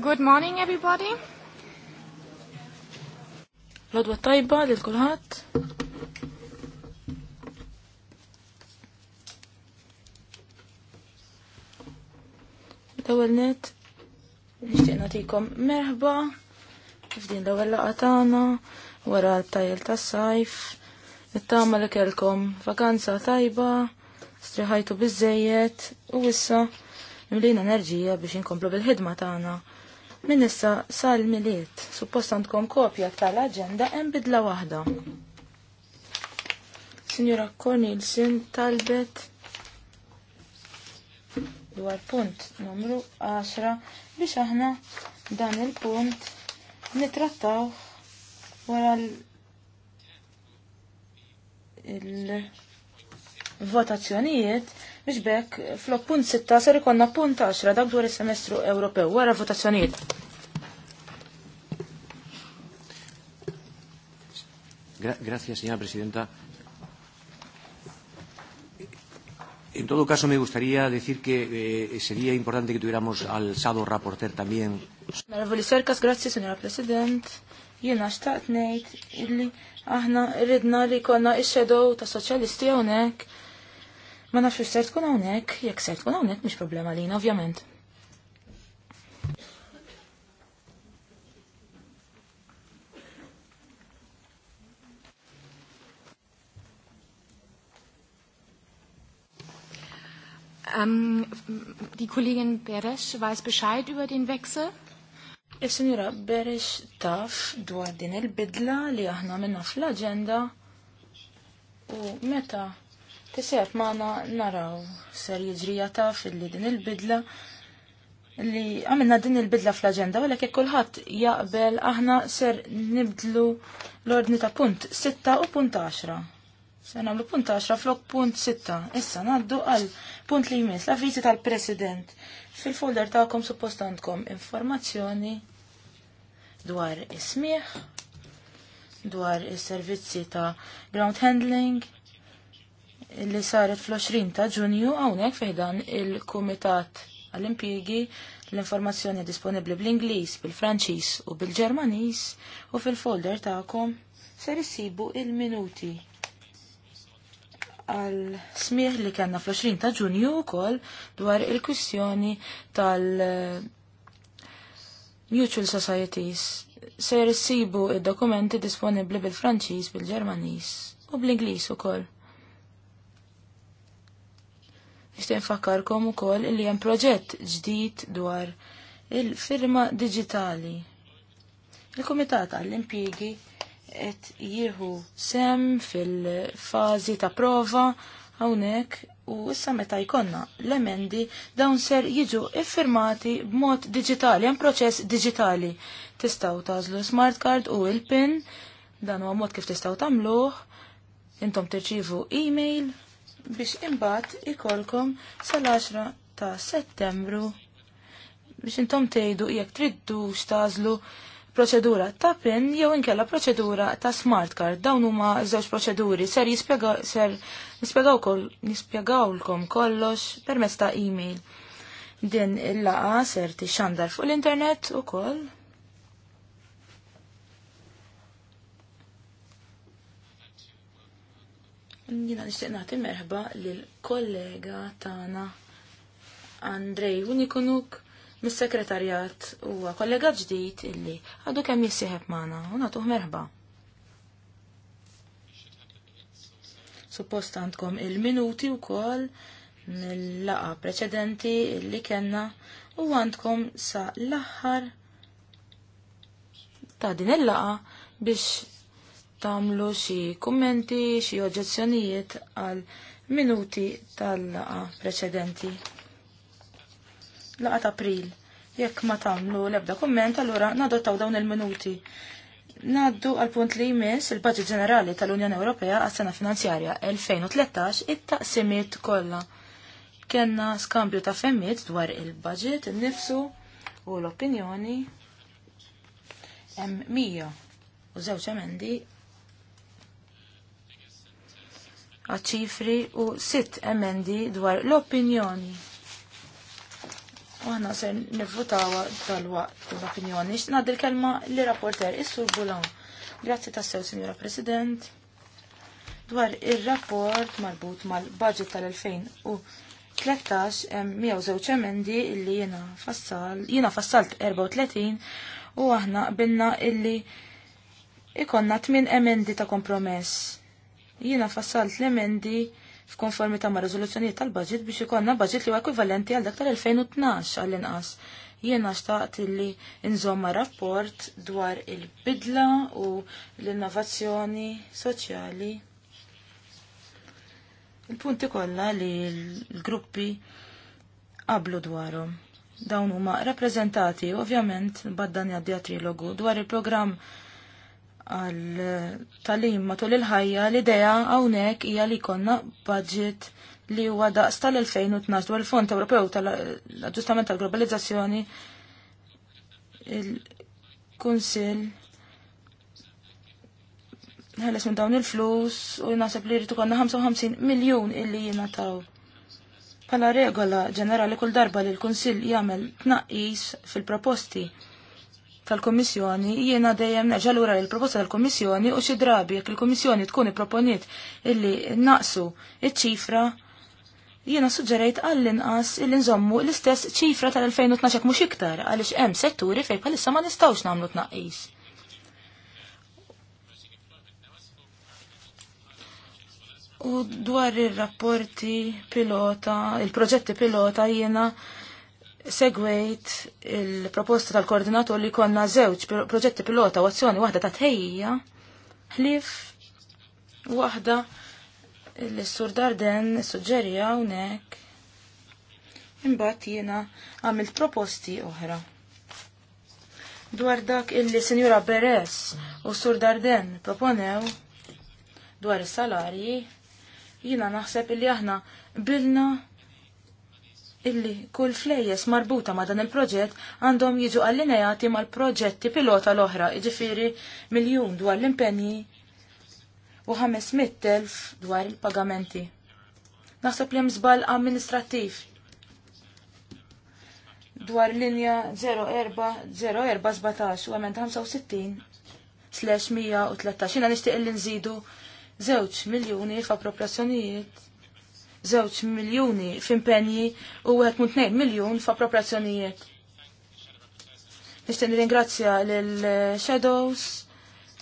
Good morning, everybody. Lodwa tajba lil kulħadd. L-ewwel net nixtieq nagħtikom merħba f'din l-ewwel laqgħa tagħna wara l tajl tas-sajf. Nittama li kelkom vakanza tajba, striħajtu bizzejiet, u wissa mlina enerġija biex inkomplu bil-ħidma tagħna. Ta Min issa sal miliet, suppost għandkom kopja tal-agenda hemm bidla waħda. Sinjura Cornelsen talbet dwar punt numru 10 biex aħna dan il-punt nitrattaw wara il-votazzjonijiet biex bekk flok punt 6 sar ikonna punt 10 dak dwar is-semestru Ewropew wara votazzjonijiet. gracias, señora presidenta. En todo caso, me gustaría decir que eh, sería importante que tuviéramos al Sado Raporter también. Gracias, señora presidenta. signora Jiena xtaqt nejt illi aħna rridna li konna ix-shadow ta' soċjalisti hawnhekk. Ma nafx ser tkun hawnhekk, jekk ser tkun hawnhekk mhix problema lina, ovvjament. Um, die Kollegin Beresch weiß Bescheid über den Wechsel. Is-sinjura Beresh taf dwar din il-bidla li aħna minna fl-agenda u meta tisef maħna naraw ser jiġrija taf li din il-bidla li għamilna din il-bidla fl-agenda għalek l kullħat jaqbel aħna ser nibdlu l-ordni ta' punt 6 u punt 10. Se namlu punt 10 flok punt 6. Issa naddu għal punt li jmiss, l-avvizi tal-president. Fil-folder ta'kom suppost għandkom informazzjoni dwar ismiħ, dwar is-servizzi ta' ground handling li saret fl-20 ta' ġunju hawnhekk fejdan il-Kumitat għall-impjigi l-informazzjoni disponibli bl-Ingliż, bil-Franċiż u bil-Ġermaniż u fil-folder ta'kom ser issibu il-minuti għal smieħ li kena fl-20 ta' ġunju kol dwar il-kwistjoni tal- eh, Mutual Societies ser jirissibu il dokumenti disponibli bil-Franċiż, bil-Ġermaniż u bl-Ingliż ukoll. Nixtieq nfakkarkom ukoll li hemm proġett ġdid dwar il-firma digitali. Il-Kumitat għall-Impjiegi et jieħu sem fil-fazi ta' prova hawnhekk u issa meta jkonna l-emendi dawn ser jiġu iffirmati b'mod digitali, hemm proċess digitali. Tistgħu tażlu smart card u il-pin, dan huwa mod kif tistgħu tagħmluh, intom e email biex imbagħad ikolkom sal-10 ta' Settembru biex intom tgħidu jekk triddu x'tażlu tażlu proċedura ta' PIN jew inkella proċedura ta' smart card. Dawn huma żewġ proċeduri ser jispjegaw ser nispjegawlkom kollox permezz ta' email. Din il-laqa ser tixxandar fuq l-internet ukoll. Jina nishtiq nagħti merħba lil kollega tagħna Andrej Unikonuk mis-sekretarjat huwa kollega ġdid illi għadu kemm jissieħeb magħna u nagħtuh merħba. Suppost għandkom il-minuti wkoll mill-laqa preċedenti illi kellna u għandkom sa l-aħħar ta' din il-laqa biex tagħmlu xi kummenti, xi oġġezzjonijiet għal minuti tal-laqa preċedenti laqat april. Jekk ma tagħmlu l-ebda kumment, allura nadottaw dawn il-minuti. Naddu għal punt li jmiss il-Budget Ġenerali tal-Unjoni Ewropea għas-sena finanzjarja 2013 it-taqsimiet kollha. Kenna skambju ta' femmiet dwar il-budget, il-nifsu u l-opinjoni. Hemm mija u żewġ emendi għaċ-ċifri u sitt emendi dwar l-opinjoni u aħna ser nivvutawa tal-waqt l-opinjoni. X'ngħaddi l-kelma li rapporter is-Sur Bulan. Grazzi tassew, signora President. Dwar ir-rapport marbut mal-budget tal-2013 hemm miegħu żewġ emendi illi jiena fassal, fassalt 34 u aħna binna illi ikonna tmien emendi ta' kompromess. Jiena fassalt l-emendi f'konformità ma' riżoluzzjonijiet tal-budget biex ikonna budget li huwa ekwivalenti għal dak tal-2012 għall-inqas. Jiena xtaqt li nżomma rapport dwar il-bidla u l-innovazzjoni soċjali. Il-punti kollha li l-gruppi qablu dwarhom dawn huma rappreżentati ovvjament baddan jaddi trilogu dwar il-programm għal talim matul il-ħajja l-idea hawnhekk hija li konna budget li huwa daqs tal-2012 dwar il-Fond Ewropew tal-Aġġustament tal-Globalizzazzjoni il-Kunsill ħeles minn dawn il-flus u jnaħseb li rritu konna 55 miljun illi jingħataw. Pala regola ġenerali kull darba li l-Kunsill jagħmel tnaqqis fil-proposti tal-Komissjoni jiena dejjem neġa' lura l-proposta tal-Komissjoni u xi drabi jekk il-Komissjoni tkun ipproponiet illi naqsu iċ-ċifra jiena suġġerejt għall-inqas illi nżommu l-istess ċifra tal-2012 mhux iktar għaliex hemm setturi fejn bħalissa ma nistgħux nagħmlu tnaqqis. U dwar ir-rapporti pilota, il-proġetti pilota jiena segwejt il-proposta tal-koordinator li konna zewċ proġetti pilota u azzjoni waħda ta' tħejja, ħlif wahda l-sur Darden suġġerja unek. Imbagħad jiena għamilt proposti oħra. Dwar dak illi Sinjura Beres u Sur Darden proponew dwar is-salarji, jiena naħseb illi aħna bilna illi kull flejjes marbuta ma' dan il-proġett għandhom jiġu allineati mal-proġetti pilota l-oħra, iġifiri miljun dwar l-impenji u 500.000 dwar il-pagamenti. Naħseb li mżbal amministrativ dwar linja 040417 u għament 65 slash 113 nishtiq li nżidu 0 miljoni f'appropriazzjonijiet żewġ miljuni f'impenji u 1.2 miljun f'appropriazzjonijiet. Nixtieq ringrazzja l Shadows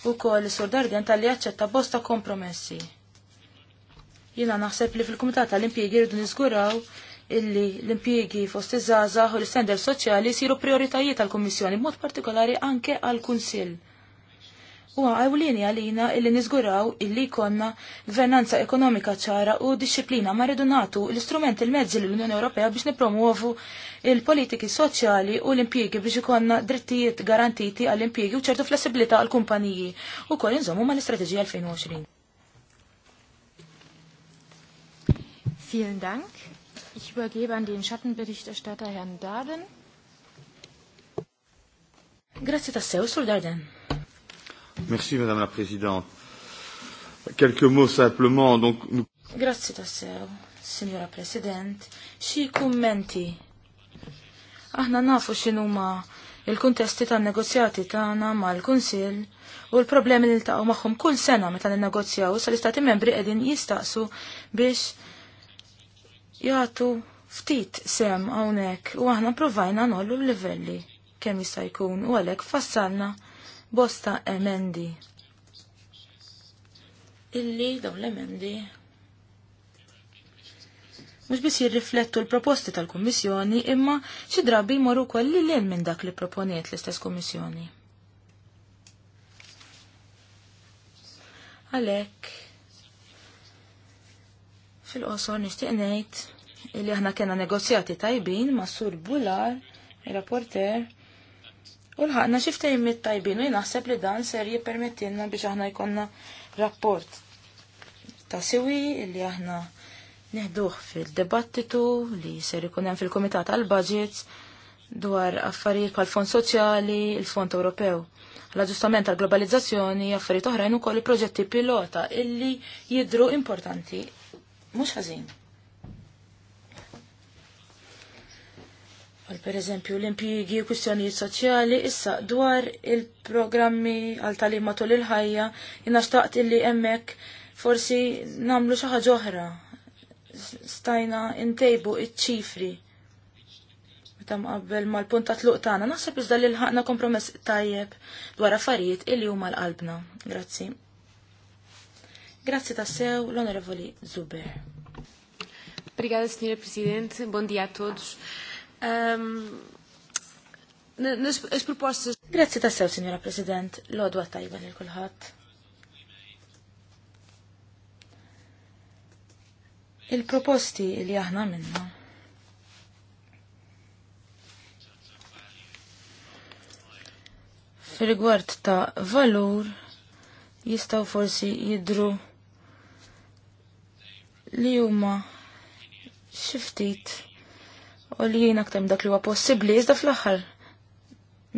u l Sur Dargen tal-li aċċetta bosta kompromessi. Jina naħseb li fil-Kumitat tal-Impjegi rridu niżguraw illi l-impjegi fost iż-żaża u l-istender soċjali siru prioritajiet tal-Kummissjoni, mod partikolari anke għal-Kunsill u għawlini għalina illi nizguraw illi konna gvernanza ekonomika ċara u disċiplina ma rridu l-istrument il-mezzi l-Unjoni Ewropea biex nipromuovu il-politiki soċjali u l-impjiegi biex ikonna drittijiet garantiti għall impiegi u ċertu flessibilità għall-kumpaniji u kol inżommu ma l-istrateġija 2020. Vielen Dank. Ich übergebe an den Schattenberichterstatter Herrn Darden. Grazie tassew, Sur Darden. Merci, Madame la Présidente. Quelques mots simplement, donc... Nous... Grazie tassew, Signora President. Xi kummenti? Aħna nafu x'inhuma il-kuntesti tan-negozjati tagħna mal-Kunsill u l-problemi li ltaqgħu magħhom kull sena meta ninnegozjaw sa l-Istati Membri qegħdin jistaqsu biex jagħtu ftit sem hawnhekk u aħna provajna nollu l-livelli kemm jista' jkun u għalhekk fassalna bosta emendi. Illi dawn l-emendi mux bis jirriflettu l-proposti tal-Kommissjoni imma xi drabi jmorru wkoll li lil minn dak li proponiet l-istess Kommissjoni. Għalhekk fil-qosor nixtieq ngħid illi aħna kena negozjati tajbin ma' Sur Bular, il-rapporter, U l-ħakna xiftajmit tajbin u jnaħseb li dan ser jippermettilna biex aħna jkonna rapport ta' siwi li aħna neħduh fil-debattitu li ser ikun hemm fil-Kumitat għal-Budgets dwar affarijiet pal fond soċjali, il-Fond Ewropew. L-aġġustament tal globalizzazzjoni affarijiet oħrajn ukoll proġetti pilota illi jidru importanti. Mhux ħażin. Għal per eżempju l-impjigi u kwistjonijiet soċjali issa dwar il-programmi għal talim matul il-ħajja jina xtaqt illi emmek forsi namlu xaħġa ġoħra. Stajna intejbu iċ-ċifri. Meta qabbel mal-punta tluq tagħna naħseb iżda li l ħakna kompromess tajjeb dwar affarijiet illi huma l-qalbna. Grazzi. Grazzi tassew l-Onorevoli Zuber. Obrigada, Sra. Presidente. bon dia a todos. Ehm, Nis-proposti. Grazzi ta' sew, Signora President, l-odwa tajba li kulħadd. Il-proposti li aħna minna. Fil-rigward ta' valur jistaw forsi jidru li huma xiftit u li jien aktar dak li huwa possibbli iżda fl-aħħar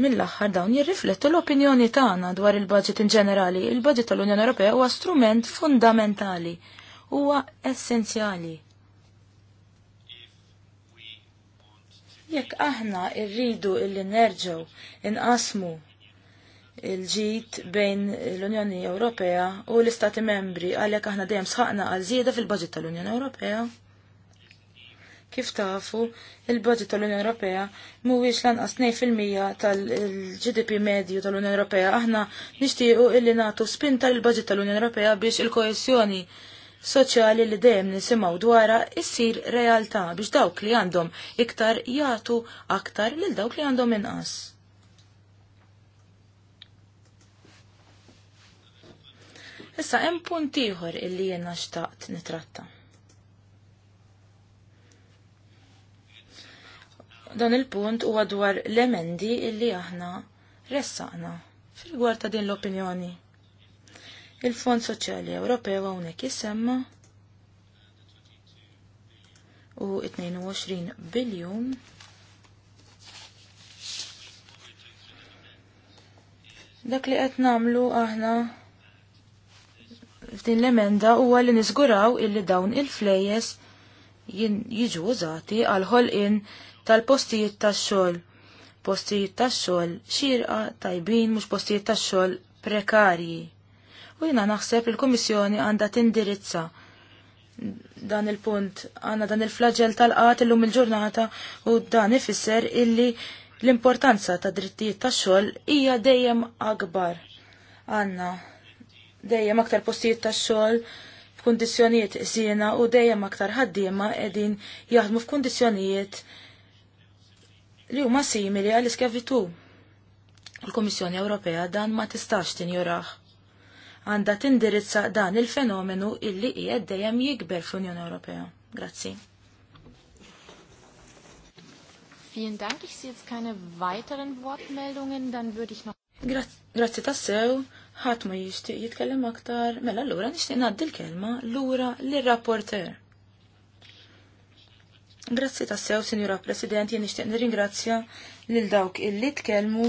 mill-aħħar dawn jirriflettu l-opinjoni tagħna dwar il-budget in ġenerali. Il-budget tal-Unjoni Ewropea huwa strument fundamentali, huwa essenzjali. Jekk aħna rridu illi nerġgħu inqasmu il-ġid bejn l-Unjoni Ewropea u l-Istati Membri għalhekk aħna dejjem sħaqna għal żieda fil-budget tal-Unjoni Ewropea. Kif tafu, il-budget tal-Unjoni Ewropea mhuwiex lanqas 2% tal-GDP medju tal-Unjoni Ewropea. Aħna nixtiequ illi nagħtu spinta tal budget tal-Unjoni Ewropea biex il-koesjoni soċjali li dejjem nisimgħu dwarha issir realtà biex dawk li għandhom iktar jagħtu aktar lil dawk li għandhom inqas. Issa hemm punt ieħor illi jiena xtaqt nitratta. dan il-punt huwa dwar l-emendi illi aħna ressaqna fil gwarta ta' din l-opinjoni. Il-Fond Soċjali Ewropew hawnhekk jisemma u 22 biljum Dak li qed nagħmlu aħna f'din l-emenda huwa li niżguraw illi dawn il-flejes jiġu użati għal ħolqien in tal-postijiet tax-xogħol. Postijiet tax-xogħol xirqa tajbin mhux postijiet tax-xogħol prekarji. U jiena naħseb il-Kummissjoni għandha tindirizza dan il-punt għandna dan il-flagell tal-qat illum il-ġurnata u dan ifisser illi l-importanza ta' drittijiet tax-xogħol hija dejjem akbar. Għandna dejjem aktar postijiet tax-xogħol f'kundizzjonijiet żiena u dejjem aktar ħaddiema qegħdin jaħdmu f'kundizzjonijiet li huma simili għall iskavitu Il-Komissjoni Ewropea dan ma tistax tinjuraħ. Għanda tindirizza dan il-fenomenu illi qiegħed dejjem jikber fl-Unjoni Ewropea. Grazzi. Vielen Dank, ich sehe jetzt keine weiteren Wortmeldungen, dann würde ich noch... Grazzi tassew, ħadd ma jixtieq jitkellem aktar, mela l-ura nixtieq ngħaddi l-kelma l-ura lir-rapporter. Grazzi tassew, Sinjura President, jien nixtieq nirringrazzja lil dawk illi tkellmu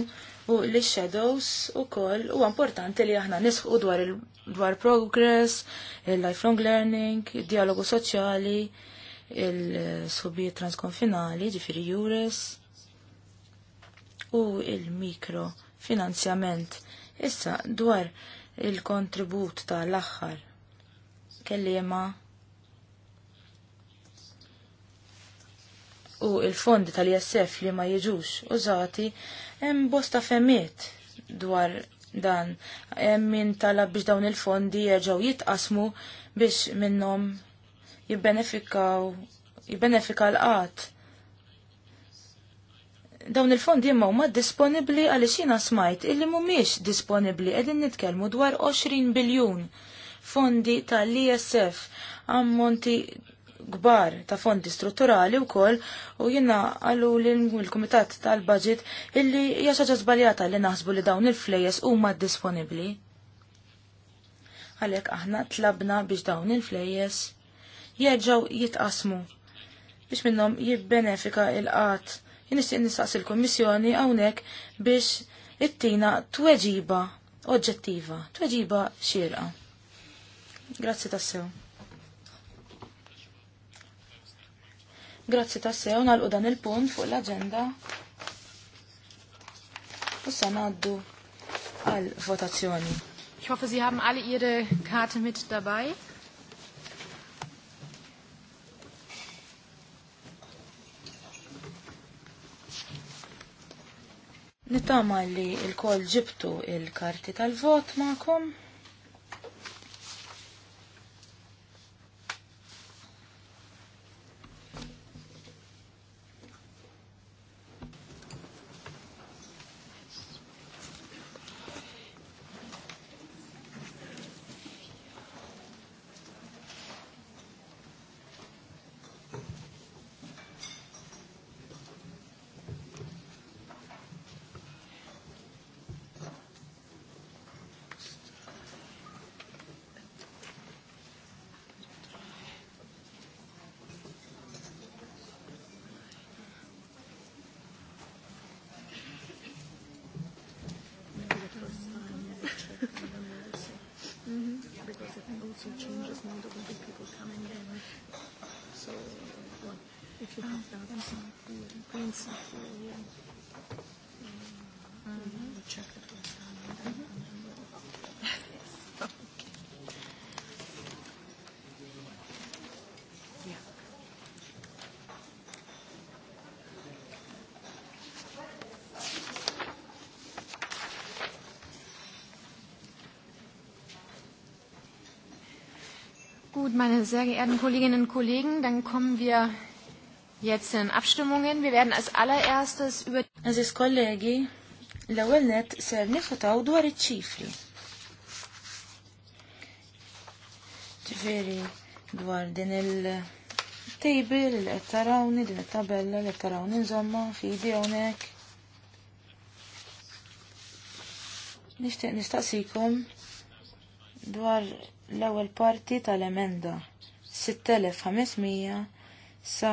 u li shadows u koll u importanti li aħna nisħu dwar il dwar progress, il-lifelong learning, il-dialogu soċjali, il-subiet transkonfinali, ġifiri jures, u il-mikro finanzjament. Issa dwar il-kontribut tal-axħar jema u il-fondi tal-ISF li ma jiġux użati hemm bosta femmiet dwar dan. Hemm min talab biex dawn il-fondi jerġgħu jitqasmu biex minnhom jibbenefikaw jibbenefika l-qat. Dawn il-fondi imma huma disponibbli għaliex jiena smajt illi mhumiex disponibbli qegħdin nitkellmu dwar 20 biljun fondi tal-ISF ammonti gbar ta' fondi strutturali u koll u jina għallu l-Komitat tal-Budget illi hija zbaljata żbaljata li naħsbu li dawn il-flejes huma disponibbli. Għalhekk aħna tlabna biex dawn il-flejes jerġgħu jitqasmu biex minnhom jibbenefika il-qatt. Jinixtieq nistaqsi l-Kummissjoni hawnhekk biex ittina tweġiba oġġettiva, tweġiba xirqa. Grazzi tassew. Grazzi ta' sew nalqu dan il-punt fuq l-agenda. U se ngħaddu għal votazzjoni. Ich hoffe, Sie haben alle Ihre Karte mit dabei. Nittama li il-kol ġibtu il-karti tal-vot ma'kom. Gut, meine sehr geehrten Kolleginnen und Kollegen, dann kommen wir jetzt in Abstimmungen. Wir werden als allererstes über... Aziz kollegi, l-ewel net ser nifutaw dwar iċ-ċifri. Ġveri dwar din il-tejbil, il tarawni, din it tabella il tarawni nżomma, fidi għonek. nistaqsikom dwar l-ewwel parti tal-emenda 6500 sa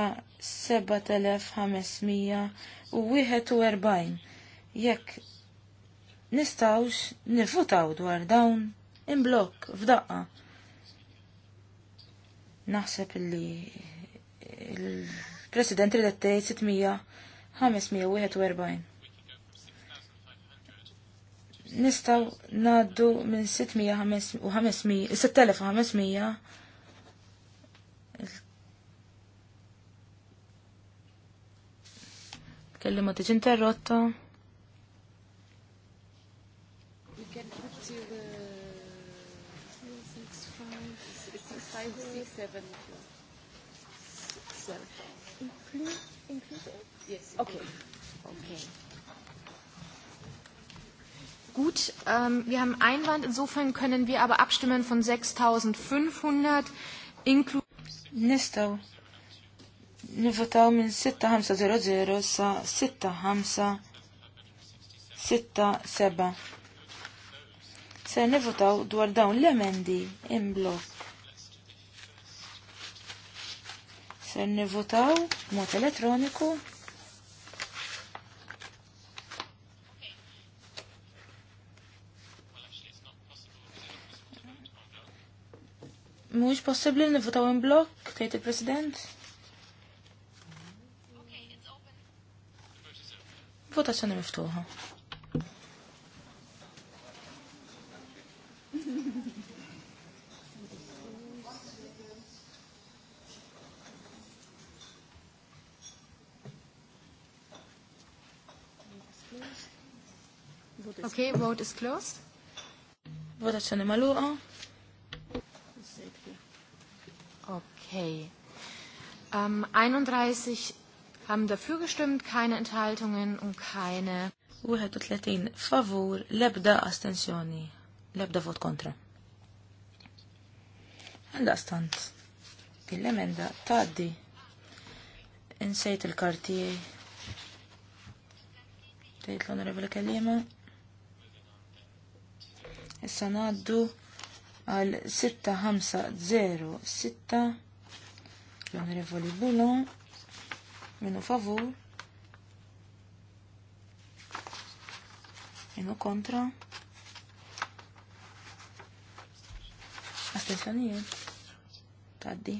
7500 u 41 jekk nistawx nifutaw dwar dawn imblok f'daqqa. Naħseb li il-President ridet 600 541 nistaw naddu minn 6500 kelli ma tiġi interrotto Include, include, yes. Okay. Okay. Gut, ähm, wir haben Einwand, insofern können wir aber abstimmen von 6.500 inklusive. Nistaw. Nivotaw minn 6.500 sa 6.567. Se nivotaw dwar dawn l-emendi in blok. Se nivotaw mod elettroniku. Mux possibli nivutaw in blok, tgħid il-President? Votazzjoni miftuħa. Okay, vote is closed. Votazzjoni maluqa. Okay. Ähm, 31 haben dafür gestimmt, keine Enthaltungen und keine... 31 favur, lebda astensjoni, lebda vot kontra. Għanda stant. Il-emenda taddi. Insejt il-kartijaj. Tejt l-onorevole kellima. Issa naddu għal 6-5-0-6 L-Onorevoli Bullon, minu favur, minu kontra, astensjonijiet, taddi.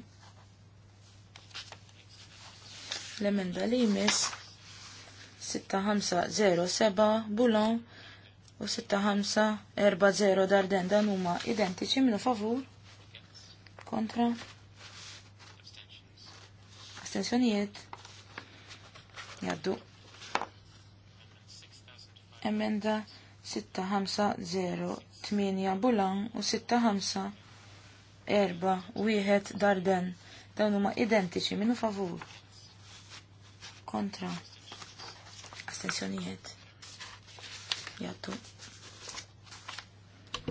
L-emenda li jmiss 6507 Boulon u 6540 Darden dan huma identiċi minu favur kontra astensjonijiet jaddu. Emenda 6508 Bulan u 65 wieħed Darden. Dawn huma identiċi minnu favur. Kontra. Astensjonijiet. Jaddu.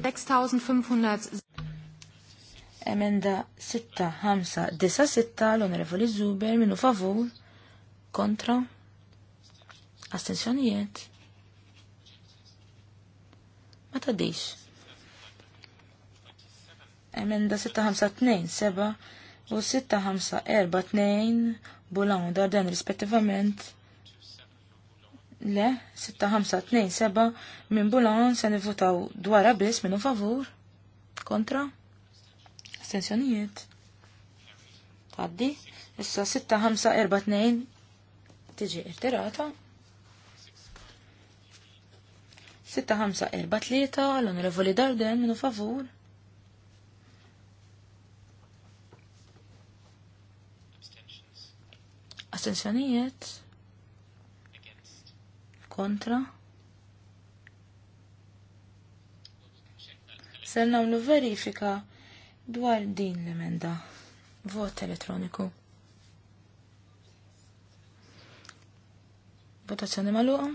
6500 Emenda 6 5 l-Onorevoli Zuber minu favur kontra astensjonijiet ma tadix. Emenda 6-5-2-7 u 6-5-4-2 Bulan Darden rispettivament le 6-5-2-7 minn Bulan se nivutaw dwar abis minu favur kontra Astenzjonijiet. Taddi. Issa 4 6-5-4-2 tiġi irtirata. 3 l-Onorevoli Darden minu favur. Astenzjonijiet. Kontra. Ser namlu verifika dwar din l-emenda. Vot elettroniku. Votazzjoni maluqa.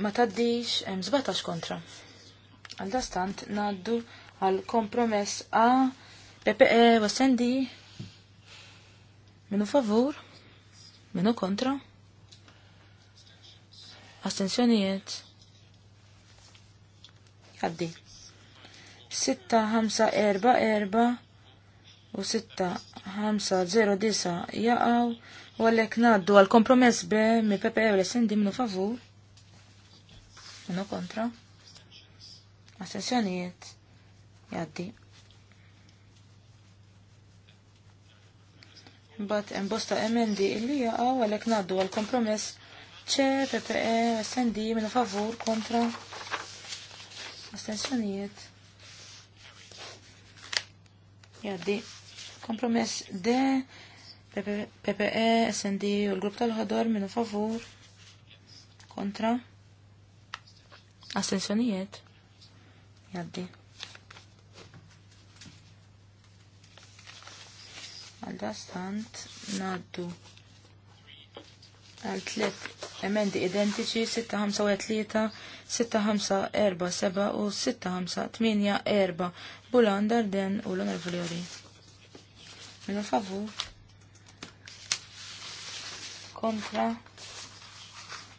Ma taddix hemm 17 kontra. Għal dastant naddu għal kompromess A, PPE Wasendi? Minu favur, minu kontra astensjonijiet Għaddi. 6-5-4-4 u 6-5-0-9 jaqaw u għallek naddu għal kompromess be mi Pepe u l-essendi minu favur minu kontra astensjonijiet Għaddi. Bat embosta emendi illi jaqaw għallek naddu għal kompromess Che, PPE, SND, minu favur, kontra, astensjonijiet. Jaddi, kompromess D, PPE, e, SND, u l-grupp tal-ħodor, minu favur, kontra, astensjonijiet. Jaddi. Għal-dastant, naddu għal tlet emendi identiċi 653, 6547 u 6584 Bulan Darden u l-Onorevoli Ori. Minu mela, favu. Kontra.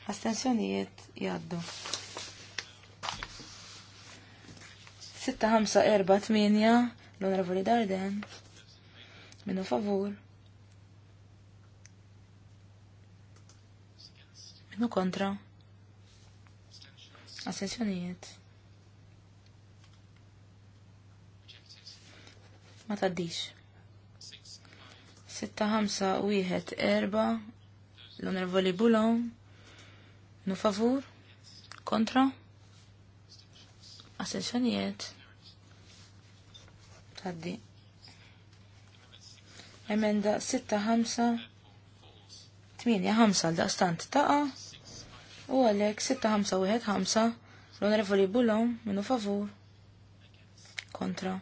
Astensjonijiet jaddu. 6548 l-Onorevoli Darden. Minu favur Nu kontra? Assenzjonijiet. Ma taddix. Sitta ħamsa wieħed erba l-onorevoli Bulon. Nu favur? Kontra? Assenzjonijiet. Taddi. Emenda sitta ħamsa. Tminja ħamsa l-daqstant taqa. U għalek 6-5-1-5 l-onorevoli Bullon minu favur kontra.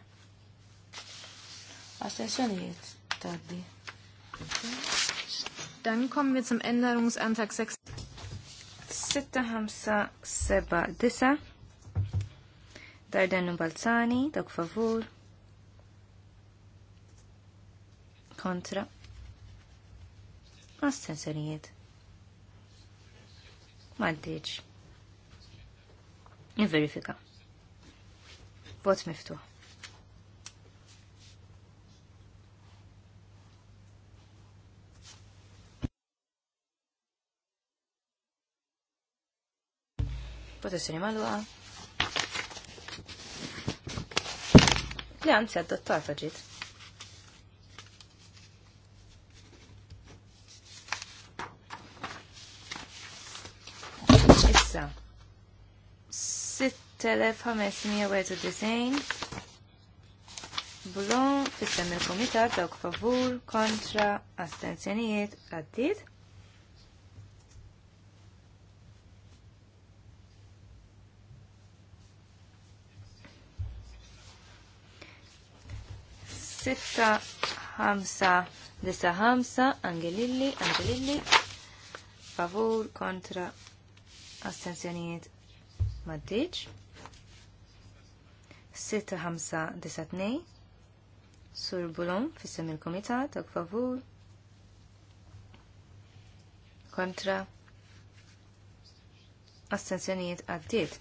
Astensjonijiet taddi. Dan kom mit zum Änderungsantrag 6. 6-5-7-9 Dardenu Balzani, dok favur kontra. Astensjonijiet Maddiċ. Bot Vot miftuħ. Votazzjoni maluqa. Li għanzi adottata faġit 3591 Bulon fissem il-komitat dawk favur kontra astenzjonijiet għaddit. Sitta ħamsa disa ħamsa Angelilli Angelilli favur kontra astenzjonijiet maddiċ. Sur Bulon fissem il-Komitat tak favur kontra astensjonijiet għaddit.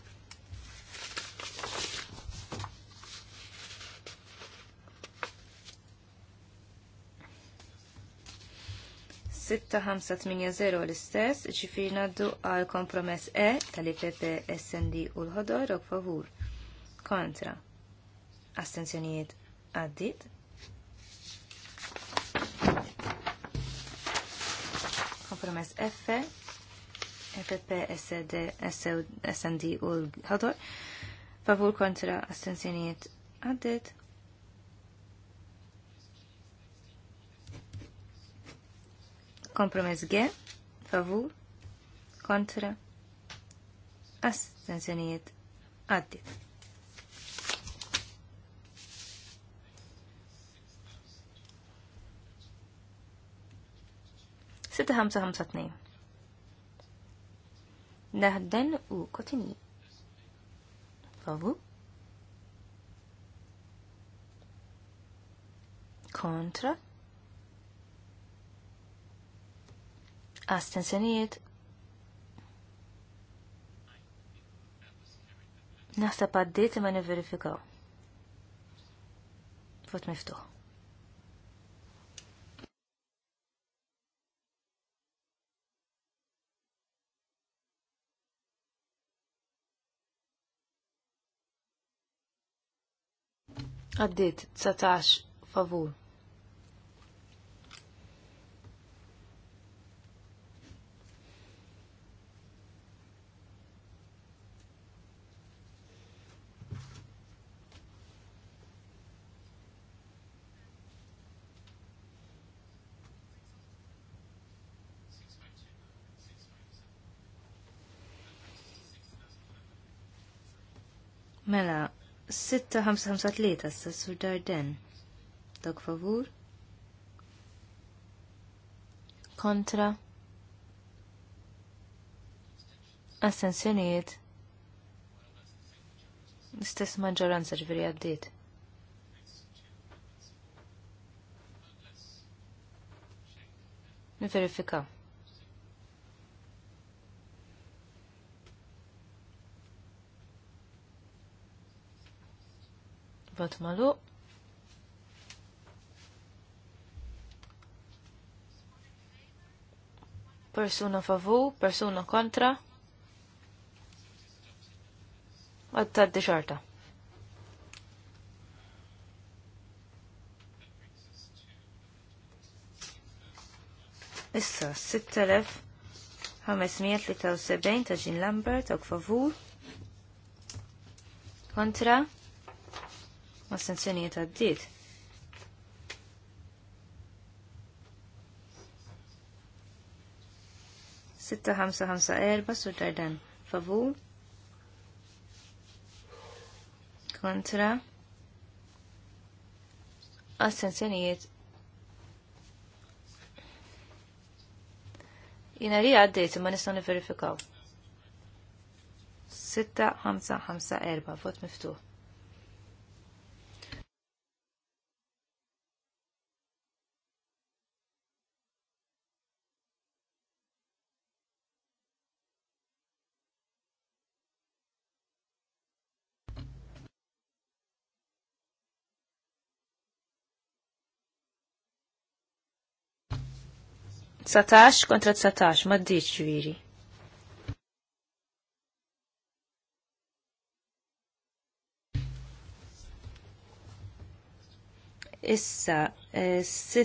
Sitta ħamsa tminja zero l-istess, ċifir naddu għal kompromess E tal-IPP SND u l-ħodor u favur kontra astenzjonijiet għaddit. Kompromess F, FP, SD, SND u l-ħador, favur kontra astenzjonijiet għaddit. Kompromess G, favur kontra astenzjonijiet għaddit. 6552. Naħden u kotini. Favu. Kontra. Astensjonijiet. Naħsa għaddiet ma niverifikaw. Fot miftuħ. Għaddit 19 favur. Mela, 6-5-5-3 Sassur Darden. Dok favur. Kontra. Assenzjoniet. Istess maġġoranza ġveri għaddit. Niverifika. bat malu. Persuna favu, persuna kontra. Għadda d-deċarta. Issa, 6573 ta' Jean Lambert, ta' favur. Kontra. Astenzjonijiet għaddit. Sitta ħamsa ħamsa erba sur dardan. Favur. Kontra. assenzjonijiet Jina li għaddejt ma nistgħu niverifikaw. Sitta ħamsa ħamsa erba' vot miftuħ. Satax kontra satax, ma d-dix ġviri. Issa, 6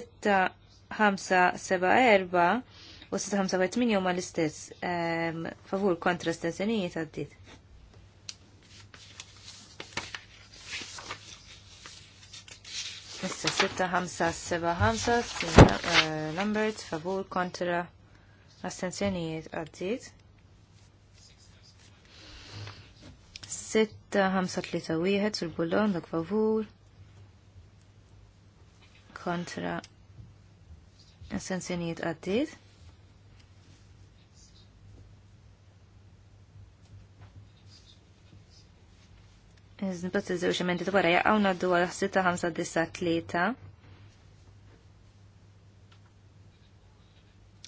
5 7 u 6-5-8 huma l-istess, ehm, favur kontra stessenijiet għaddit. Issa 6575 eh, Lambert favur kontra astenzjonijiet għaddit. 6531 sul bullon dak favur kontra astenzjonijiet għaddit. Nizbat iż-żewġ emendi dwar jaqgħu ngħaddu 5 653.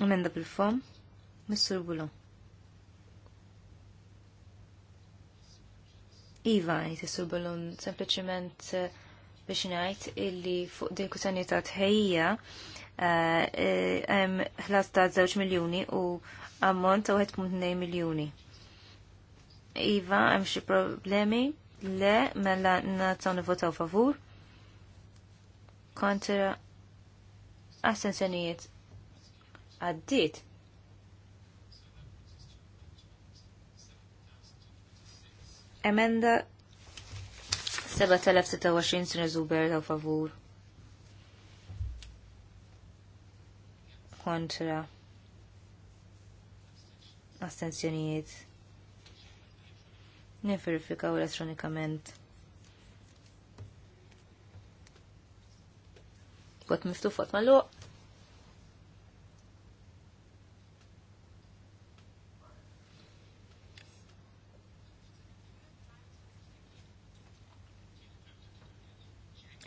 Emenda bil-fom, Missur Bulu. Iva, jtisur Bulun, sempliciment eh, biex ngħid illi fuq din kutanja ta' tħejja eh, eh, hemm ħlas ta' żewġ miljuni u ammont ta' 1.2 miljuni. Iva, hemm xi problemi Le, mela nazzgħu nivvotaw favur. Kontra assenzjonijiet għaddit. Emenda 7026 sinu zuber ta' favur. Kontra. Astenzjonijiet niverifikaw elettronikament. Għat miftuf għat malu.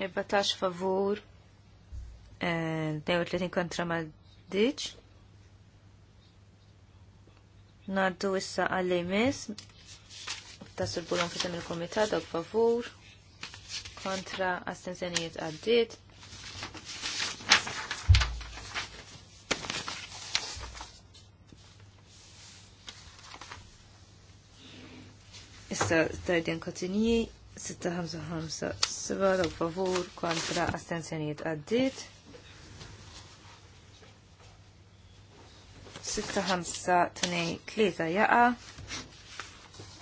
Ebbatax favur, 32 eh, kontra ma diċ. issa għal mis ta' surbulon fisem il-komitat dawk favur kontra astensjonijiet għaddit. Issa tajdin kotinji 655 dawk favur kontra astensjonijiet għaddit. 6-5-2-3 jaqa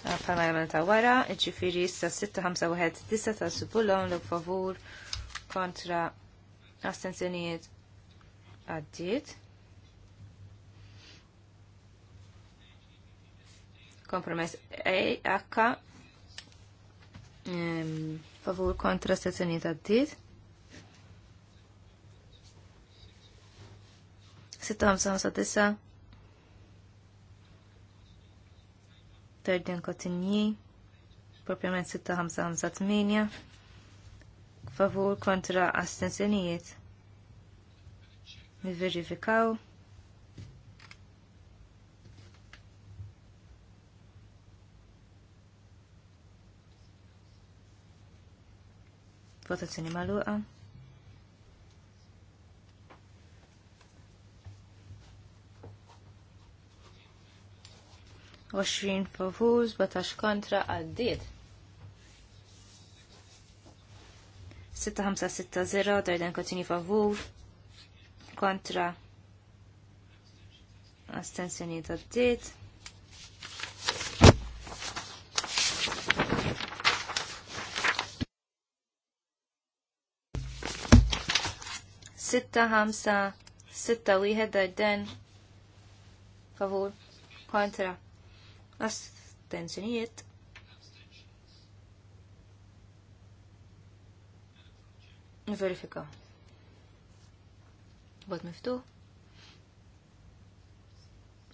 bħalma jagħmel ta' wara, ġifieri issa 6-5-1-9 ta' subullhom l favur kontra astenzjoniet għaddit. Kompromess A, H, favur kontra astenzjoniet għaddit. 6 5 Terdin Kotinji, propjament 6558, favur kontra astensjonijiet. Niverifikaw. Votazzjoni maluqa. 20 favur, batax kontra għaddiet. 6560 Darden kontini favur kontra astensjoni għaddiet. Sitta ħamsa, sitta wieħed darden, favur, kontra, astenzjonijiet. Verifika. Bot miftuħ.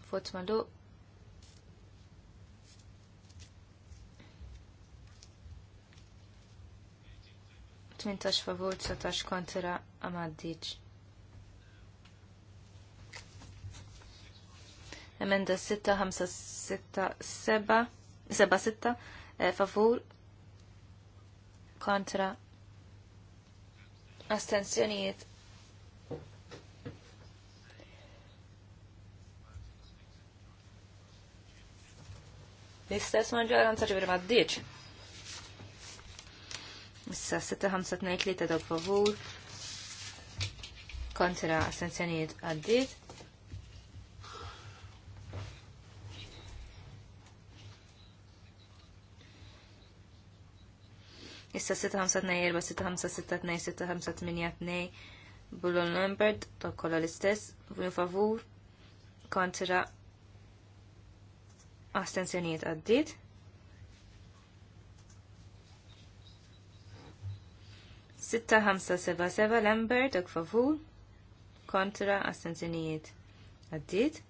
Fot smaldu. Tmintax favur, satax kontra, għamaddiċ. Emenda 6, 5, 6, 7, 7, 6, favur kontra astensjonijiet L-istess maġġoranza ġibri maddiċ. Issa 6-5-2-3 dawk favur kontra astenzjonijiet għaddit. Issa 5 6 652 658 Bullon 8 dok kolla l-istess, vun favur kontra astensjoniet għaddit. Sitta ħamsa seba seba Lambert, dok favur kontra astensjoniet għaddit.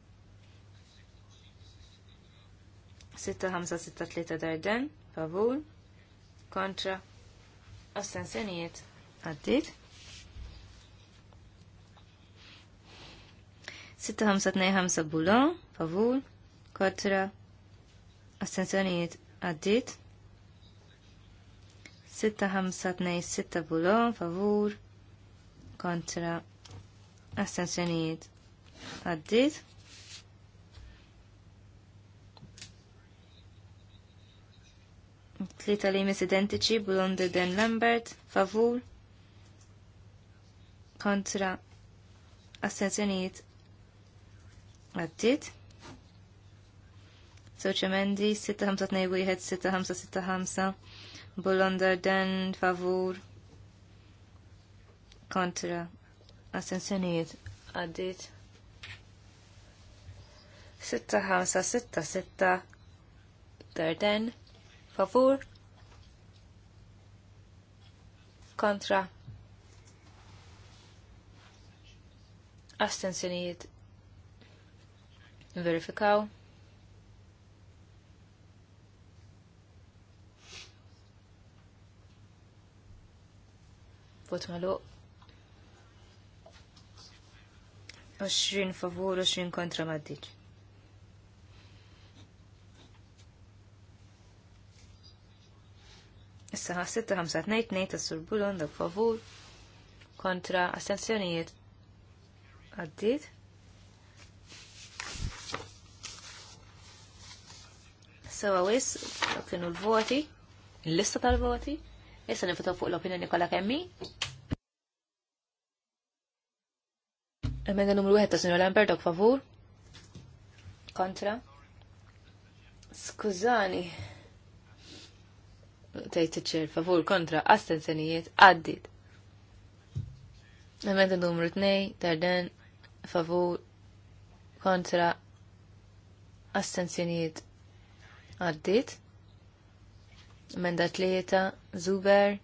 Sitta hamsa 6 tlita Darden, favur, kontra Astensjonijiet għaddit. 6-5-2-5 bulon, favur, kontra, astensjonijiet għaddit. 6-5-2-6 bulon, favur, kontra, astensjonijiet għaddit. Tlita li mis identiċi Blunder Den Lambert, Favul, kontra astenzjonijiet Għattit, Soċa Mendi 6521-6565 Blunder Den favur, kontra astenzjonijiet għaddit. 6566 Darden 6566 favur kontra astensjonijiet verifikaw vot malu 20 favur 20 kontra maddiċ Issa ħas 6-5-2-2 ta' surbulon dak favur kontra astensjonijiet għaddit. Sewa wis kienu l-voti, l-lista tal-voti, issa nifutaw fuq l-opinjoni kolla kemmi. Emenda numru 1 ta' Sinjor Lambert, favur. Kontra. Skużani, tajt t ċer favur kontra senijiet, għaddit. Emenda numru 2 tarden favur kontra senijiet, għaddit. Emenda tlieta Zuber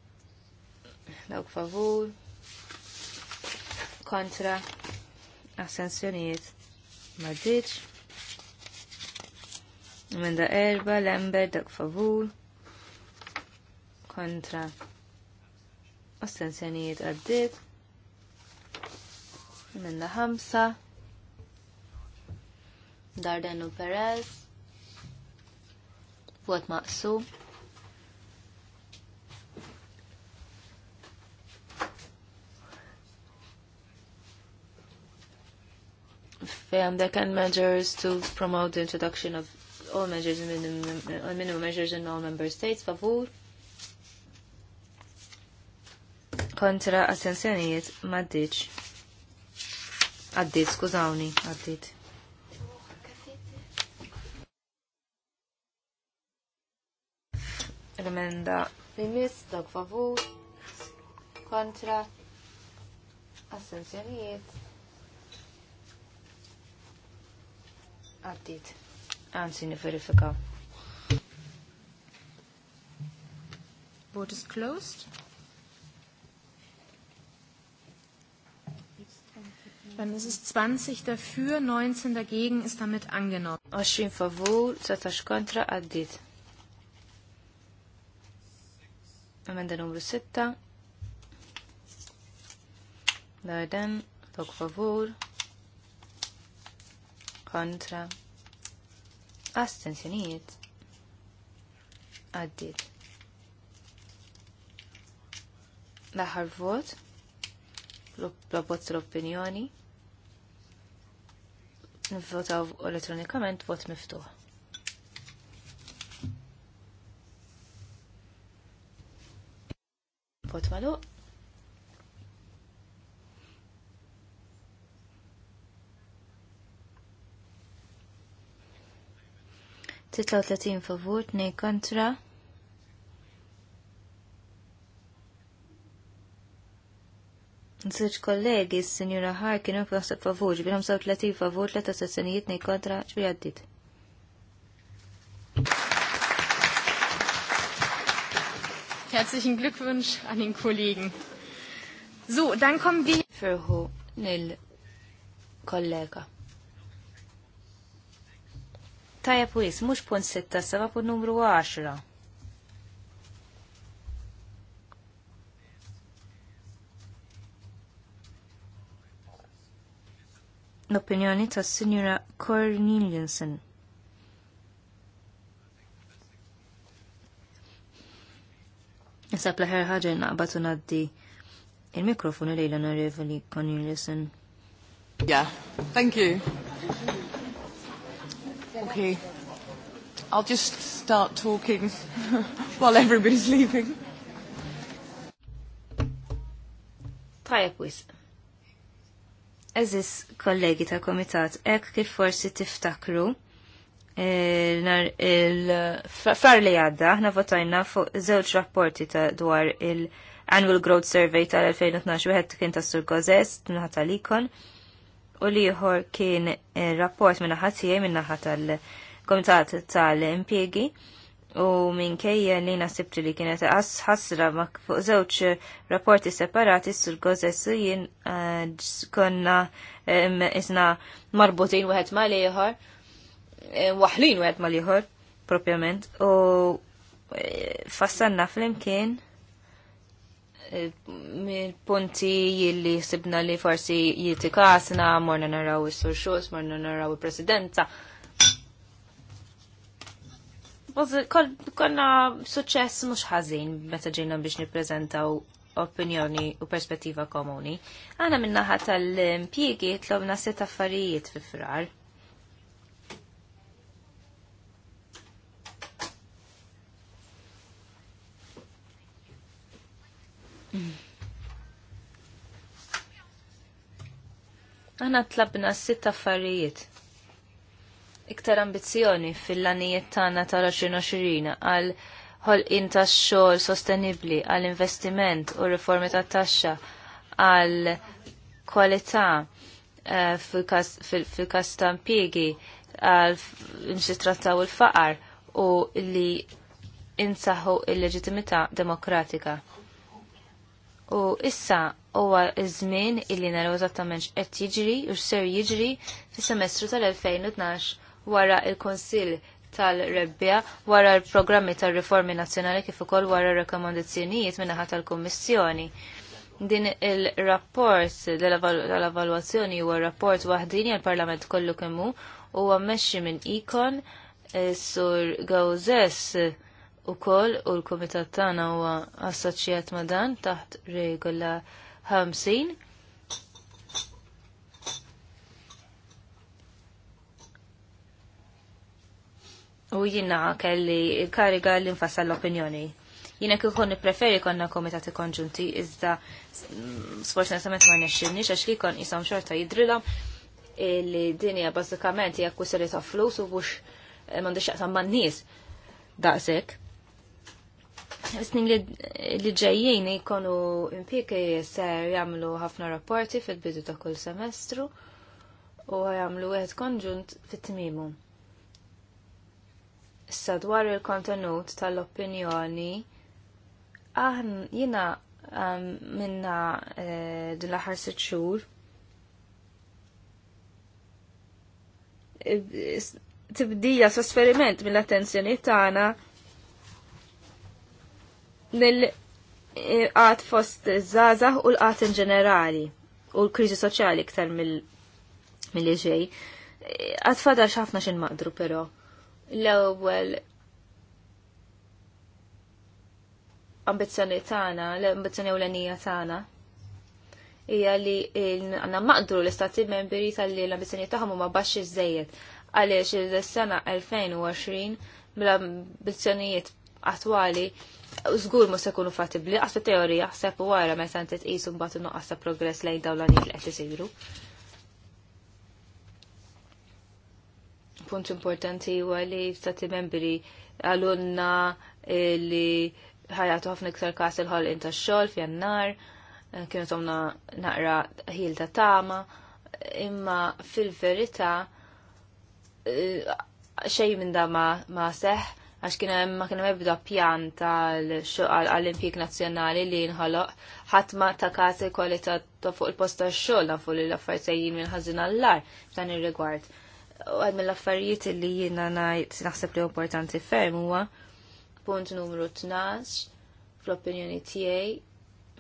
dawk favur kontra senijiet, għaddit. Emenda erba, lember, dak favur, kontra ostensjonijiet għaddit minna ħamsa Dardenu Perez Vot Maqsu Fam they can measures to promote the introduction of all measures minimum, minimum measures in all member states favur kontra assenzjonijiet maddiċ. Għaddit, skużawni, għaddit. Remenda. Rimis, dog favur, kontra assenzjonijiet. Għaddit. Anzi, niverifikaw. Vote is closed. Dann ist es 20 dafür, 19 dagegen ist damit angenommen. 20 favur, 19 kontra, għaddit. Amenda numru 6. Darden, tok favur, kontra, astensjonijiet, għaddit. Laħar vot, l-abbozz l-opinjoni, Nivvotaw elettronikament vot miftuħ. Vot malu. Titla' 30 favur, 2 kontra, Nsiċ kollegi, s-senjura ħar kienu f-għasab favur, bil saw l favur, s sessjonijiet nej kontra ċbi għaddit. Herzlichen Glückwunsch an den Kollegen. So, dann kommen wir... für Ho nil kollega. Tajab wis, mux punt 6, seba punt numru 10. l-opinjoni ta' Signora Corneliusen. Nisab l ħagġa naqbatu naddi il-mikrofonu li l-onorevoli Corneliusen. Yeah, thank you. Okay, I'll just start talking while everybody's leaving. Tajab wisq. Eżis kollegi ta' komitat, ek kif forsi tiftakru e, il-far li għadda, ħna votajna fuq żewġ rapporti ta' dwar il-Annual Growth Survey tal-2012, wieħed kien ta' Sur Gozes, t tal-ikon, u liħor kien e, rapport minnaħat tiegħi minnaħat tal-Komitat tal-Impjegi. tal komitat tal impiegi tal u minkejja li nasibtu li kienet ħasra ma fuq żewġ rapporti separati sur gozessu eh, konna isna marbutin wieħed ma liħor, eh, waħlin wieħed ma liħor, propjament, u eh, fassanna fl-imkien punti jilli sibna li forsi jitikasna, morna naraw il surxus morna naraw il-presidenza, il presidenza konna suċess mux ħazin meta ġejna biex niprezentaw opinjoni u perspettiva komuni. Għana minnaħat tal-impjegi tlobna set affarijiet fi frar. Għana tlabna sitt affarijiet iktar ambizzjoni fil-lanijiet tagħna tal-2020 għal ħolqien tax-xogħol sostenibbli għal investiment u riformi tat-taxxa għal kwalità eh, fil-kas ta' impjiegi għal trattaw il-faqar u li insaħħu il-leġitimità demokratika. U issa huwa iż-żmien illi naraw eżattament x'qed jiġri u x'ser jiġri fis-semestru tal-2012 wara il-Konsil tal rebbja wara l-programmi tal-riformi nazzjonali kif ukoll wara rekomandazzjonijiet minnaħa tal-Kummissjoni. Din il-rapport tal avalwazzjoni huwa rapport waħdini għal-Parlament kollu kemmu eh, u għammexxi minn ikon sur Gawzes u koll u l-komitat tagħna huwa assoċjat ma' dan taħt regola 50 u jina kelli kariga l-infassa l-opinjoni. Jina kon preferi konna komitati konġunti, iżda mm, sfortunatament ma nesċinni, għax li kon jisom xorta jidrilom li dinja bazzikament jgħak kuseri ta' flus u bux eh, mandi xaqsam man nis daqsek. Snin li ġejjini konu impiki ser jamlu ħafna rapporti fil-bidu ta' kull semestru u għamlu għed konġunt fit-timimu Issa dwar il-kontenut tal-opinjoni, aħn jina um, minna uh, eh, dil-aħar sitt xhur tibdija sosferiment mill-attenzjoni tagħna nil qat eh, fost żgħażagħ u l-qat in ġenerali u l-kriżi soċjali ktar mill-li ġej. Eh, Għad fadal xafna xin maqdru però l-ewwel ambizzjoni tagħna, l-ambizzjoni ewlenija tagħna hija li għandna maqdru l-istati membri tal-li l-ambizzjoni tagħhom huma baxxi żejjed għaliex is sena 2020 bl-ambizzjonijiet attwali żgur ma se jkunu fattibbli, għas teorija ħseb wara meta inti tqisu mbagħad inuqqas ta' progress lejn dawn l-għanijiet li qed isiru. punt importanti huwa li stati membri għalunna li ħajatu ħafna iktar kas il-ħol inta xol f'jannar, eh, kienu tomna naqra ħil ta' tama, imma fil-verita eh, xej minn da ma, seħ, għax kiena ma kiena mebda pjan tal-Olimpijek Nazjonali li nħoloq ħatma ta' il kolli ta' fuq il-posta xol, li l affarzajin minn ħazin għallar, f'dan ir-rigward u għad mill-affarijiet li jina najt naħseb li importanti ferm huwa punt numru 12 fl-opinjoni tiegħi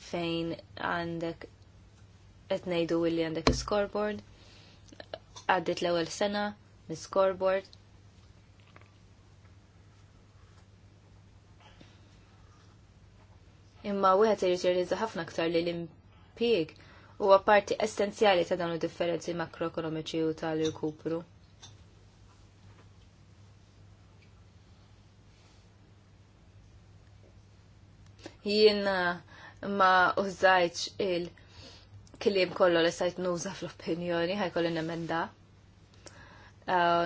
fejn għandek qed ngħidu li għandek scoreboard għaddit l-ewwel sena mis-scoreboard imma wieħed irid jirriża ħafna aktar li l-impjieg huwa parti essenzjali ta' dawn id-differenzi makroekonomiċi u tal-irkupru. jiena ma użajċ il-kliem kollu li sajt nuża fl-opinjoni, ħajkolli nemenda.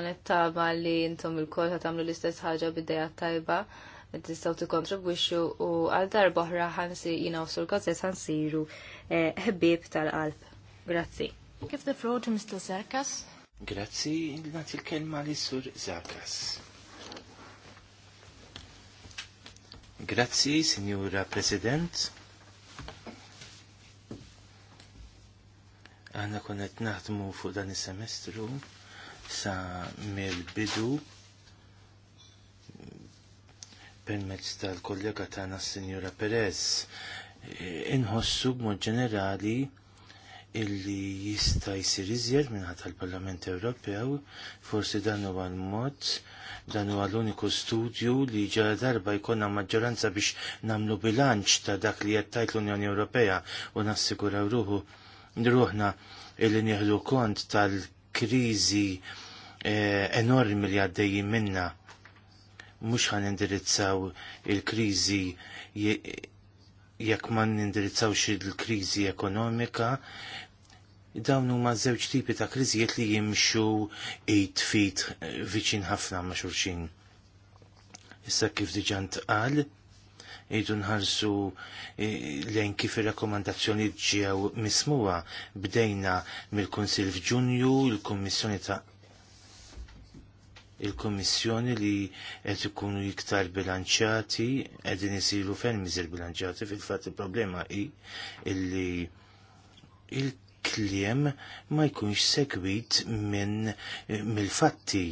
Nittama li jintom il-kol ħatamlu l-istess ħagġa bid deja tajba tistaw tikkontribwixxu u għal darboħra ħansi jina u sul ħansiru eh, ħbib tal-qalb. Grazzi. Kif the floor to Mr. Zerkas? Grazzi, nagħti l-kelma li sur Zerkas. Grazzi, Signora President. Għanna konet naħdmu fuq dan is-semestru sa mill-bidu permezz tal-kollega tagħna Signora Perez. Inħossu b'mod ġenerali illi jista' jsir iżjed mingħata tal parlament Ewropew, forsi dan huwa l-mod, dan huwa l-uniku studju li ġara darba jkollna maġġoranza biex nagħmlu bilanċ ta' dak li qed tajt l-Unjoni Ewropea u nassiguraw ruħu ruħna illi nieħdu kont tal-kriżi eh, enormi li għaddejjin minna mhux ħan indirizzaw il-kriżi jekk ma nindirizzaw il-kriżi ekonomika, dawn huma żewġ tipi ta' kriżijiet li jimxu eight feet eh, viċin ħafna ma' xulxin. Issa kif diġà ntqal, jridu nħarsu eh, lejn kif ir-rakkomandazzjoni ġew mismuwa bdejna mill kunsill f'Ġunju, il-Kummissjoni ta' il kommissjoni li qed ikunu iktar bilanċati qegħdin isiru fejn miżir bilanċati fil-fatt il-problema hi illi il-kliem ma jkunx segwit minn mill-fatti.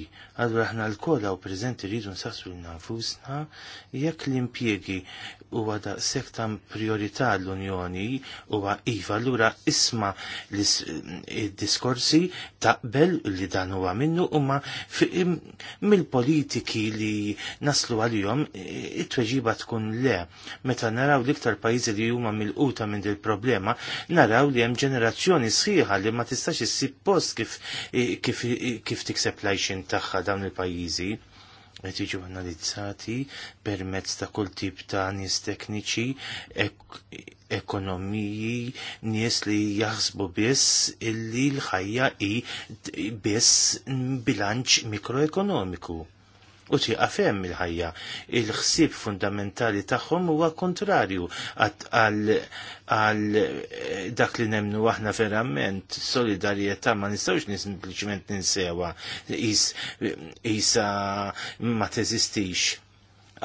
Allura aħna l-kolla u preżenti rridu nsaqsu l nafusna jekk l-impjegi huwa daqshekk ta' priorità l-Unjoni huwa iva lura isma' id-diskorsi taqbel li dan huwa minnu huma mill-politiki li naslu għalihom it-tweġiba tkun le. Meta naraw l-iktar pajjiżi li huma mill-quta minn il problema naraw li hemm ġenerazzjoni sħiħa li ma tistax issib post kif kif kif tikseb lajxin tagħha dawn il-pajjiżi qed jiġu analizzati permezz ta' kull tip ta' nies tekniċi, ekonomiji, nies li jaħsbu biss illi l-ħajja hi biss bilanċ mikroekonomiku u tiqafem il-ħajja. Il-ħsib fundamentali tagħhom huwa kontrarju għal eh, dak li nemnu aħna verament solidarjetà ma nistgħux nisimpliċiment ninsewa jisa eh, ma teżistix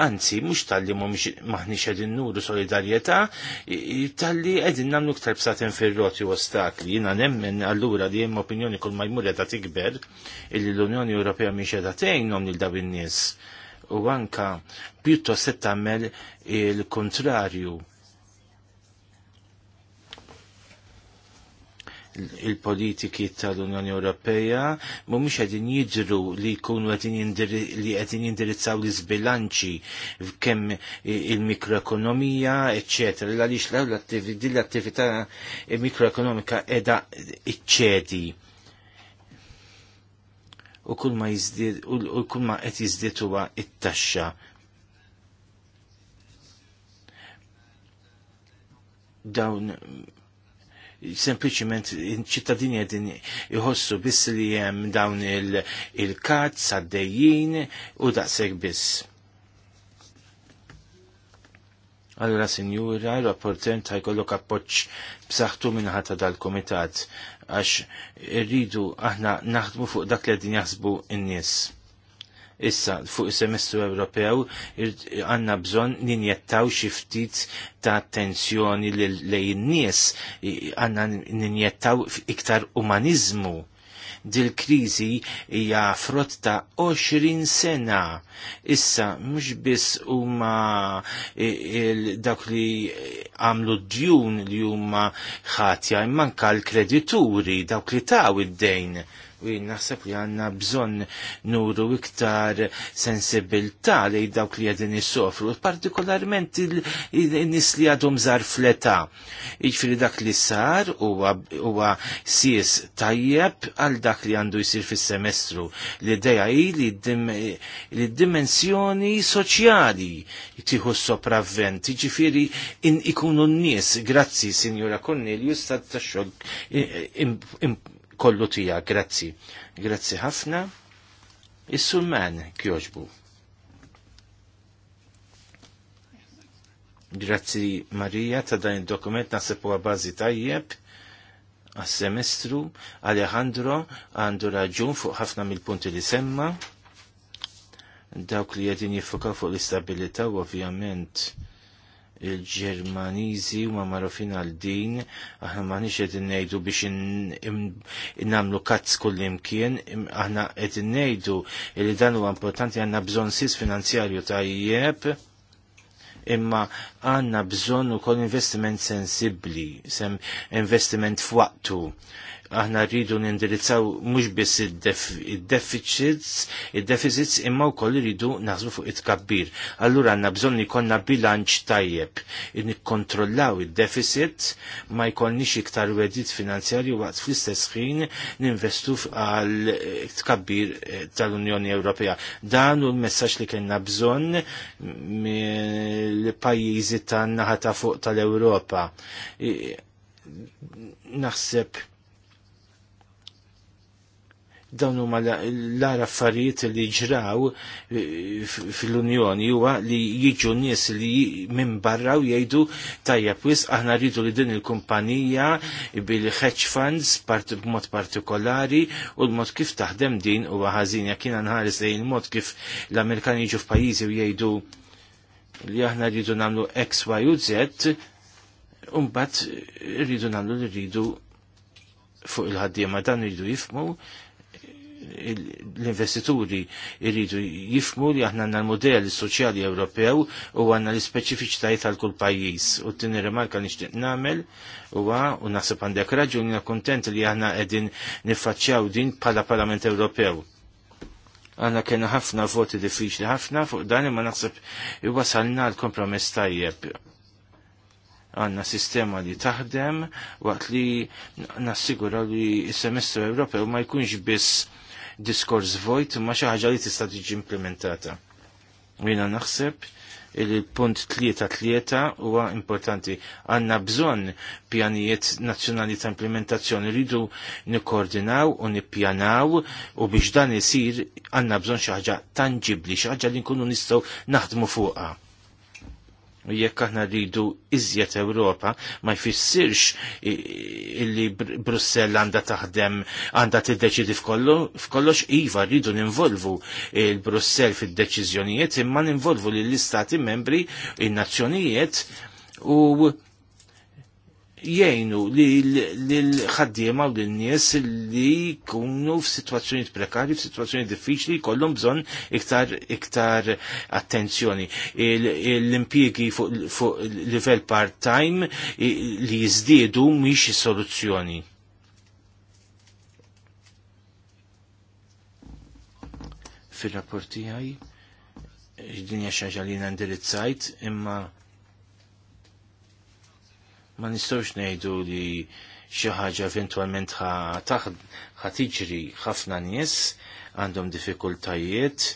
Anzi, mux tal-li maħniċ għedin nuru solidarieta, tal-li għedin namlu ktar bsaten fil-roti u ostakli. Jina nemmen allura li jemma opinjoni kol jmur għedha tikber, illi l-Unjoni Ewropea miex għedha tejnom li dawin nis. U anka, pjuttost tagħmel il-kontrarju il-politiki tal-Unjoni Ewropea mhumiex qegħdin jidru li jkunu li qegħdin jindirizzaw l iżbilanċi kemm il-mikroekonomija, eċċetera, għaliex l-attività mikroekonomika qiegħda iċċedi u kull ma jizdid u kull ma qed jiżdied huwa it-taxxa. Dawn sempliciment ċittadini għedin jħossu biss li jem dawn il-kat, il u daqseg biss. Allora, sinjura, l-apportent jkollok appoċ b'saħħtu minnħata dal-komitat għax irridu aħna naħdmu fuq dak li għedin jaħsbu in-nies Issa, fuq semestru Ewropew għanna bżon ninjettaw xiftit ta' attenzjoni lejn nies għanna ninjettaw iktar umanizmu dil-krizi hija frott ta' 20 sena. Issa mhux biss huma dak li għamlu djun li huma ħatja imman kal kredituri dawk li taw id-dejn u naħseb li għandna bżonn nuru iktar sensibilta li dawk li għadin jissofru, partikolarment il-nis li għadhom żar fleta. Jiġifieri dak li sar huwa sis tajjeb għal dak li għandu jsir fis-semestru. L-idea hi li d-dimensjoni soċjali tieħu sopravvent, jiġifieri in ikunu n-nies, grazzi signora Cornelius ta' xogħol kollu tija. Grazzi. Grazzi ħafna. il sulman kjoġbu. Grazzi Marija ta' dan il-dokument nasib huwa bażi tajjeb għas-semestru Alejandro għandu raġun fuq ħafna mill-punti li semma dawk li jedin jifuka fuq l istabilita u ovvijament il-Ġermaniżi huma magħrufin għal din, aħna m'aħniex qed ngħidu biex innamlu kazz kull imkien, aħna qed ngħidu li dan huwa importanti għandna bżonn sis finanzjarju tajjeb imma għanna bżonn ukoll investiment sensibbli, sem investiment f'waqtu aħna rridu nindirizzaw mhux biss id-deficits, id-deficits imma wkoll rridu naħsbu fuq it-kabbir. Allura għandna li konna bilanċ tajjeb id-kontrollaw id-deficit ma jkollniex iktar wedit finanzjarju waqt fl-istess ħin ninvestu għal eh, tkabbir eh, tal-Unjoni Ewropea. Dan u l-messaġġ li kena bżonn l-pajjiżi tan-naħa ta' fuq tal-Ewropa. Naħseb dawn huma l-ara affarijiet li ġraw eh, fil-Unjoni huwa li jiġu nies li minn barra u jgħidu tajjeb wis aħna rridu li din il-kumpanija bil-hedge funds b'mod partikolari u l-mod kif taħdem din huwa ħażin jekk jiena nħares lejn il-mod kif l-Amerikani jiġu f'pajjiżi u jgħidu li aħna rridu nagħmlu X, Y u Z, u mbagħad rridu nagħmlu li rridu fuq il-ħaddiema dan rridu jifmu l-investituri irridu jifmu li aħna għanna l-modell soċjali Ewropew u għanna l-speċifiċtajiet tal kull pajjiż. U t-tini remarka nixtieq nagħmel huwa u naħseb għandek raġuni kontent li aħna qegħdin niffaċċjaw din bħala Parlament Ewropew. Għanna kena ħafna voti diffiċli ħafna fuq dan imma naħseb wasalna l-kompromess tajjeb għanna sistema li taħdem waqt li nassigura li s-semestru Ewropew ma jkunx biss diskors vojt ma xi ħaġa li tista' tiġi implementata. Jiena naħseb li l punt tlieta tlieta huwa importanti. għandna bżonn pjanijiet nazzjonali ta' implementazzjoni rridu nikkoordinaw u nippjanaw u biex dan isir għandna bżonn xi ħaġa tanġibli, xi ħaġa li nkunu nistgħu naħdmu fuqha jekk aħna rridu iżjed Ewropa ma jfissirx illi Brussell għandha taħdem għandha tiddeċidi f'kollox iva rridu ninvolvu il-Brussell fid-deċiżjonijiet imma ninvolvu lill-istati membri in-nazzjonijiet u jgħinu li l-ħaddiema u l-nies li jkunu f'sitwazzjoni prekarji, f'sitwazzjoni diffiċli, kollum bżonn iktar iktar attenzjoni. L-impjiegi fuq livell part-time li jiżdiedu mhix soluzzjoni. Fil-rapporti għaj, id-dinja xaġalina li indirizzajt, imma ma nistgħux ngħidu li xi ħaġa eventwalment ħa tiġri ħafna nies għandhom diffikultajiet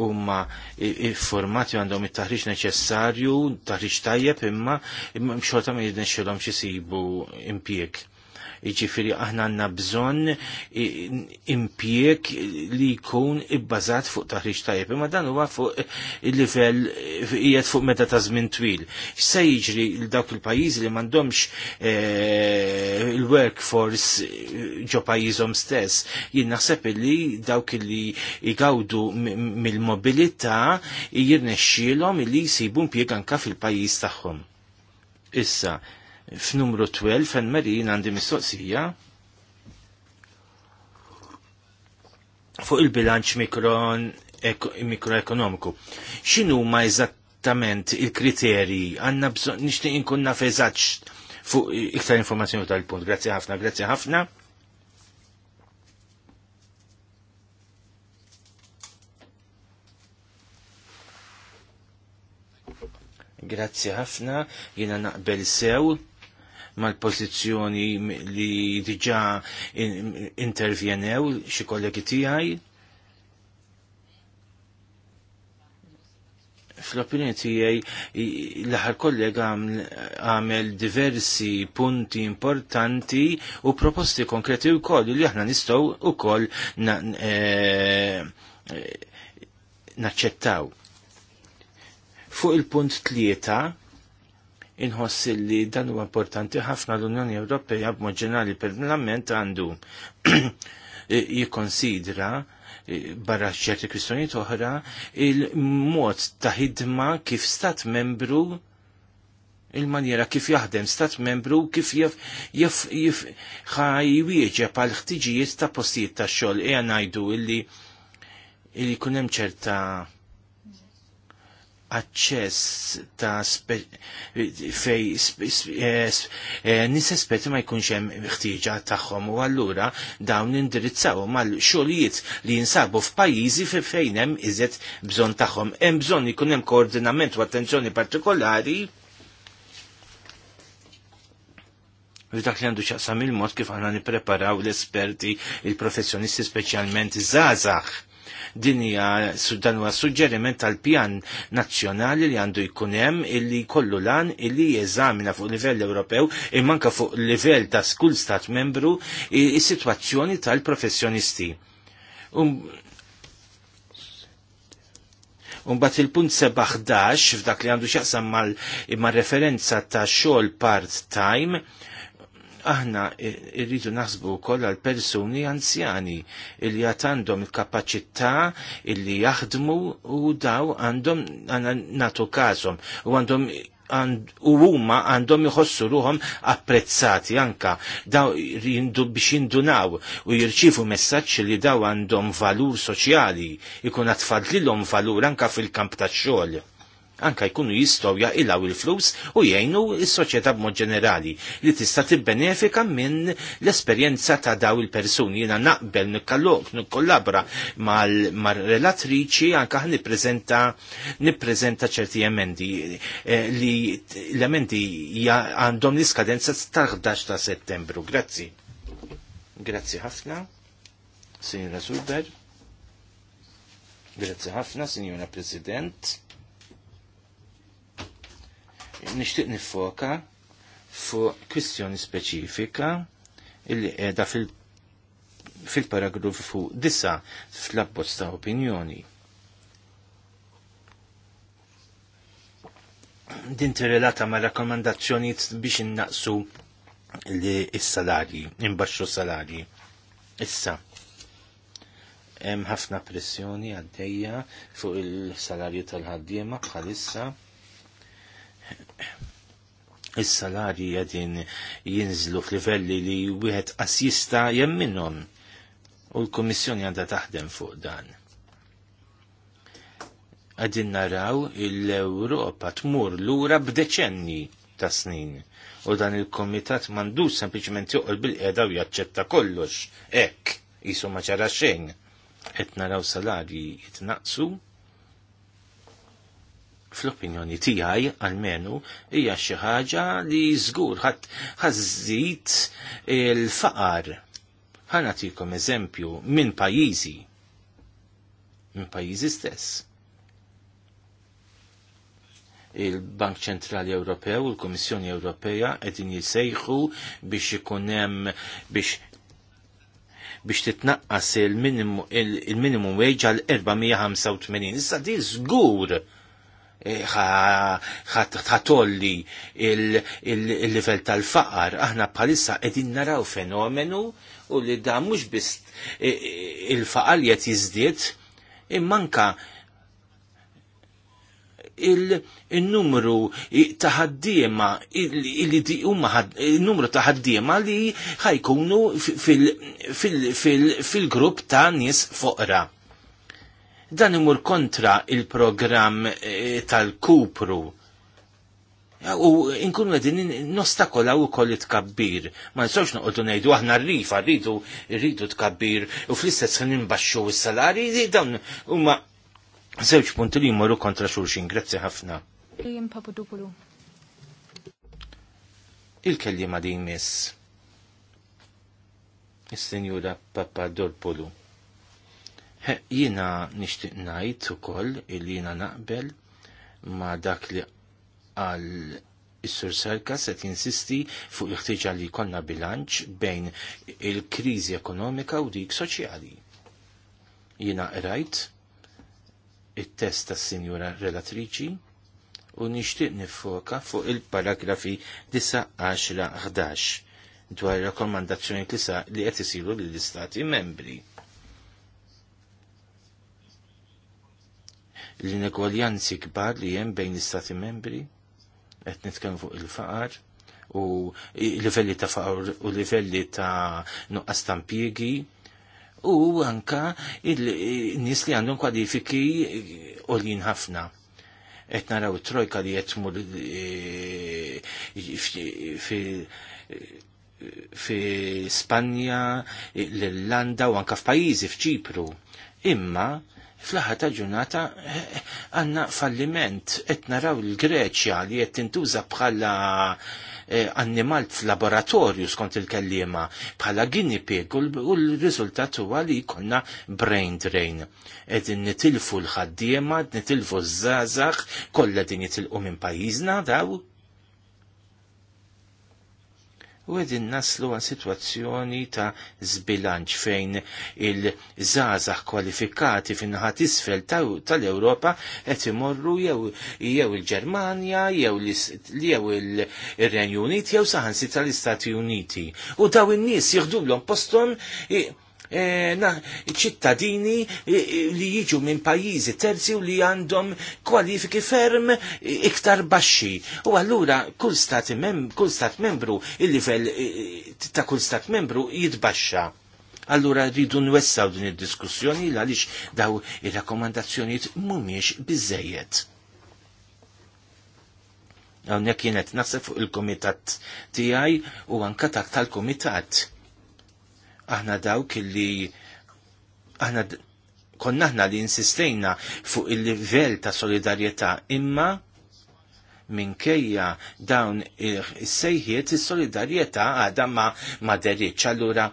il formati għandhom it-taħriġ neċessarju, taħriġ tajjeb imma xorta ma jidnexxilhom xisibu impjeg. Ġifiri aħna għanna bżon impjek li jkun ibbażat fuq taħriġ tajjeb, imma dan huwa fuq il-livell qiegħed fuq meta ta' żmien twil. X'se jiġri l dawk il-pajjiżi li m'għandhomx eh, il-workforce eh, ġo pajjiżhom stess. Jien naħseb li dawk li jgawdu mill-mobilità jirnexxielhom li jsibu impjeg anka fil-pajjiż tagħhom. Issa, f'numru 12 Fenn Marin għandi mistoqsija fuq il-bilanċ mikroekonomiku. Ek X'inhu ma eżattament il-kriterji għandna bżonn nixtieq inkun naf fuq iktar informazzjoni tal-punt. Grazzi ħafna, grazzi ħafna. Grazzi ħafna, jiena naqbel sew mal-pozizjoni li diġa intervjenew xi kollegi tiegħi. fl-opinjoni tiegħi l-aħħar kollega għamel diversi punti importanti u proposti konkreti wkoll li aħna nistgħu wkoll e, e, naċċettaw. Fuq il-punt tlieta inħoss li dan huwa importanti ħafna l-Unjoni Ewropea b'mod ġenerali permanent għandu jikkonsidra barra ċerti kwistjonijiet oħra il-mod ta' ħidma kif stat membru il-manjera kif jaħdem stat membru kif jaf jaf ħajwieġeb għal ħtiġijiet ta' postijiet ta' xogħol ejja ngħidu illi illi kun hemm ċerta' aċċess ta' fej eh, eh, nis esperti ma jkunx hemm ħtieġa tagħhom u allura dawn indirizzawhom għal xogħlijiet li jinsabu f'pajjiżi fejn hemm iżet bżonn tagħhom. Hemm bżonn ikun hemm koordinament u attenzjoni partikolari U dak li għandu xaqsam il-mod kif għanna nipreparaw l-esperti, il-professjonisti specialment zazax Din hija dan huwa suġġeriment tal-pjan nazzjonali li għandu jkun hemm illi jkollu lan illi jeżamina fuq livell Ewropew e ka fuq livell ta' skull stat membru is-sitwazzjoni tal-professjonisti. Um, Unbat il-punt 17 f'dak li għandu xaqsam mal-referenza ta' xol part-time aħna irridu nasbu wkoll għal persuni anzjani illi għat għandhom il-kapaċità illi jaħdmu u daw għandhom natu każhom u għandhom u huma għandhom jħossu ruhom apprezzati anka daw jindu biex jindunaw u jirċifu messaġġ li daw għandhom valur soċjali ikun għatfadlilhom valur anka fil-kamp tax-xogħol anka jkunu jistgħu jaqilgħu il-flus u jgħinu s-soċjetà b'mod ġenerali li tista' tibbenefika minn l-esperjenza ta' daw il-persuni. Jiena naqbel nikkallok nikkollabra mal-relatriċi anka nippreżenta nippreżenta ċerti emendi eh, li l-emendi għandhom l-iskadenza 11 ta' settembru. Grazzi. Grazzi ħafna. Signora Sulber. Grazzi ħafna, Signora President nixtieq nifoka fuq kwistjoni speċifika illi qiegħda fil-paragrafu fil disa fl-abbozz ta' opinjoni. din relata ma' rakkomandazzjonijiet biex innaqsu li s-salarji, imbaxxu salarji. Issa, hemm ħafna pressjoni għaddejja fuq il-salarju tal-ħaddiema bħalissa is-salarji qegħdin jinżlu f'livelli li wieħed assista jista' jemminhom u l-Kummissjoni għandha taħdem fuq dan. Qegħdin naraw l-Ewropa tmur lura b'deċenni ta' snin u dan il-Komitat mandu sempliċement juqol bil-qiegħda u jaċċetta kollox. Hekk, jisum ma xejn. Qed naraw salarji jitnaqsu fl-opinjoni tiegħi għalmenu hija xi ħaġa li żgur ħażid il-faqar. nagħtikom eżempju minn pajjiżi minn pajjiżi stess. Il-Bank Ċentrali Ewropew u l-Kummissjoni Ewropea qegħdin jisejħu biex ikun hemm biex biex titnaqqas il-minimum wage għal 485. Issa di żgur ħatolli eh, il-livell tal-faqar, aħna bħalissa edin naraw fenomenu u li da mux bist eh, eh, il-faqar jett jizdiet, immanka il-numru taħaddiema il-numru taħaddiema li ħajkunu fil-grupp ta' nies foqra Dan imur kontra il program eh, tal-kupru. U inkunu għedin nostakola u koll tkabbir. Ma nistawx noqdu nejdu aħna rrifa, rridu, rridu tkabbir u fl-istess ħin nimbaxxu s-salari, dawn huma żewġ punti li jmorru kontra xulxin. Grazzi ħafna. Il-kellima di jmiss. Is-Sinjura Papadopulu. Jina nishtiq najt u koll il jina naqbel ma dak li għal Is-Sur Serka se tinsisti fuq il li jkollna bilanċ bejn il-kriżi ekonomika u dik soċjali. Jina rajt it-test tas-Sinjura Relatriċi u nixtieq nifoka fuq il-paragrafi 9-10-11 dwar rakkomandazzjoni li qed isiru lill-Istati membri l-inegwaljanzi kbar li jem bejn l-istati membri, qed nitkellmu fuq il-faqar, u livelli ta' faqar u livelli ta' nuqqas tampiegi, u anka il-nis li għandhom kwalifiki li ħafna qed naraw trojka li qed tmur fi Spanja, l-Irlanda u anka f'pajjiżi f'Ċipru. Imma fl-aħħar ta' ġurnata għandna falliment qed naraw il-Greċja li qed tintuża bħala eh, annimal laboratorju skont il-kellima bħala guinea pig u l-riżultat huwa li jkollna brain drain. Qegħdin nitilfu l-ħaddiema, nitilfu ż-żgħażagħ, kollha din jitilqu minn pajjiżna daw u għedin naslu għal situazzjoni ta' zbilanċ fejn il-żazax kwalifikati fin ħat isfel tal-Europa qed imorru jew il-Ġermanja, jew il-Renju Unit, jew saħansi tal-Istati Uniti. U daw in-nies jieħdu l-om postom Eh, ċittadini eh, eh, li jiġu minn pajjiżi terzi u li għandhom kwalifiki ferm iktar baxxi. U allura kull stat, mem kull stat membru, il-livell ta' kull stat membru jitbaxxa. Allura rridu nwessaw din id-diskussjoni għaliex daw ir-rakkomandazzjonijiet mhumiex biżejjed. Hawnhekk kienet naħseb fuq il-kumitat tiegħi u anke tak tal-kumitat aħna dawk illi, aħna konna aħna li insistejna fuq il-livell ta' solidarjetà imma minkejja dawn is-sejħiet is-solidarjetà għadha ma ma Allura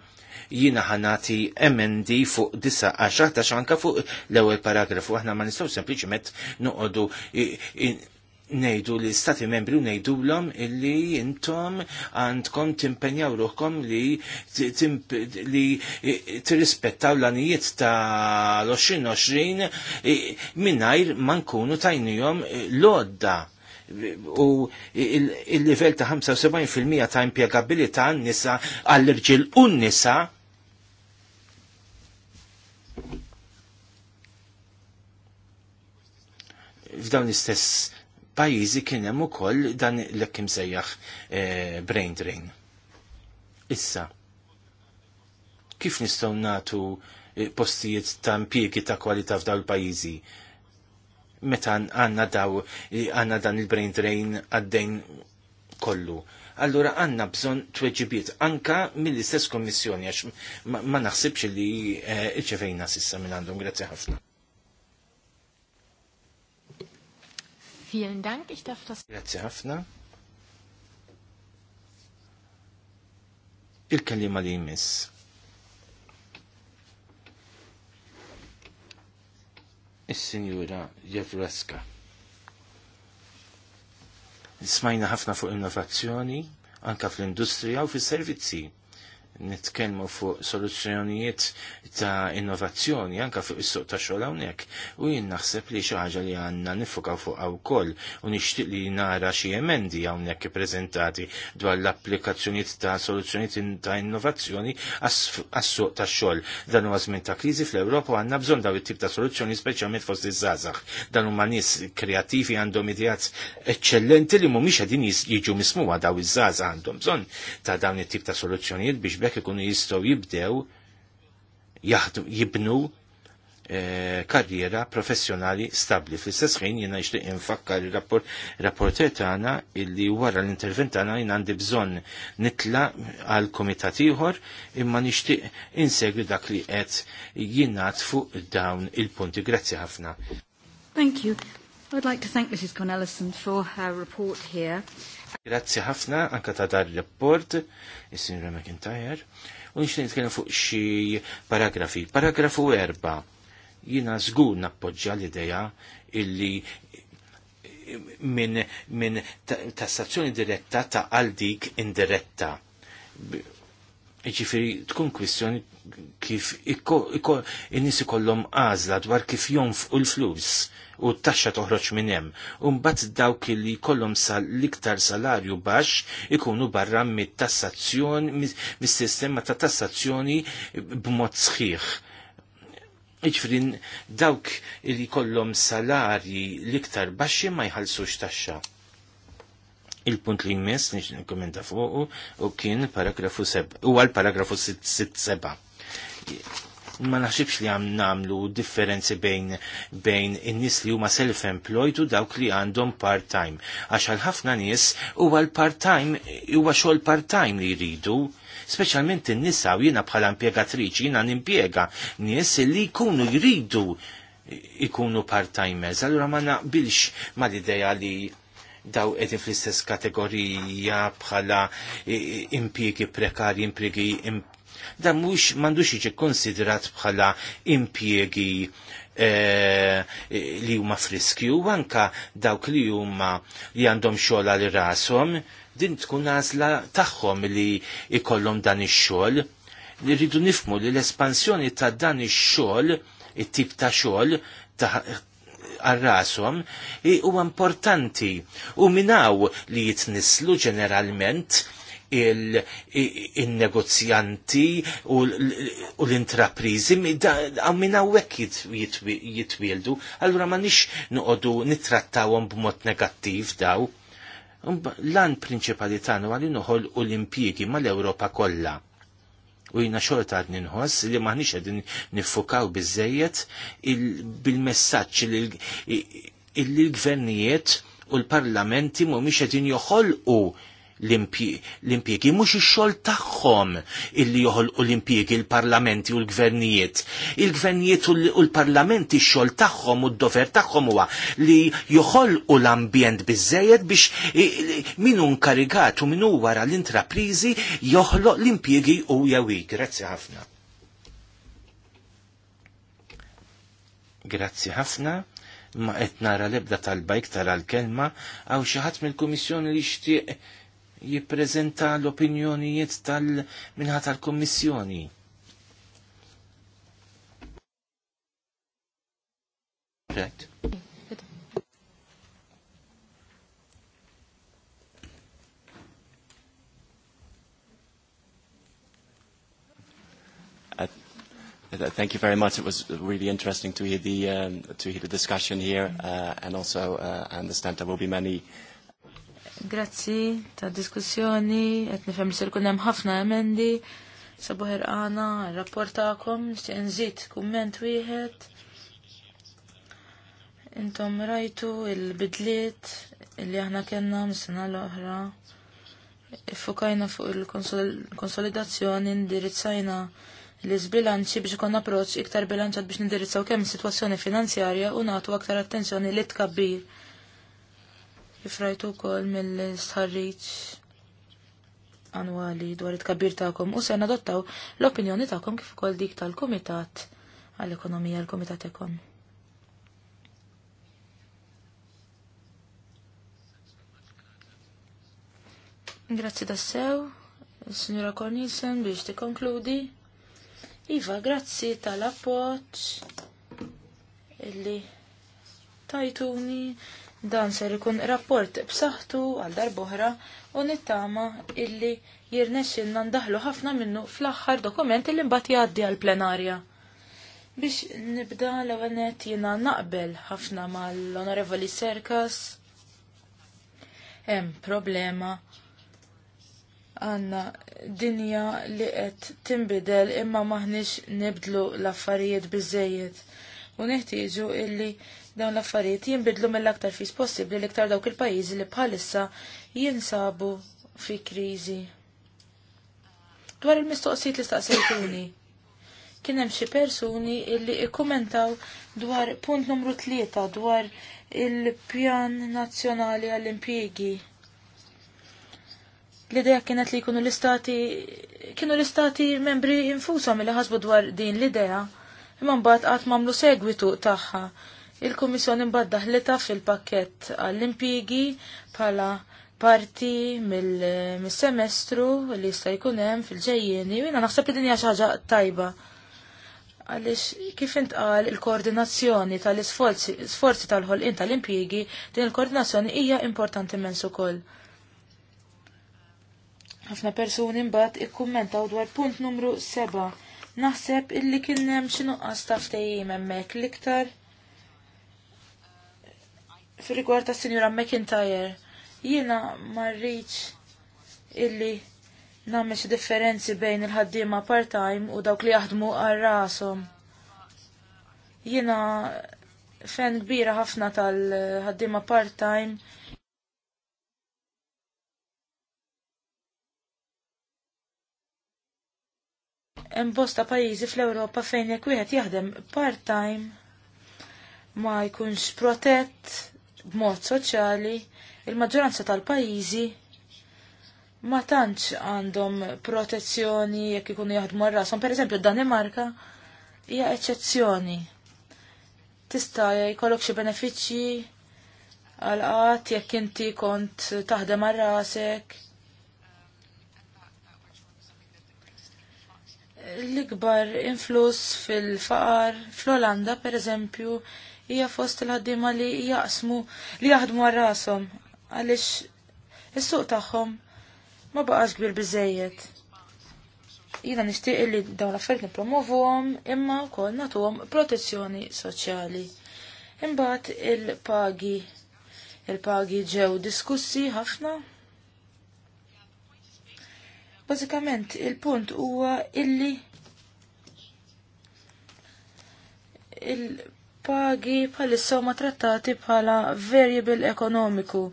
jina ħanati MND fuq disa ta' xanka fuq l-ewwel paragrafu aħna ma nistgħu sempliċement noqogħdu nejdu li stati membri u nejdu l-om illi intom għandkom timpenjaw ruħkom li li tirrispettaw l-anijiet ta' l-2020 minnajr man kunu tajnijom l-odda u il-level ta' 75% ta' impiegabilita nisa għall-irġil nisa f'dawn istess pajjiżi kien hemm ukoll dan l-ekkim sejjaħ e, brain drain. Issa, kif nistgħu nagħtu eh, postijiet ta' impjiegi ta' kwalità f'dawn il-pajjiżi? Meta għandna daw eh, għandna dan il-brain drain għaddejn kollu. Allura għanna bżon tweġibiet anka mill-istess kommissjoni għax ma, ma naħsibx li irċevejna sissa minn għandhom. Grazzi ħafna. Vielen Dank, ich darf das... Grazie Hafna. Il-kalima li jmiss. Is-Sinjura Jevreska. Smajna ħafna fuq innovazzjoni, anka fl-industrija u fil servizzi nitkellmu fuq soluzzjonijiet ta' innovazzjoni anka fuq is-suq ta' xogħol hawnhekk u jien naħseb li xi ħaġa li għandna nifuka fuqha wkoll u nixtieq li nara xi emendi hawnhekk ippreżentati dwar l-applikazzjonijiet ta' soluzzjonijiet ta' innovazzjoni għas-suq ta' xogħol. Dan huwa żmien ta' kriżi fl-Ewropa għandna bżonn daw it-tip ta' soluzzjoni speċjalment fost iż-żgħażagħ. Dan huma nies kreattivi għandhom idejat eċċellenti li mhumiex qegħdin jiġu mismuwa daw iż-żgħażagħ għandhom bżonn ta' dawn it-tip ta' soluzzjonijiet biex bekk ikunu jistaw jibdew jibnu eh, karriera professjonali stabli. Fl-istess ħin jiena nixtieq infakkar ir-rapporter tagħna illi wara l-intervent tagħna jien għandi bżonn nitla għal kumitat ieħor imma nixtieq insegwi dak li qed jingħad fuq dawn il-punti. Grazzi ħafna. Thank you. I'd like to thank Mrs. Cornelison for her report here. Grazzi ħafna anka ta' dar rapport, is sinra McIntyre, u nix nitkellem fuq xi paragrafi. Paragrafu erba' jina żgur nappoġġja l-idea illi minn min, tassazzjoni diretta ta' għaldik dik indiretta. Iġifiri, tkun kwistjoni kif in-nis ikollhom għażla dwar kif jonfqu l-flus u t-taxxa toħroġ minn hemm. U mbagħad dawk li jkollhom sal iktar salarju baxx ikunu barra mit-tassazzjoni mis-sistema ta' tassazzjoni b'mod sħiħ. Jiġifieri dawk li jkollhom salarji l-iktar baxxi ma jħallsux taxxa. Il-punt li jmiss nix nikkommenta fuqu u kien paragrafu 7, u għal paragrafu 6-7 ma naħsibx li għam namlu differenzi bejn, bejn in nies li huma self-employed u dawk li għandhom part-time. Għax għal ħafna nies huwa l-part-time huwa xogħol part-time li jridu speċjalment in-nisa u jiena bħala impjegatriċi jiena nimpjega nies li jkunu jridu ikunu part-timers. Allura ma naqbilx ma l-ideja li daw edin fl-istess kategorija bħala impjegi prekari, impjegi da mux mandux iġi konsiderat bħala impiegi e, eh, li huma friskju, anka dawk li huma li għandhom xogħol għal rashom, din tkun għażla tagħhom li ikollhom dan ix-xogħol. Rridu nifmu li l-espansjoni ta' dan ix-xogħol, it-tip ta' xogħol għal-rasom u importanti u minnaw li jitnislu ġeneralment il-negozjanti u l-intraprizi għammin għawek jitwildu, għallura ma nix nuqodu nitrattawhom b'mod negattiv daw. l għan prinċipali tagħna għalli nuħol u l-impjiegi mal-Ewropa kollha u jina xorta għad ninħos li nix għadin nifukaw bizzejiet bil-messagġ li l-gvernijiet u l-parlamenti mu għadin joħol joħolqu l-impjegi, mux ix xol taħħom illi joħol l-impjegi l parlamenti u l-gvernijiet. Il-gvernijiet u l-parlamenti xol taħħom u d-dover taħħom huwa li joħol u l-ambjent bizzejed biex minu nkarigat u minu wara l-intraprizi joħloq l-impjegi u jawi. Grazzi ħafna. Grazzi ħafna ma qed nara l-ebda tal-bajk tara l-kelma għaw xi ħadd mill-Kummissjoni li xtieq jipprezenta l-opinjonijiet tal-minħat tal-Kommissjoni. Uh, uh, thank you very much. It was really interesting to hear the um, to hear the discussion here, uh, and also uh, I understand there will be many Grazzi ta' diskussjoni, et nifem li kunem ħafna emendi. Sabu ħerqana, rapportakom, nixtieq nżid kumment wieħed. Intom rajtu il-bidliet li aħna kellna mis-sena l-oħra. Fukajna fuq il-konsolidazzjoni indirizzajna l-izbilanċi biex ikon approċ iktar bilanċat biex nindirizzaw kemm is-sitwazzjoni finanzjarja u nagħtu aktar attenzjoni li tkabbir Ifrajtu wkoll mill-sħarriċ annwali dwar it-kabir tagħkom u se nadottaw l-opinjoni tagħkom kif ukoll dik tal-Kumitat għall-Ekonomija l-Kumitat Ekon. Grazzi tassew, signora Cornelsen, biex ti konkludi. Iva, grazzi tal-appoċ illi tajtuni Dan ser ikun rapport b'saħħtu għal darbohra u nittama illi jirnexxilna ndaħlu ħafna minnu fl-aħħar dokument illi mbagħad jgħaddi għal plenarja. Biex nibda l-ewwel net jiena naqbel ħafna mal-Onorevoli Serkas. Hemm problema għanna dinja li qed tinbidel imma maħniex nibdlu l-affarijiet biżejjed u neħtieġu illi dawn l-affarijiet jinbidlu mill-aktar fis possibbli l-iktar dawk il-pajjiżi li bħalissa jinsabu fi kriżi. Dwar il-mistoqsijiet li staqsejtuni kien hemm xi persuni illi ikkumentaw dwar punt numru tlieta dwar il-pjan nazzjonali għall-impjiegi. L-idea kienet li jkunu l-istati kienu l-istati membri infusa mill ħasbu dwar din l-idea imma mbagħad qatt m'għamlu segwitu tagħha Il-Kummissjoni mbagħad daħlita fil-pakkett għall-impjigi bħala parti mill-semestru li jista' jkun hemm fil-ġejjieni u jiena naħseb li din hija xi ħaġa tajba. Għaliex kif intqal il-koordinazzjoni tal-isforzi tal-ħolqien tal-impjigi din il-koordinazzjoni hija importanti mens ukoll ħafna persuni mbagħad ikkummentaw dwar punt numru 7. Naħseb illi kien hemm xi nuqqas ta' hemmhekk l-iktar fil-rigward ta' Sinjura McIntyre, jiena marriċ illi nagħmel differenzi bejn il-ħaddiema part-time u dawk li jaħdmu għal rashom. Jiena fen kbira ħafna tal-ħaddiema part-time M'bosta pajizi pajjiżi fl-Ewropa fejn jekk wieħed jaħdem part-time ma jkunx protett b'mod soċjali, il-maġġoranza tal-pajjiżi ma tantx għandhom protezzjoni jekk ikunu jaħdmu rasom. Per eżempju, Danimarka hija eċċezzjoni. Tista' jkollok xi benefiċċji għal qatt jekk inti kont taħdem għal rasek. l-ikbar influss fil-faqar fl-Olanda, per eżempju, hija fost il ħaddima li jaqsmu li jaħdmu għal rashom għaliex is-suq tagħhom ma baqax kbir biżejjed. Jina nixtieq li dawn l-affarijiet nippromovuhom imma wkoll nagħtuhom protezzjoni soċjali. Imbagħad il-pagi il-pagi ġew diskussi ħafna. Bażikament il-punt huwa illi il pagi bħalissa huma trattati bħala variable ekonomiku.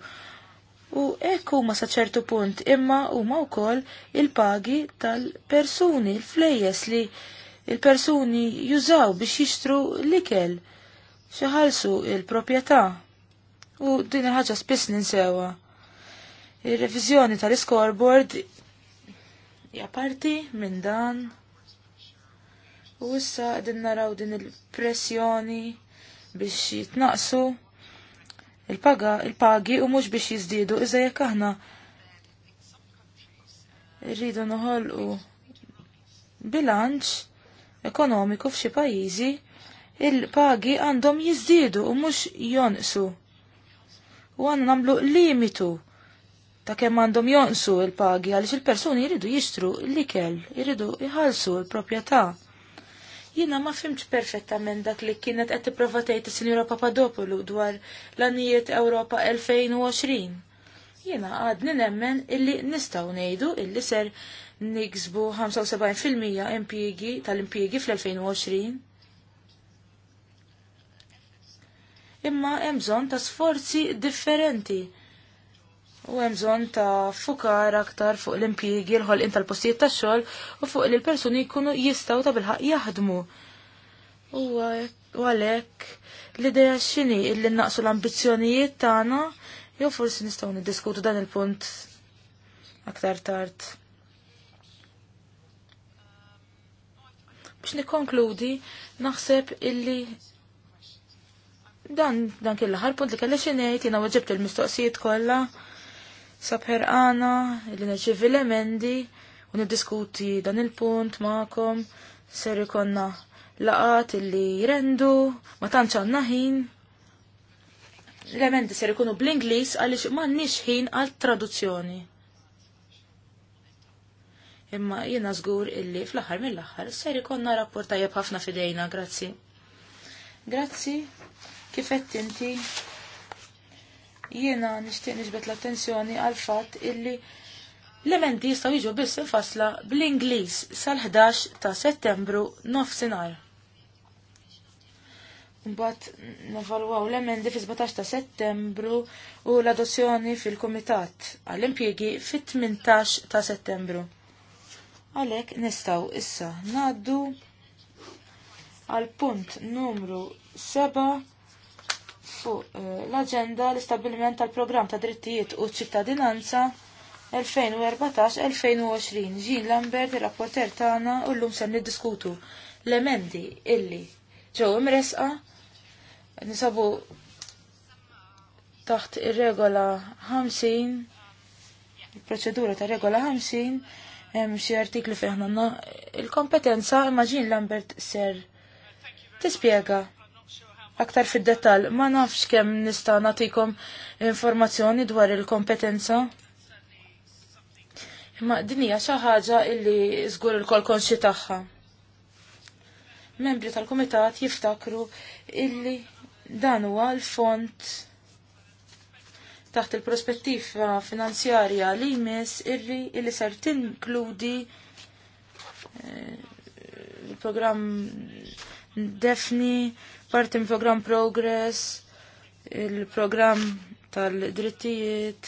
U ekk huma sa ċertu punt imma huma wkoll il-pagi tal-persuni, il-flejjes li il-persuni jużaw biex jixtru l-ikel, xaħalsu il-propieta. U din ħaġa spiss ninsewa. Il-revizjoni tal-scoreboard hija parti minn dan. U issa din naraw din il-pressjoni biex jitnaqsu il-paga, il-pagi u mhux biex jiżdiedu iżda jek aħna rridu noħolqu bilanċ ekonomiku f'xi pajjiżi il-pagi għandhom jiżdiedu u mhux jonqsu. U għandna namlu limitu ta' kemm għandhom jonqsu il-pagi għaliex il-persuni jridu jixtru l-ikel, jridu jħallsu l-proprjetà. Jiena ma fimx perfettament dak li kienet qed tipprova tgħid is-Sinjura Papadopoulou dwar l-anijiet Ewropa 2020. Jiena għadni nemmen illi nistgħu ngħidu illi ser niksbu 75% impjiegi tal-impjiegi fl-2020. Imma hemm bżonn ta' sforzi differenti U hemm bżonn ta' fukar aktar fuq l-impjiegi l-ħolqien tal-postijiet tax-xogħol u fuq li l-persuni jkunu jistgħu ta' bilħaq jaħdmu. U għalhekk l-idea x'inhi illi naqsu l-ambizzjonijiet tagħna jew forsi nistgħu niddiskutu dan il-punt aktar tard. Biex nikkonkludi, naħseb illi dan dan kien l-aħħar punt li kelli xi ngħid jiena weġibt il-mistoqsijiet kollha Saper għana li neċivi l-emendi u niddiskuti dan il-punt ma'kom ser ikonna laqat illi rendu ma tantx għandna ħin. L-emendi ser ikunu bl-Ingliż għaliex m'għandniex ħin għal traduzzjoni. Imma jiena żgur illi fl-aħħar mill-aħħar ser ikonna rapport tajjeb ħafna fidejna, grazzi. Grazzi, kifett inti jiena nixtieq niġbet l-attenzjoni għal fatt illi l-emendi jistgħu jiġu biss infasla bl-Ingliż sal-11 ta' Settembru nofsinhar. Mbagħad nevalwaw l-emendi fi 17 ta' Settembru u l-adozzjoni fil-Kumitat għall-impjiegi fit-18 ta' Settembru. Għalhekk nistgħu issa ngħaddu għal punt numru 7 fuq eh, l-agenda l-istabilment tal-programm ta' drittijiet u ċittadinanza 2014-2020. Jean Lambert, il-rapporter tagħna, u llum se niddiskutu l-emendi illi ġew imresqa nisabu taħt ir-regola 50, il-proċedura ta' regola 50, hemm xi artikli fejn il-kompetenza imma Jean Lambert ser tispjega aktar fid-detal. Ma nafx kemm nista' nagħtikom informazzjoni dwar il-kompetenza. Imma din hija xi ħaġa illi żgur il-kol konxi tagħha. Membri tal-kumitat jiftakru illi dan huwa l-font taħt il-prospettiva finanzjarja li jmiss irri illi ser tinkludi eh, il-programm Defni parti minn program Progress, il-program tal-drittijiet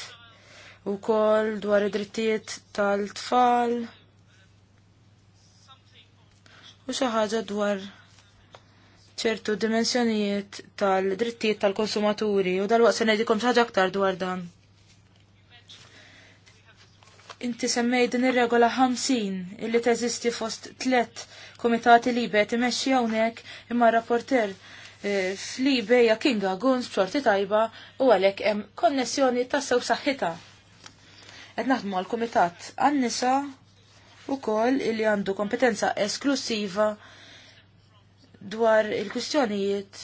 u kol dwar id-drittijiet tal-tfal u xi ħaġa dwar ċertu dimensjonijiet tal-drittijiet tal-konsumaturi u dal-waqt se ngħidilkom ħaġa aktar dwar dan. Inti semmej din ir-regola 50 illi teżisti fost tlet komitati libet imexxi hawnhekk imma rapporter E, fl-eBay Kinga Guns b'xorti tajba u għalek hemm konnessjoni tas-sew saħħita. Qed naħdmu għal kumitat u nisa il li għandu kompetenza esklusiva dwar il-kwistjonijiet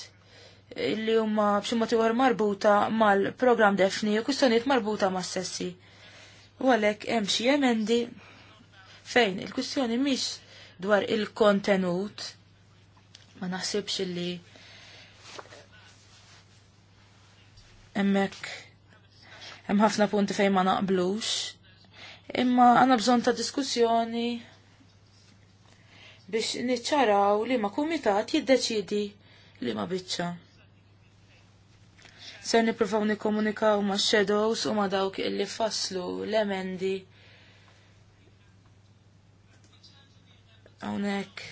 li huma b'xi għar marbuta mal-programm defni u kwistjonijiet marbuta mas-sessi. U għalhekk hemm xi emendi fejn il-kwistjoni mhix dwar il-kontenut ma naħsibx li Emmek hemm ħafna punti fejn ma naqblux. Imma għandna bżonn ta' diskussjoni biex niċċaraw li ma kumitat jiddeċidi li ma biċċa. Ser nippruvaw nikkomunikaw ma' shadows u ma' dawk illi faslu l-emendi. Hawnhekk.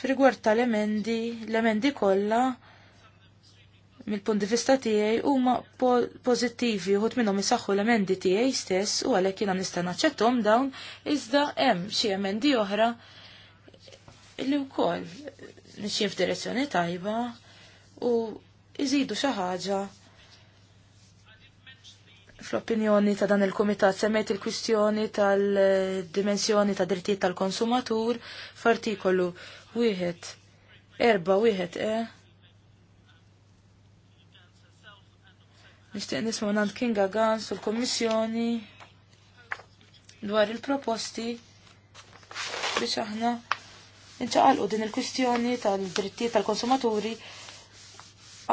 fir tal-emendi, l-emendi kollha mill-punt di vista tiegħi huma pożittivi uħud minnhom isaħħu l-emendi tiegħi stess u għalhekk jiena nista' naċċettahom dawn iżda hemm xi emendi oħra li wkoll mixjin f'direzzjoni tajba u iżidu xi ħaġa fl-opinjoni ta' dan il-Kumitat semmejt il-kwistjoni tal-dimensjoni ta' drittijiet tal-konsumatur f'artikolu wieħed erba' wieħed e Nishtiq nisma' nant Kinga Gans sul kommissjoni dwar il-proposti biex aħna nċaqalqu din il-kwistjoni tal-drittijiet tal-konsumaturi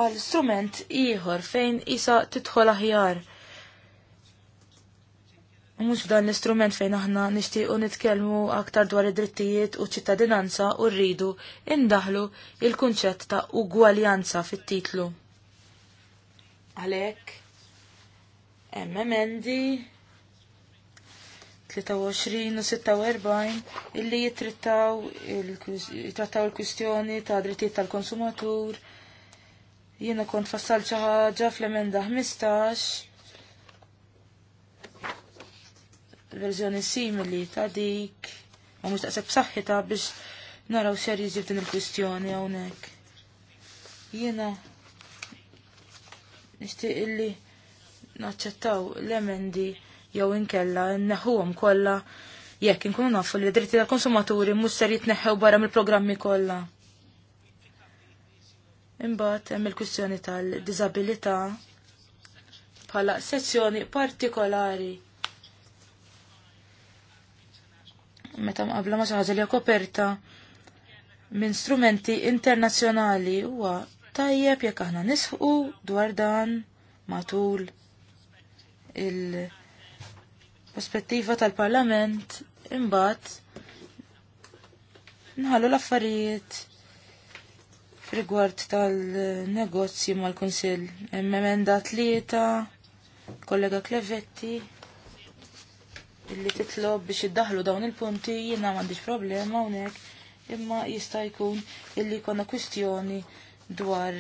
għal strument ieħor fejn isa titħol aħjar. Mux dan l-istrument fejn aħna nixtiequ nitkellmu aktar dwar id-drittijiet u ċittadinanza u rridu indaħlu il-kunċett ta' ugwaljanza fit-titlu. Għalek, hemm emendi 23 u 46 illi jittrittaw jitrattaw il-kwistjoni ta' drittijiet tal-konsumatur. Jiena kont fassal xi ħaġa fl-emenda 15 verżjoni simili ta' dik ma mhux taqseb saħħita biex naraw xer jiġi din il-kwistjoni hawnhekk. Jiena Nixtieq illi naċċettaw l-emendi jew inkella nneħħuhom kollha jekk inkunu nafu li dritti tal-konsumaturi mhux ser jitneħħew barra mill-programmi kollha. Imbagħad hemm il-kwistjoni tal-diżabilità bħala sezzjoni partikolari meta mqabla ma xi ħaġa li koperta minn strumenti internazzjonali huwa tajjeb jekk aħna nisħu dwar dan matul il-prospettiva tal-Parlament imbagħad nħallu l-affarijiet rigward tal-negozji mal-Kunsill. Hemm emenda tlieta, kollega Klevetti, illi titlob biex iddaħlu dawn il-punti jiena m'għandix problema hawnhekk imma jista' jkun illi jkollna kwistjoni dwar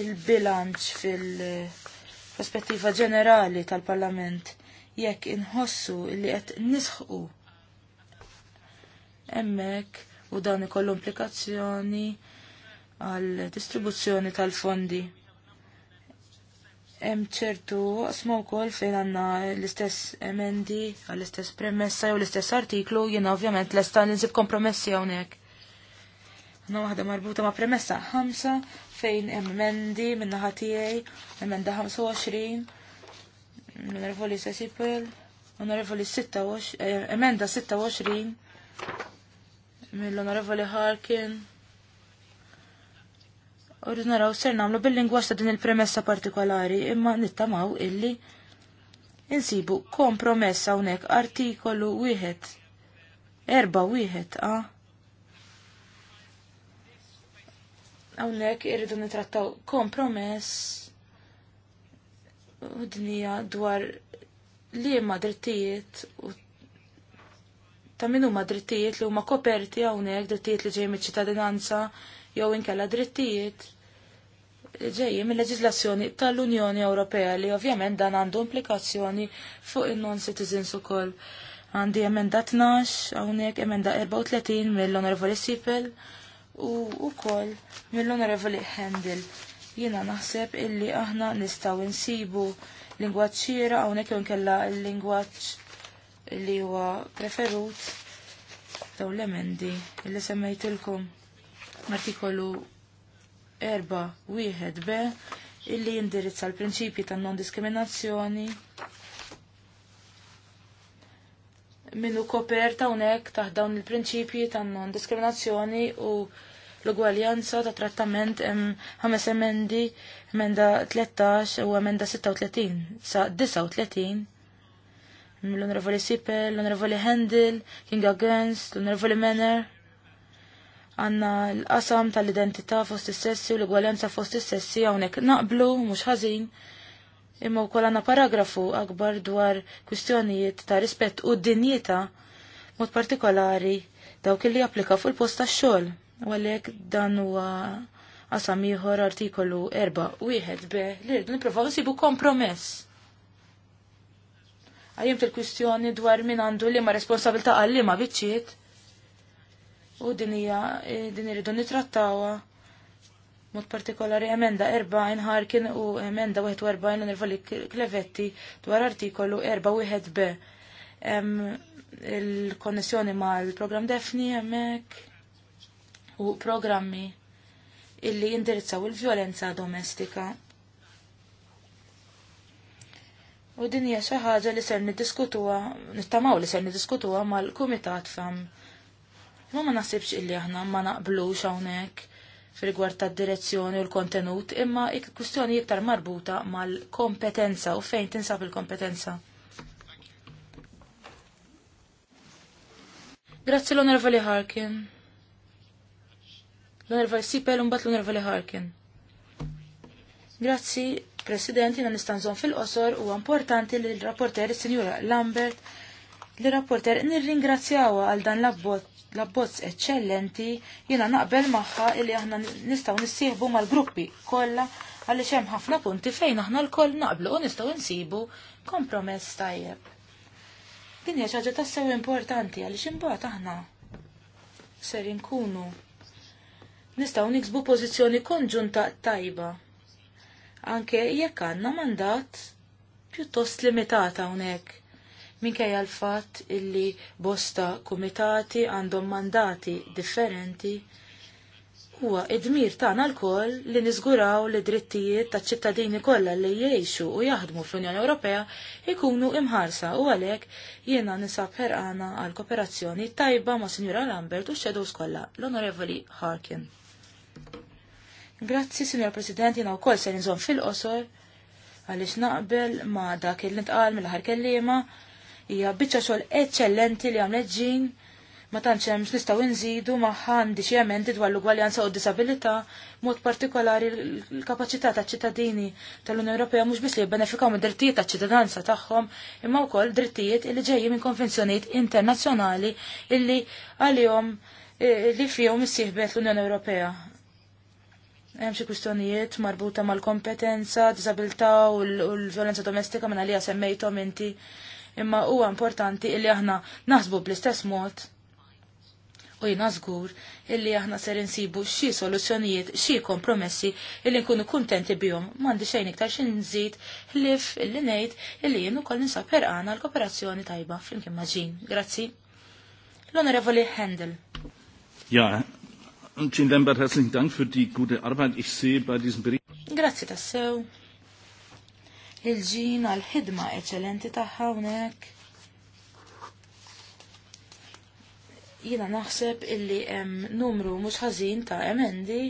il-bilanċ fil-prospettiva ġenerali tal-Parlament jekk inħossu li qed nisħu hemmhekk u dan ikollu implikazzjoni għal distribuzzjoni tal-fondi. Hemm ċertu waqsmu wkoll fejn għandna l-istess emendi għall-istess premessa jew l-istess artiklu jiena ovvjament lesta ninsib kompromessi hawnhekk. No, waħda marbuta ma' premessa ħamsa fejn emendi minnaħa tiegħi, emenda 25, onorevoli Sesipel, onorevoli 26, eh, emenda 26 mill-onorevoli Harkin. Uru naraw ser nagħmlu bil lingwa ta' din il-premessa partikolari imma nittamaw illi insibu kompromessa hawnhekk artikolu wieħed erba' wieħed a' ah. Hawnhekk irridu nitrattaw kompromess u dinija dwar li ma drittijiet u ta' min huma drittijiet li huma koperti hawnhekk drittijiet li ġejmi ċittadinanza jew inkella drittijiet ġejji mill-leġiżlazzjoni tal-Unjoni Ewropea li ovvjament dan għandu implikazzjoni fuq in-non citizens ukoll. Għandi emenda 12, hawnhekk emenda 34 mill-Onorevoli Sipel u kol mill-Onorevoli Handel. Jiena naħseb illi aħna nistgħu insibu lingwaġġ xiera hawnhekk nekjon kella l-lingwaġġ li huwa preferut daw l-emendi illi semmejtilkom artikolu 4 wieħed b illi jindirizza l-prinċipji ta' non-diskriminazzjoni minnu koperta unek taħdawn dawn il-prinċipji ta' non-diskriminazzjoni u l-ugwaljanza ta' trattament hemm ħames emendi, emenda 13 u emenda 36 sa 39 l-Onorevoli Sipel, l-Onorevoli Handel, Kinga Gens, l-Onorevoli Menner. Għanna l-qasam tal-identità fost is-sessi u l ugwaljanza fost is-sessi hawnhekk naqblu mhux ħażin imma wkoll għandna paragrafu akbar dwar kwistjonijiet ta' rispett u d-dinjità mod partikolari dawk li japplika fuq il-post tax-xogħol. U għalhekk dan huwa qasam ieħor artikolu u wieħed be li nippruvaw isibu kompromess. Għajjem fil kwistjoni dwar min għandu li ma responsabilta għalli ma biċċiet. U din hija e, din irridu nitrattawha mod partikolari emenda 40 ħarkin u emenda 41 l-nirfa klevetti dwar artikolu 41 b. il-konnessjoni ma programm program Defni hemmhekk u programmi illi jindirizzaw il-vjolenza domestika. U din hija xi ħaġa li ser niddiskutuha, nittamaw li ser niddiskutuha mal-Kumitat fam. Ma ma naħsibx illi aħna ma naqblux hawnhekk fil tad-direzzjoni u l-kontenut, imma kwistjoni iktar marbuta mal-kompetenza u fejn tinsab il-kompetenza. Grazzi l-Onorevoli Harkin l-onorevoli jisipel un l li Harkin. Grazzi, President, jina nistanżon fil-qosor u importanti li l-rapporter il-Sinjura Lambert li rapporter nirringrazzjawa għal dan l-abbozz eccellenti jina naqbel maħħa illi aħna nistaw nissieħbu mal-gruppi kolla għalli xem ħafna punti fejn aħna l-koll naqblu u nistaw nsibu kompromess tajjeb. Din hija ħaġa tassew importanti għaliex imbagħad aħna ser inkunu nistaw niksbu pożizzjoni konġunta tajba. Anke jekk għandna mandat pjuttost limitata hawnhekk minkej għal fatt illi bosta kumitati għandhom mandati differenti huwa id-dmir tagħna l li niżguraw li drittijiet taċ-ċittadini kollha li jgħixu u jaħdmu fl-Unjoni Ewropea ikunu imħarsa u għalhekk jiena nisab ħerqana għal kooperazzjoni tajba ma' Sinjura Lambert u x kolla kollha l-Onorevoli Harkin. Grazzi, Signor President, jina u koll se nizom fil-qosor, għalix naqbel ma dak il ntqal mill-ħar kellima, hija biċċa xogħol eċċellenti li għamlet ġin, ma tantx hemm nistgħu inżidu ma għandi xi emendi dwar l-ugwaljanza u d-disabilità, mod partikolari l-kapaċità ta' ċittadini tal-Unjoni Ewropea mhux biss li jibbenefikaw mid drittijiet ta' ċittadinanza tagħhom, imma wkoll drittijiet li ġejjin minn konvenzjonijiet internazzjonali illi għalihom eh, li fihom issieħbet l-Unjoni Ewropea hemm xi kwistjonijiet marbuta mal-kompetenza, disabilità u l-violenza domestika minn għalija semmejthom inti. Imma huwa importanti illi aħna naħsbu bl-istess mod u jina żgur illi aħna ser insibu xi soluzzjonijiet, xi kompromessi illi nkunu kuntenti bihom. M'għandi xejn iktar xi nżid ħlif illi ngħid illi jien ukoll ninsab perqana l-kooperazzjoni tajba flimkien maġin. Grazzi. L-Onorevoli Handel. Ja, Jean Lambert, herzlichen Dank für die gute Arbeit. Ich sehe bei diesem Bericht. Grazie tassew. Il-ġin għal-ħidma eċċellenti taħħa unek. Jina naħseb illi hemm numru mhux ħażin ta' emendi.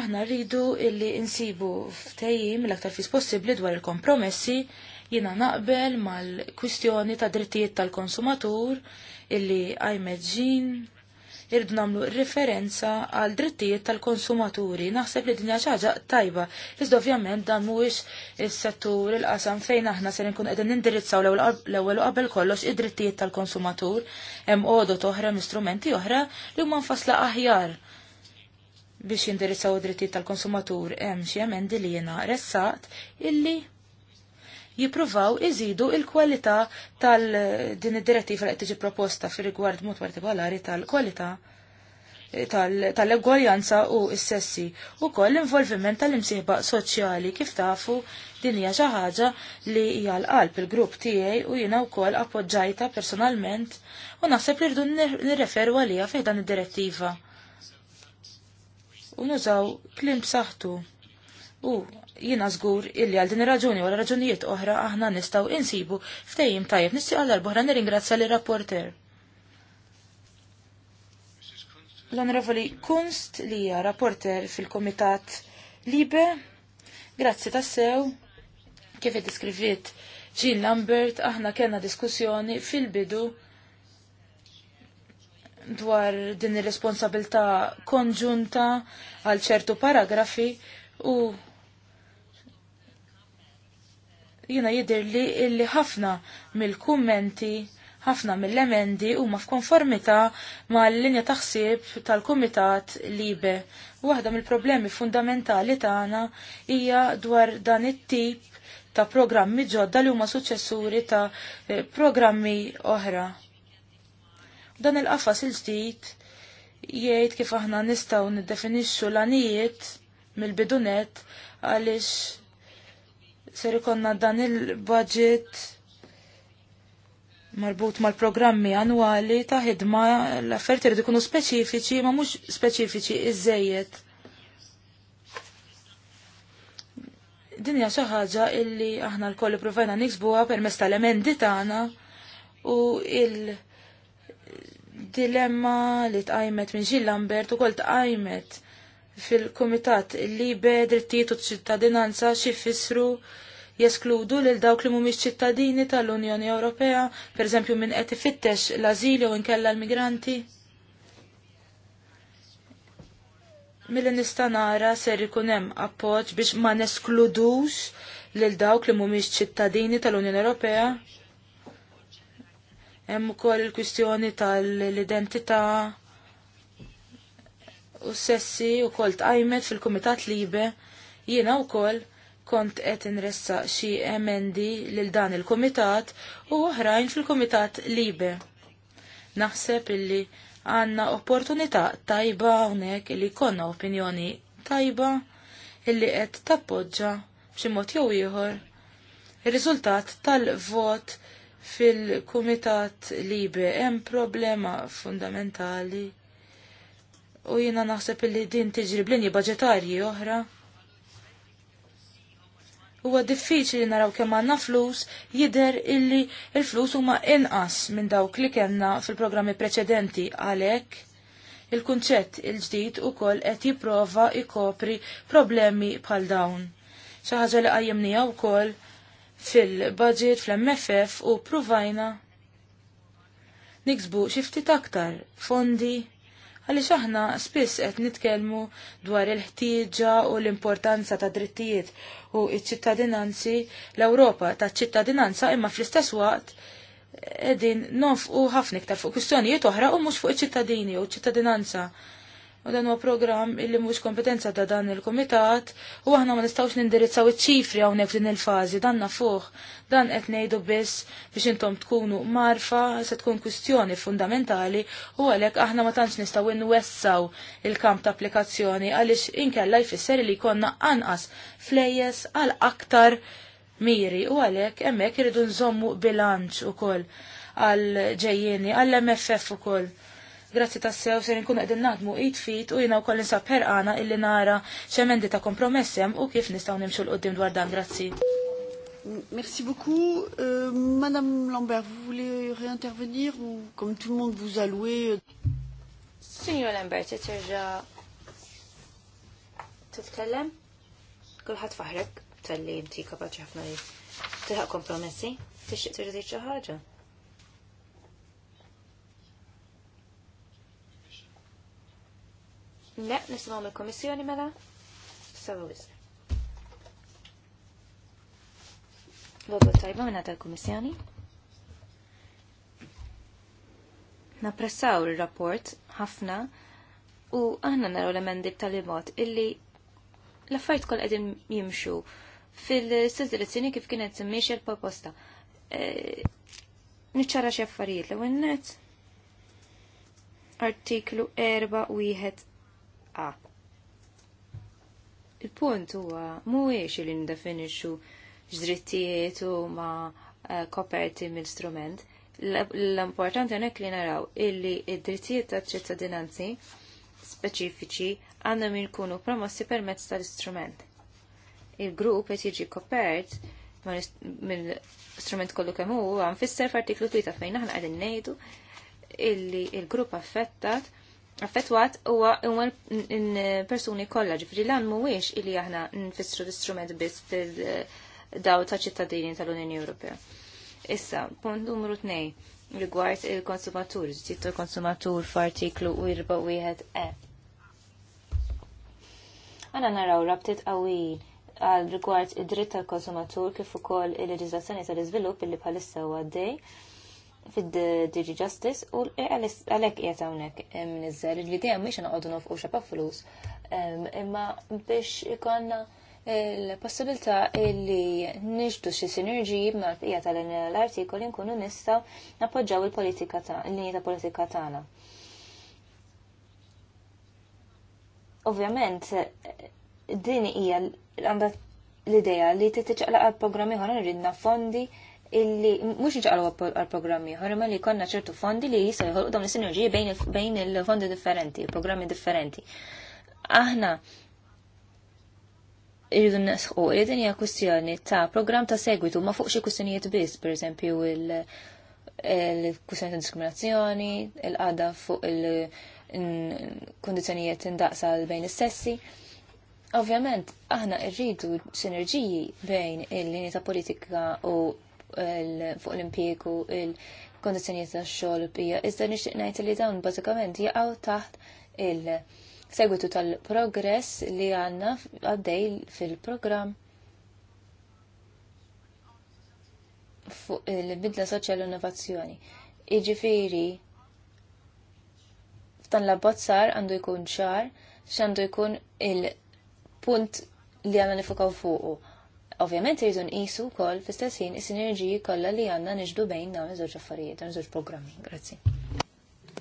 Aħna rridu illi insibu ftejjim l-aktar fis possibbli dwar il-kompromessi jina naqbel mal-kwistjoni ta' drittijiet tal-konsumatur illi għajmeġin irdu namlu referenza għal drittijiet tal-konsumaturi. Naħseb li dinja ċaġa tajba. Iżda ovvjament dan mhuwiex is-settur il-qasam fejn aħna se nkun qegħdin nindirizzaw l-ewwel qabel kollox id-drittijiet tal-konsumatur hemm għodot oħra mistrumenti oħra li huma nfasla aħjar biex jindirizzaw id-drittijiet tal-konsumatur hemm xi emendi li jiena ressaqt illi jipruvaw iżidu il-kwalità tal-din id-direttiva li qed tiġi proposta fir rigward mod partikolari tal-kwalità tal-egwaljanza u s-sessi u koll l-involviment tal-imsieħba soċjali kif tafu din hija xi ħaġa li hija l-qalb il-grupp tiegħi u jiena wkoll appoġġajta personalment u naħseb li rridu nirreferu għaliha fih dan id-direttiva. U nużaw klim b'saħħtu u jina żgur illi għal din ir-raġuni wara raġunijiet oħra aħna nistgħu insibu ftejjim tajib nisti għal darbohra nirringrazzja li rapporter L-Onorevoli Kunst li hija rapporter fil-Komitat Libe, grazzi tassew, kif id-diskrivit Jean Lambert, aħna kellna diskussjoni fil-bidu dwar din ir-responsabilità konġunta għal ċertu paragrafi u jina jidir li illi ħafna mill-kummenti ħafna mill-emendi huma f'konformità mal-linja taħsib tal-Kumitat Libe. Waħda mill-problemi fundamentali tagħna hija dwar dan it-tip ta' programmi ġodda li huma suċessuri ta' eh, programmi oħra. Dan il-qafas il-ġdid jgħid kif aħna nistgħu niddefinixxu l-anijiet mill-bidunet għaliex ser ikonna dan il-budget marbut mal-programmi annwali ta' ħidma l affert irid ikunu speċifiċi ma mhux speċifiċi iżejjed. Din hija xi ħaġa illi aħna l-kolli provajna niksbuha permezz tal-emendi tagħna u il dilemma li tqajmet minn Gilles Lambert ukoll tqajmet fil-Kumitat Libe Drittijiet u ċittadinanza xi jfissru jeskludu lil dawk li mhumiex ċittadini tal-Unjoni Ewropea, pereżempju minn qed ifittex l-ażil jew nkella l-migranti. Mill nista' nara ser ikun hemm appoġġ biex ma neskludux lil dawk li mhumiex ċittadini tal-Unjoni Ewropea. Hemm ukoll il-kwistjoni tal-identità u sessi u kolt tqajmet fil-Kumitat Libe jiena u kol kont qed nressa xi emendi lil dan il-Kumitat u oħrajn fil-Kumitat Libe. Naħseb illi għanna opportunità tajba hawnhekk li konna opinjoni tajba illi qed tappoġġa b'xi mod jew ieħor ir-riżultat tal-vot fil-Kumitat Libe hemm problema fundamentali u jina naħseb li din tiġri blini budgetarji oħra. Huwa diffiċli naraw kemm għandna flus jidher illi il-flus huma inqas minn dawk li kellna fil-programmi preċedenti għalhekk il-kunċett il-ġdid u koll qed jipprova jkopri problemi bħal dawn. Xi ħaġa li qajjimnija wkoll fil-budget fl-MFF u provajna niksbu xi ftit aktar fondi Għaliex aħna spiss qed nitkellmu dwar il-ħtieġa u l-importanza ta' drittijiet u iċ-ċittadinanzi l-Ewropa ta' ċittadinanza imma fl-istess waqt edin nof u ħafna iktar fuq kwistjonijiet oħra u mhux fuq iċ-ċittadini u ċittadinanza u dan huwa programm illi mhux kompetenza ta' dan il-kumitat u aħna ma nistgħux nindirizzaw iċ-ċifri hawnhekk din il-fażi dan nafuh dan qed ngħidu biss biex intom tkunu marfa se tkun kwistjoni fundamentali u għalhekk aħna ma tantx nistgħu nwessaw il-kamp ta' applikazzjoni għaliex inkella jfisser li jkollna anqas flejjes għal aktar miri u għalhekk hemmhekk iridu nżommu bilanċ ukoll għal ġejjieni għall-MFF ukoll Grazzi tas-sew ser nkun qegħdin naħdmu id fit u jiena wkoll insab ħerqana illi nara x'emendi ta' kompromessem u kif nistgħu nimxu l-qudiem dwar dan. Grazzi. Merci beaucoup. Euh, Madame Lambert, vous voulez réintervenir ou comme tout le monde vous a loué euh, Signor Lambert, terġa titkellem? Kulħadd faħrek tal-li inti kapaċi ħafna li tilħaq kompromessi, tixtieq terġa' xi ħaġa. Le, nisimaw mill-Komissjoni mela. Sawa wis. Bobo tajba minna tal-Komissjoni. Napressaw il-rapport ħafna u aħna naraw l-emendi tal-imot illi l-affarijiet kol għedin jimxu fil-istess kif kienet semmiex il-proposta. E, niċċara xi affarijiet l għennet artiklu 4 wieħed A. Il-punt huwa mhuwiex li ndefinixxu x'drittijiet huma eh, koperti mill-strument. L-importanti hawnhekk li naraw illi id-drittijiet taċ ċittadinanzi speċifiċi għandhom jkunu promossi permezz tal-istrument. Il-grupp qed jiġi kopert mill-istrument kollu kemm huwa nfisser f'artiklu 3 fejn aħna qegħdin ngħidu illi il-grupp affettat affettwat huwa l persuni kollha ġifri lan mhuwiex illi aħna nfissru l-istrument biss fil-daw ta' ċittadini tal-Unjoni Ewropea. Issa, punt numru 2 rigward il-konsumatur, ġittu il-konsumatur f'artiklu jħed e. Għana naraw rabtiet għawi għal rigward id-dritt tal-konsumatur kif ukoll il-leġiżlazzjoni tal-iżvilupp illi bħalissa u għaddej fid-Digi Justice u għalek qiegħed hawnhekk minniżel il-video mhix noqogħdu nofqu xapa flus imma biex ikonna l-possibilità li nixdu xi sinerġiji mal-bqija tal-artikoli nkunu nista' nappoġġaw il-politika l-linja ta' politika tagħna. Ovvjament, din hija l-ideja li għal programmi ħana ridna fondi illi mhux inċaqalgħu għal-programmi ieħor li jkollna ċertu fondi li jistgħu jħolqu dawn is-sinerġiji bejn il-fondi differenti, programmi differenti. Aħna irridu nesħu li din hija kwistjoni ta' programm ta' segwitu ma fuq xi kwistjonijiet biss, pereżempju il-kwistjoni ta' diskriminazzjoni, il-qada fuq il-kondizzjonijiet indaqsa bejn is-sessi. Ovvjament, aħna rridu sinerġiji bejn il-linja ta' politika u fuq l-impieku il-kondizjonijiet tax-xogħol bija. Iżda nixtieq ngħid li dawn bażikament jaqgħu taħt il- segwitu tal-progress li għandna għaddej fil-programm fuq il-bidla soċjal innovazzjoni. Iġifiri, f'dan l-abbozzar għandu jkun ċar, x'għandu jkun il-punt li għanna nifokaw fuqu. Ovvjament irridu nqisu wkoll fl-istess ħin is-sinerġiji kollha li għandna niġdu bejn dawn iż-żewġ affarijiet, dawn iż-żewġ programmi. Grazzi.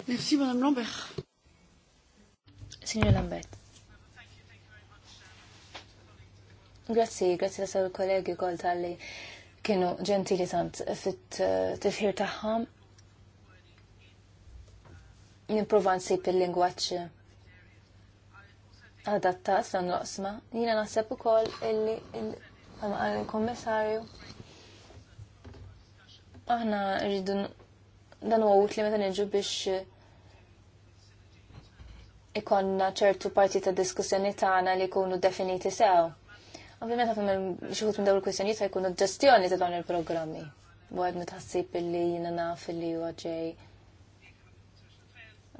Merci Madame Lambert. Signor Lambert. Grazzi, grazzi ta' kollegi kol tal-li kienu ġentili tant fit-tifħir eh, tagħhom niprofa nsib il-lingwaċ adattat l-noqsma, jina naħseb ukoll illi għal għal kommissarju Aħna rridu dan huwa utli meta niġu biex eh, ikonna ċertu parti ta' diskussjoni tagħna li jkunu definiti sew. Ovvijament għafim xieħut minn dawn il-kwistjonijiet jkunu ġestjoni ta' dawn il-programmi. U għed mitħassib li jina naf li huwa ġej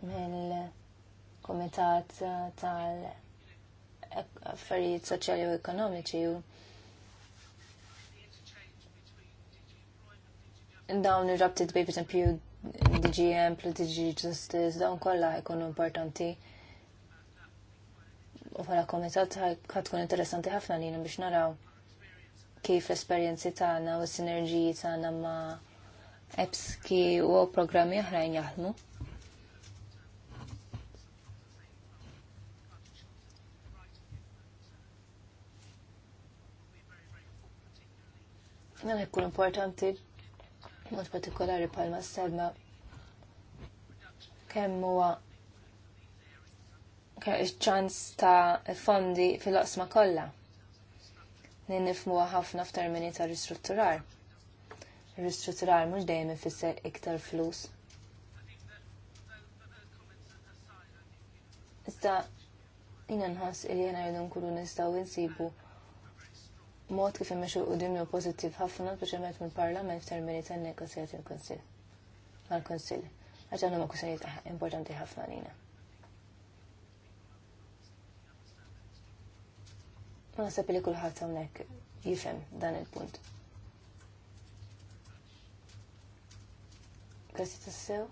mill-komitat tal-affarijiet soċjali u ekonomiċi u dawn il ir-rabtiet bej pereżempju DGM, plus DG Justice, dawn kolla jkunu importanti. U bħala komitat ħatkun interessanti ħafna li biex naraw kif l esperienzi tagħna u s-sinerġiji tagħna ma' EBSKI u programmi oħrajn jaħdmu. Dan jkun importanti mod partikolari palma s-selma kemm huwa ċans ta' fondi fil-oqsma kollha. Ninifmuha ħafna f'termini ta' ristrutturar. Ristrutturar mhux dejjem ifisser iktar flus. Iżda jina nħoss li jena jridu nkunu nistgħu insibu mod kif immexu u jew pożittiv ħafna speċjalment minn parlament f'termini tan-negozjati l-Kunsill. Mal-Kunsill. Għax għandhom kwistjonijiet importanti ħafna lina. Ma nasab li kulħadd hawnhekk jifhem dan il-punt. Grazzi tassew.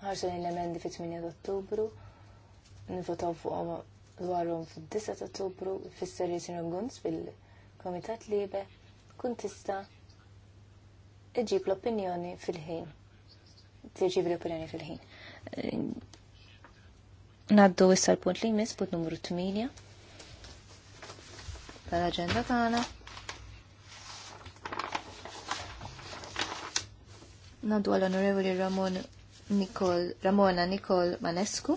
Ħarġu l-emendi fit-8 Ottubru nivotaw fuqhom dwarhom fid 10 ta' Ottubru fisser Jesina Gunz fil-Komitat Libe kun tista' iġib l-opinjoni fil-ħin. Tiġib l-opinjoni fil-ħin. Eh, naddu issa l-punt li jmiss, punt numru 8 tal-aġenda tagħna. Naddu għal-Onorevoli Ramon Nicol, Ramona Nicol Manescu.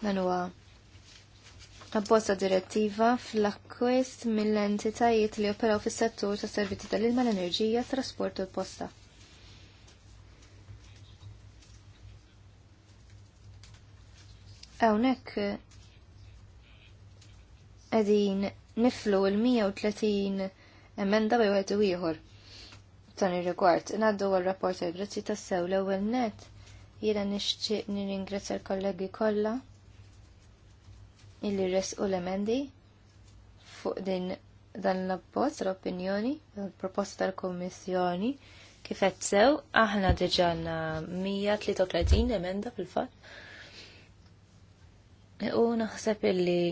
Manua. huwa apposta direttiva fl akquist mill-entitajiet li operaw fis-settur tas servizzi tal-ilma l-enerġija, trasport u l-posta. Hawnhekk qegħdin niflu l-130 emenda bi wieħed ieħor dan ir-rigward. Ngħaddu għal-rapport grazzi tas-sew l-ewwel net jiena nixtieq nirringrazzja l-kollegi kollha illi res u l-emendi fuq din dan l-abbozz l-opinjoni, proposta tal-Kommissjoni, kifet sew, aħna diġanna 133 emenda fil-fat. U naħseb illi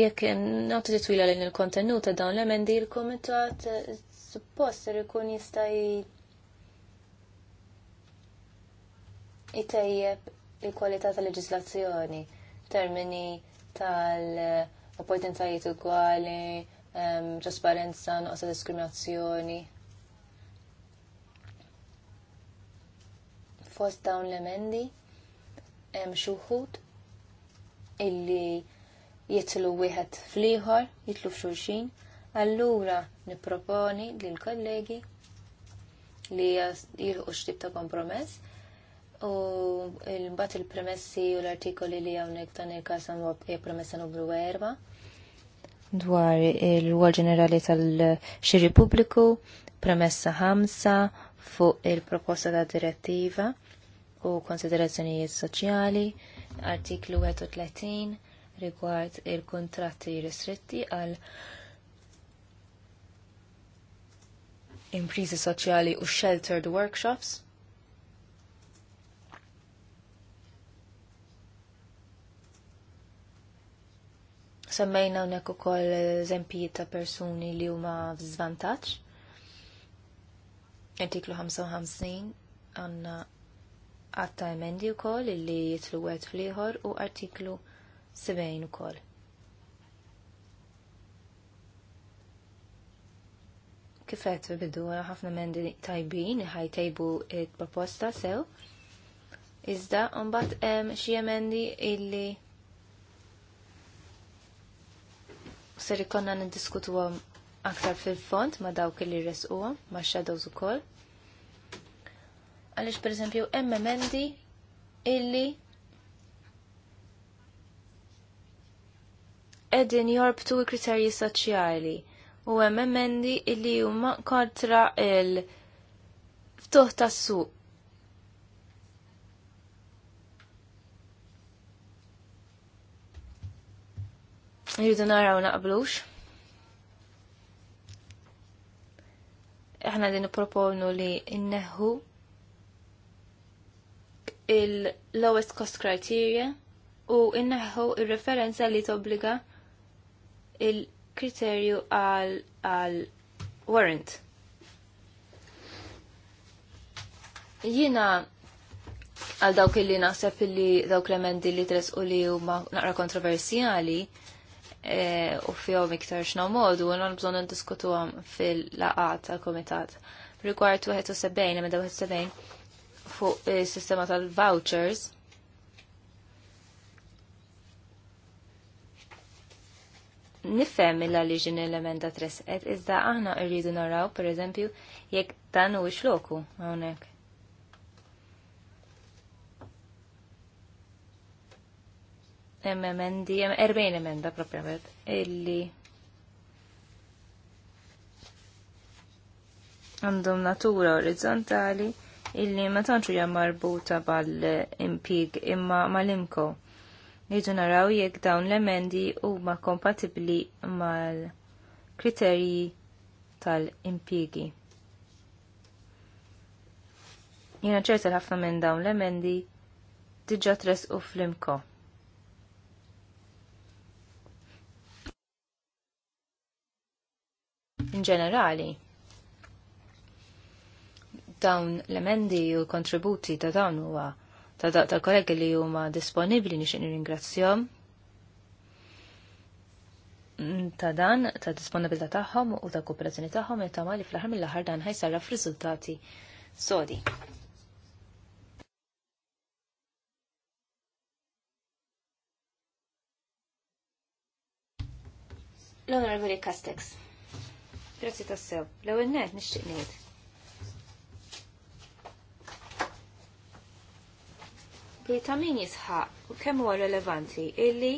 jekk nagħti titwila lejn il-kontenut ta' dawn l-emendi il-komitat eh, suppost ser ikun jista' jitejjeb il-kwalità tal-leġislazzjoni termini tal-opportunitajiet ugwali, trasparenza, noqsa diskriminazzjoni. Fost dawn l-emendi, hemm xuħud illi jitlu wieħed fl-ieħor, jitlu f'xulxin, allura nipproponi lill kollegi li jilħu xtib ta' kompromess U l-bat il-premessi u l-artikoli li għawnek dan il-kas għan premessa numru 4 dwar il għol ġenerali tal-xiri pubbliku, premessa ħamsa fuq il-proposta ta' direttiva u konsiderazzjonijiet soċjali, artiklu 31 rigward il-kontratti ristretti għal imprizi soċjali u sheltered workshops Semmejna hawnhekk ukoll eżempji ta' persuni li huma f'żvantaġġ. Artiklu 55 għandna għatta emendi wkoll li jitlu wieħed fl-ieħor u artiklu 70 ukoll. Kifet bidu ħafna emendi tajbin ħajtejbu it-proposta sew. Iżda mbagħad hemm xi emendi illi ser ikonna nindiskutu aktar fil-font ma dawk li għom, ma shadows ukoll. Għaliex pereżempju hemm emendi illi qegħdin jorbtu l-kriterji soċjali u hemm emendi illi huma kontra il ftuħ tas-suq Irridu naraw naqblux. Aħna din proponu li inneħu il-lowest cost criteria u inneħu il-referenza li tobbliga il-kriterju għal warrant. Jina għal dawk li naħseb li dawk l-emendi li tresqu li huma naqra kontroversjali, Eh, u fihom iktar x'nomodu u non bżonn għam fil-laqat tal-kumitat. Rigward 71 emenda 71 fuq is-sistema tal-vouchers. nifhem il ġin l-emenda tresqet, iżda aħna rridu naraw, per eżempju, jekk dan huwiex loku hawnhekk. hemm emendi, 40 emenda propjament illi għandhom natura orizzontali illi ma tantxu hija marbuta bal impig imma ma limko. Nidu naraw jekk dawn l-emendi huma kompatibbli mal-kriterji tal impigi Jiena ċerta ħafna minn dawn l-emendi diġà tresqu fl-imko. in ġenerali. Dawn l-emendi u kontributi ta' dawn huwa ta' da' ta' kollegi li huma disponibbli nixin ringrazzjom mm, ta' dan, ta' disponibilità tagħhom u ta' kooperazzjoni tagħhom e ta' li fl-aħħar mill-aħħar dan ħajsarra f'riżultati sodi. L-Onorevoli Castex. Grazzi tassew. L-ewwel net nixtieq ngħid. Li ta' min jisħaq u kemm huwa relevanti illi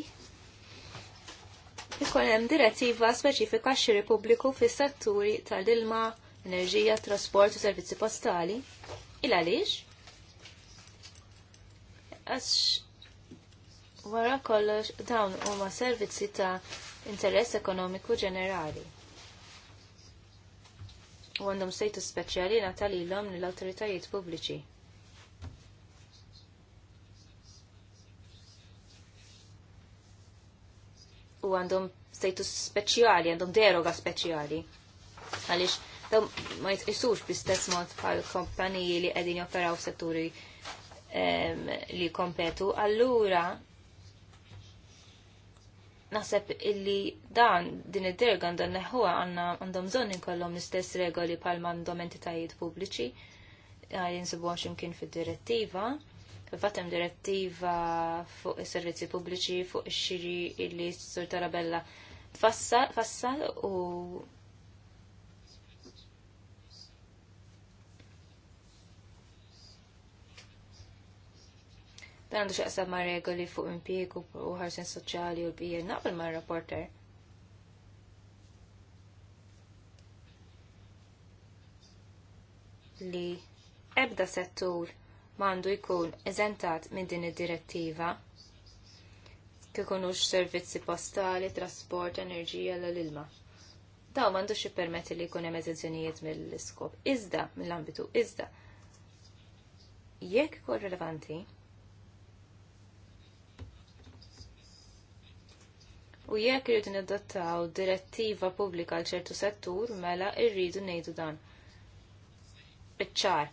ikun hemm direttiva speċifika xiri pubbliku fis-setturi tal-ilma, enerġija, trasport u servizzi postali. Il għaliex? Għax wara kollox dawn huma servizzi ta' interess ekonomiku ġenerali u għandhom status speċjali natalilhom lill-awtoritajiet pubbliċi. U għandhom status speċjali, għandhom deroga speċjali. Għaliex, dawn ma jisux bl-istess mod bħal kompaniji li qegħdin joperaw f'setturi li kompetu, allura naħseb illi dan din id-derg għandha neħħuha għandna għandhom bżonn inkollhom l-istess regoli bħal m'għandhom entitajiet pubbliċi jinsibuhomx jinsibu għax imkien fid direttiva Fatem direttiva fuq is-servizzi pubbliċi fuq ix-xiri illi s-sur Tarabella fassal u Dan għandu xaqsam ma' regoli fuq impieg u ħarsin soċjali u l-bija naqbel ma' rapporter. Li ebda settur mandu jkun eżentat minn din id-direttiva kikunux servizzi postali, trasport, enerġija l ilma Daw xie jippermetti li jkun hemm eżenzjonijiet mill-iskop. Iżda, mill-ambitu, iżda. Jekk kol relevanti, U jekk irridu nidottaw direttiva pubblika għal ċertu settur, mela irridu ngħidu dan. Iċ-ċar.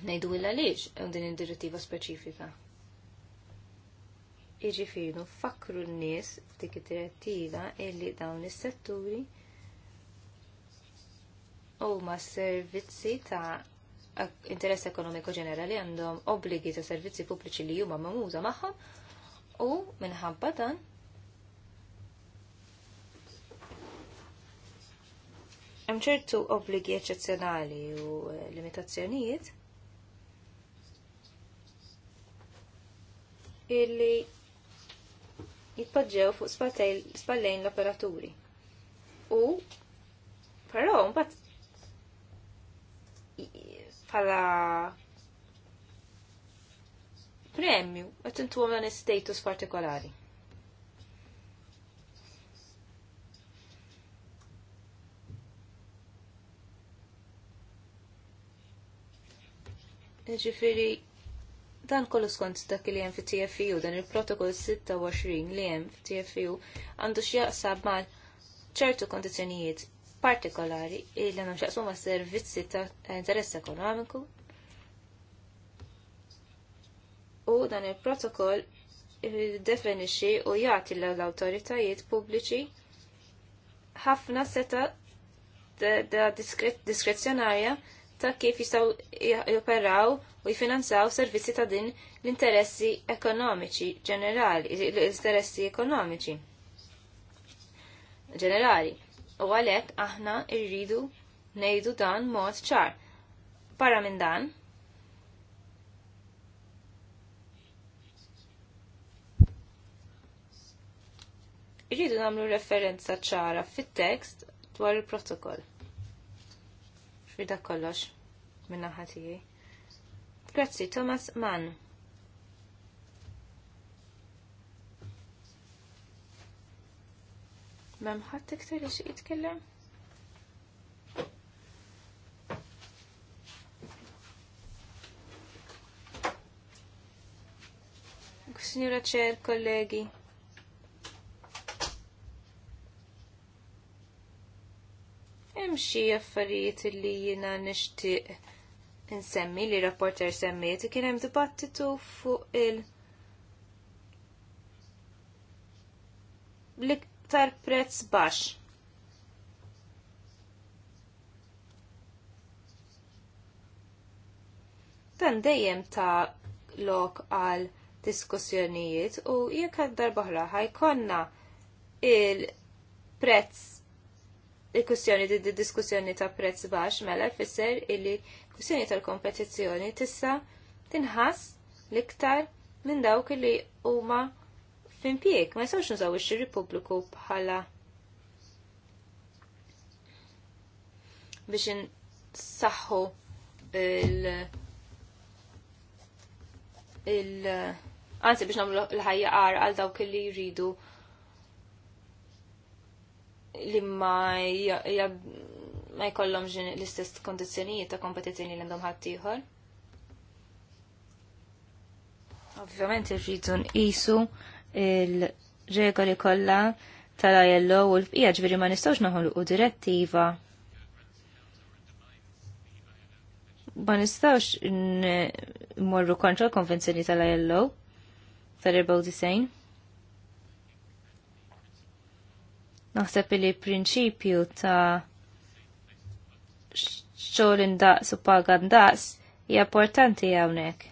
Ngħidu illa għaliex hemm din id-direttiva speċifika. Jiġifieri fakru n-nies f'dik id-direttiva illi dawn is-setturi huma servizzi ta' interess ekonomiku ġenerali għandhom obbligi ta' servizzi pubbliċi li huma magħmula magħhom U minħabba dan hemm ċertu obbligi eċċezzjonali u eh, limitazzjonijiet illi jitpoġġew fuq spallejn l-operaturi. U però mbagħad pala premju, għet intu għamlan status partikolari. Ġifiri, dan kollu skont dak li hemm fi tfu dan il-protokoll 26 li hemm fi tfu għandu x'jaqsab mal ċertu kondizjonijiet partikolari li għandhom x'jaqsmu ma' servizzi ta' interess ekonomiku u dan il-protokoll definixi u jagħti l-awtoritajiet pubbliċi ħafna seta da diskrezzjonarja ta' kif jistgħu joperaw u jfinanzaw servizzi ta' din l-interessi ekonomiċi ġenerali, l-interessi ekonomiċi ġenerali. U għalhekk aħna rridu ngħidu dan mod ċar. Para minn dan, irridu namlu referenza ċara fit-tekst dwar il-protokoll. Xfida kollox minna ħatijie. Grazzi, Thomas Mann. Mem ħadd iktar li xi jitkellem? Signora Cher, kollegi. Hemm xi affarijiet li jiena nixtieq insemmi li rapporter semmiet kien hemm dibattitu fuq il- l-iktar prezz baxx. Dan dejjem ta' lok għal diskussjonijiet u jekk darba ħra ħajkonna il-prezz il-kwistjoni di diskussjoni ta' prezz baxx mela jfisser illi kwistjoni tal-kompetizzjoni tista' tinħass l-iktar minn dawk li huma f'impjieg ma jisawx nużaw ix Republiku bħala biex insaħħu il- il- Anzi biex nagħmlu l-ħajja għar għal dawk li jridu li ma ma jkollhom l-istess kondizjonijiet ta' kompetizzjoni li għandhom ħaddieħor. Ovvjament irridu nqisu il-regoli kollha tal-ILO u l-bqija ġviri ma nistgħux noħolqu direttiva ma nistgħux mmorru kontra l-konvenzjoni tal-ILO tal-94 Naħseb li prinċipju ta' xogħol indaqs u paga ndaqs hija importanti hawnhekk.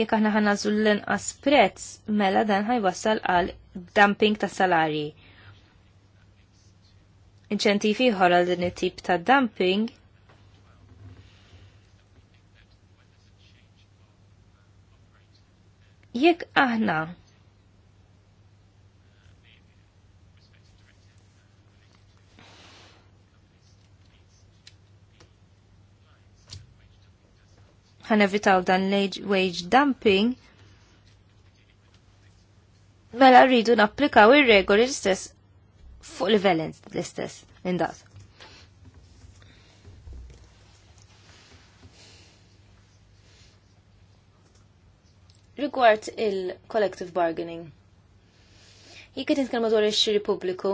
Jekk aħna ħana l-inqas prezz, mela dan ħajwassal għal dumping ta' salarji. Inċentifi ħor għal din it-tip ta' dumping Jekk aħna ħanevitaw dan wage dumping, mela rridu napplikaw ir-regoli l-istess fuq livell l-istess indaz. rigward il-collective bargaining. Jekk qed nitkellmu dwar ix-xiri pubbliku,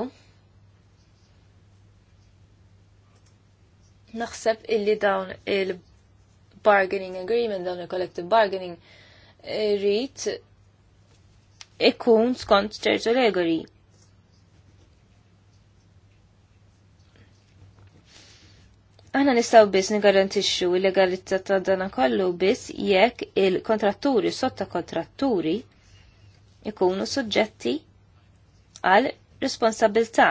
naħseb illi dawn il-bargaining agreement, dawn il-collective bargaining, rrit ikun skont ċertu regoli. Aħna nistgħu biss nigarantixxu l-legalità ta' dan kollu biss jekk il-kontratturi sotta kontratturi ikunu suġġetti għal responsabilità.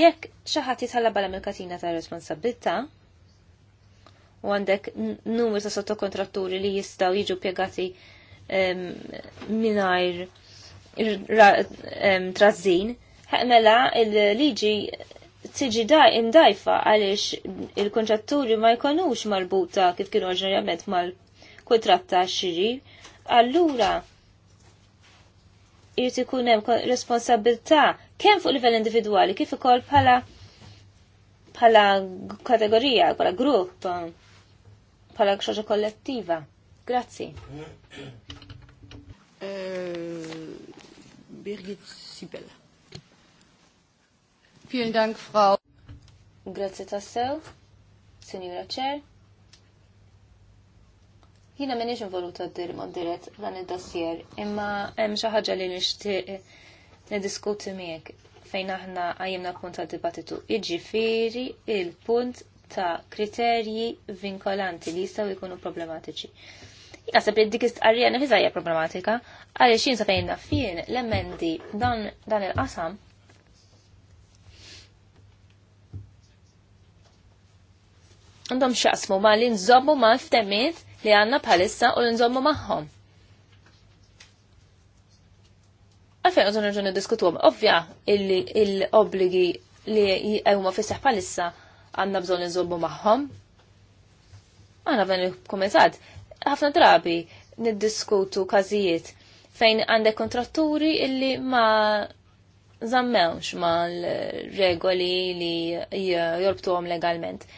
Jekk xi ħadd jitħallab mill katina ta' responsabilità, u għandek numru ta' sottokontratturi li jistgħu jiġu pjegati mingħajr trażin, ħemmela l il-liġi tiġi da indajfa għaliex il konċatturi ma jkonux marbuta kif kienu ġerjament mal-kontrat ta' xiri, allura jirti ikun hemm responsabilità kemm fuq livell individwali kif ukoll bħala pala kategorija, bħala grupp, bħala xoġa kollettiva. Grazzi. Eh, Birgit Sibella. Vielen Dank, Frau. Grazie tassew, Signora Cher. Jina minix involuta d-dirma dirett dan id-dossier, imma hemm xi ħaġa li nixtieq niddiskuti miegħek fejn aħna għajjimna punt ta' dibattitu. Iġifieri il-punt ta' kriterji vinkolanti li jistgħu jkunu problematiċi. Jina sabri dik istqarrija nifisa hija problematika, għaliex sa fejn naf fien l-emendi dan il-qasam għandhom x'asmu ma li nżommu ma ftemiet li għanna bħalissa u li nżommu maħħom. Għalfejn għazun rġun diskutu għom, ovvja il-obligi li għajmu fissaħ bħalissa għanna bżon nżommu maħħom. Għanna għven il-komitat, ħafna drabi niddiskutu kazijiet fejn għandek kontratturi illi ma zammewx ma l-regoli li jorbtu għom legalment.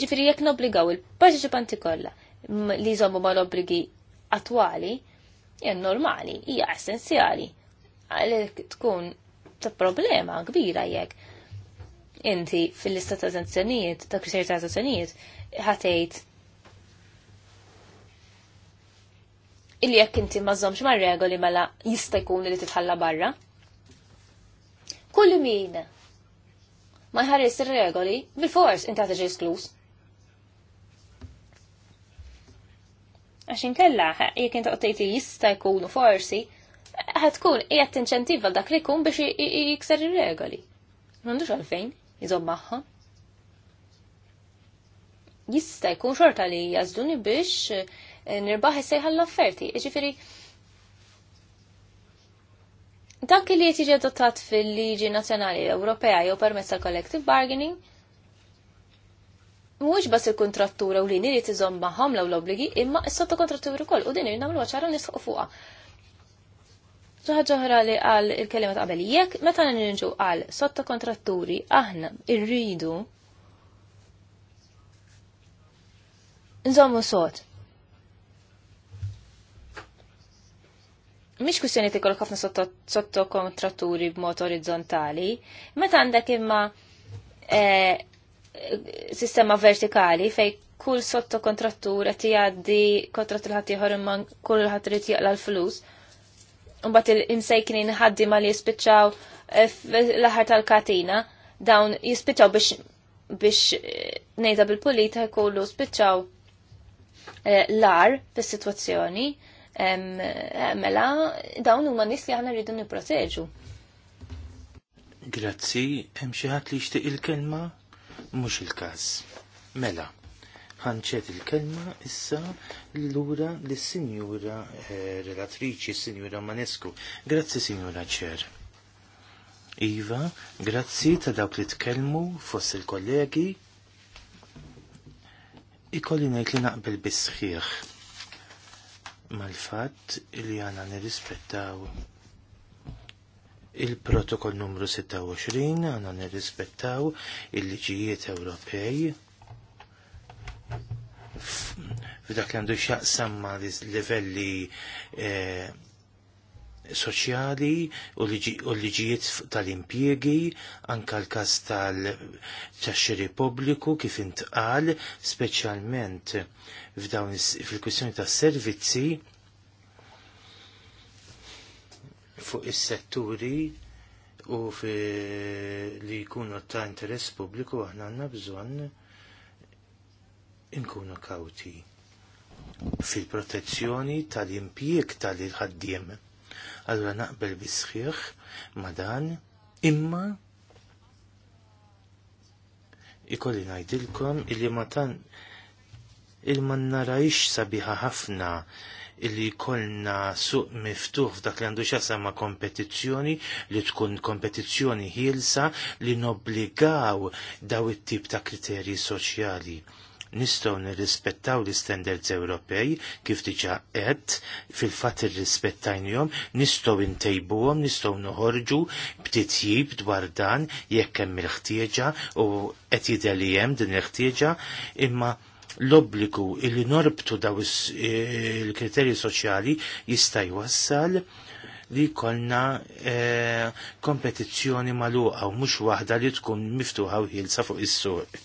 Ġifiri jekk nobligaw il-parteċipanti kollha li jżommu ma l-obbligi attwali, hija normali, hija essenzjali. Għalhekk tkun ta' problema kbira jekk inti fil-lista ta' sanzjonijiet, ta' kriterji ta' sanzjonijiet, ħatejt illi jekk inti mażomx ma' regoli mela jista' jkun li titħalla barra. Kull min ma jħares ir-regoli, bil-fors inti ħateġi sklus. Għax inkella, jekk inti qotejti jista' jkunu forsi, ħatkun qiegħed tinċentiva dak li jkun biex jikser ir-regoli. M'għandux għalfejn jizom magħha. Jista' jkun xorta li jażduni biex eh, nirbaħ jissejħal l-offerti. iġifiri. dak li jiġi adottat fil-liġi nazzjonali Ewropea jew permezz tal-collective bargaining mhuwiex bas il-kontrattura u li nini tizom maħam law l obligi imma s-sottokontratturi wkoll u din irid nagħmlu ċara nisħu fuqa. Ġaħġa oħra li għal il kelimat ta' qabel jekk meta nġu għal sottokontratturi aħna irridu nżommu sot. Mhix kwistjoni tikollok ħafna sottokontratturi b'mod orizzontali, meta għandek imma eh, sistema vertikali fej kull sotto kontrattur qed jgħaddi kontratt il-ħadd imma kull ħadd irid jaqla l-flus. Imbagħad il-imsejknin ma li jispiċċaw eh, l-aħħar tal-katina dawn jispiċċaw biex biex eh, ngħidha bil-pulita jkollu spiċċaw eh, l-ar fis-sitwazzjoni mela dawn huma nies li aħna rridu nipproteġu. Grazzi, hemm xi ħadd li jixtieq il-kelma? mhux il-każ. Mela, ħanċet il-kelma issa l-lura l-Sinjura eh, Relatriċi, Sinjura Manesku. Grazzi, Sinjura Ċer. Iva, grazzi ta' dawk li tkellmu fost il-kollegi. Ikolli ngħid li naqbel bisħiħ mal-fatt li għana nirrispettaw il-protokoll numru 26 għana nirrispettaw il-liġijiet Ewropej f'dak li għandu xaqsam l livelli eh, soċjali u liġijiet tal-impjegi anka l-kas tal ċaxxiri pubbliku kif intqal speċjalment f'dawn fil-kwistjoni tas-servizzi fuq is-setturi u fi li jkunu ta' interess pubbliku aħna għandna bżonn inkunu kawti fil-protezzjoni tal-impjieg tal-ħaddiem. Allura naqbel bisħiħ ma dan imma ikolli ngħidilkom illi ma tan il-man narajx sabiħa ħafna illi kolna suq miftuħ f'dak li għandu xasama kompetizzjoni li tkun kompetizzjoni hilsa li nobligaw daw it-tip ta' kriterji soċjali. Nistgħu nirrispettaw l-standards Ewropej kif diġà qed fil-fatt irrispettajnihom, nistgħu ntejbuhom, nistgħu noħorġu b'titjib dwar dan jekk hemm il-ħtieġa u qed jidher li hemm din il-ħtieġa imma l-obbligu illi norbtu daw e, il-kriterji soċjali jista' jwassal li kolna e, kompetizzjoni maluqa u mhux waħda li tkun miftuħa u ħilsa fuq is-suq.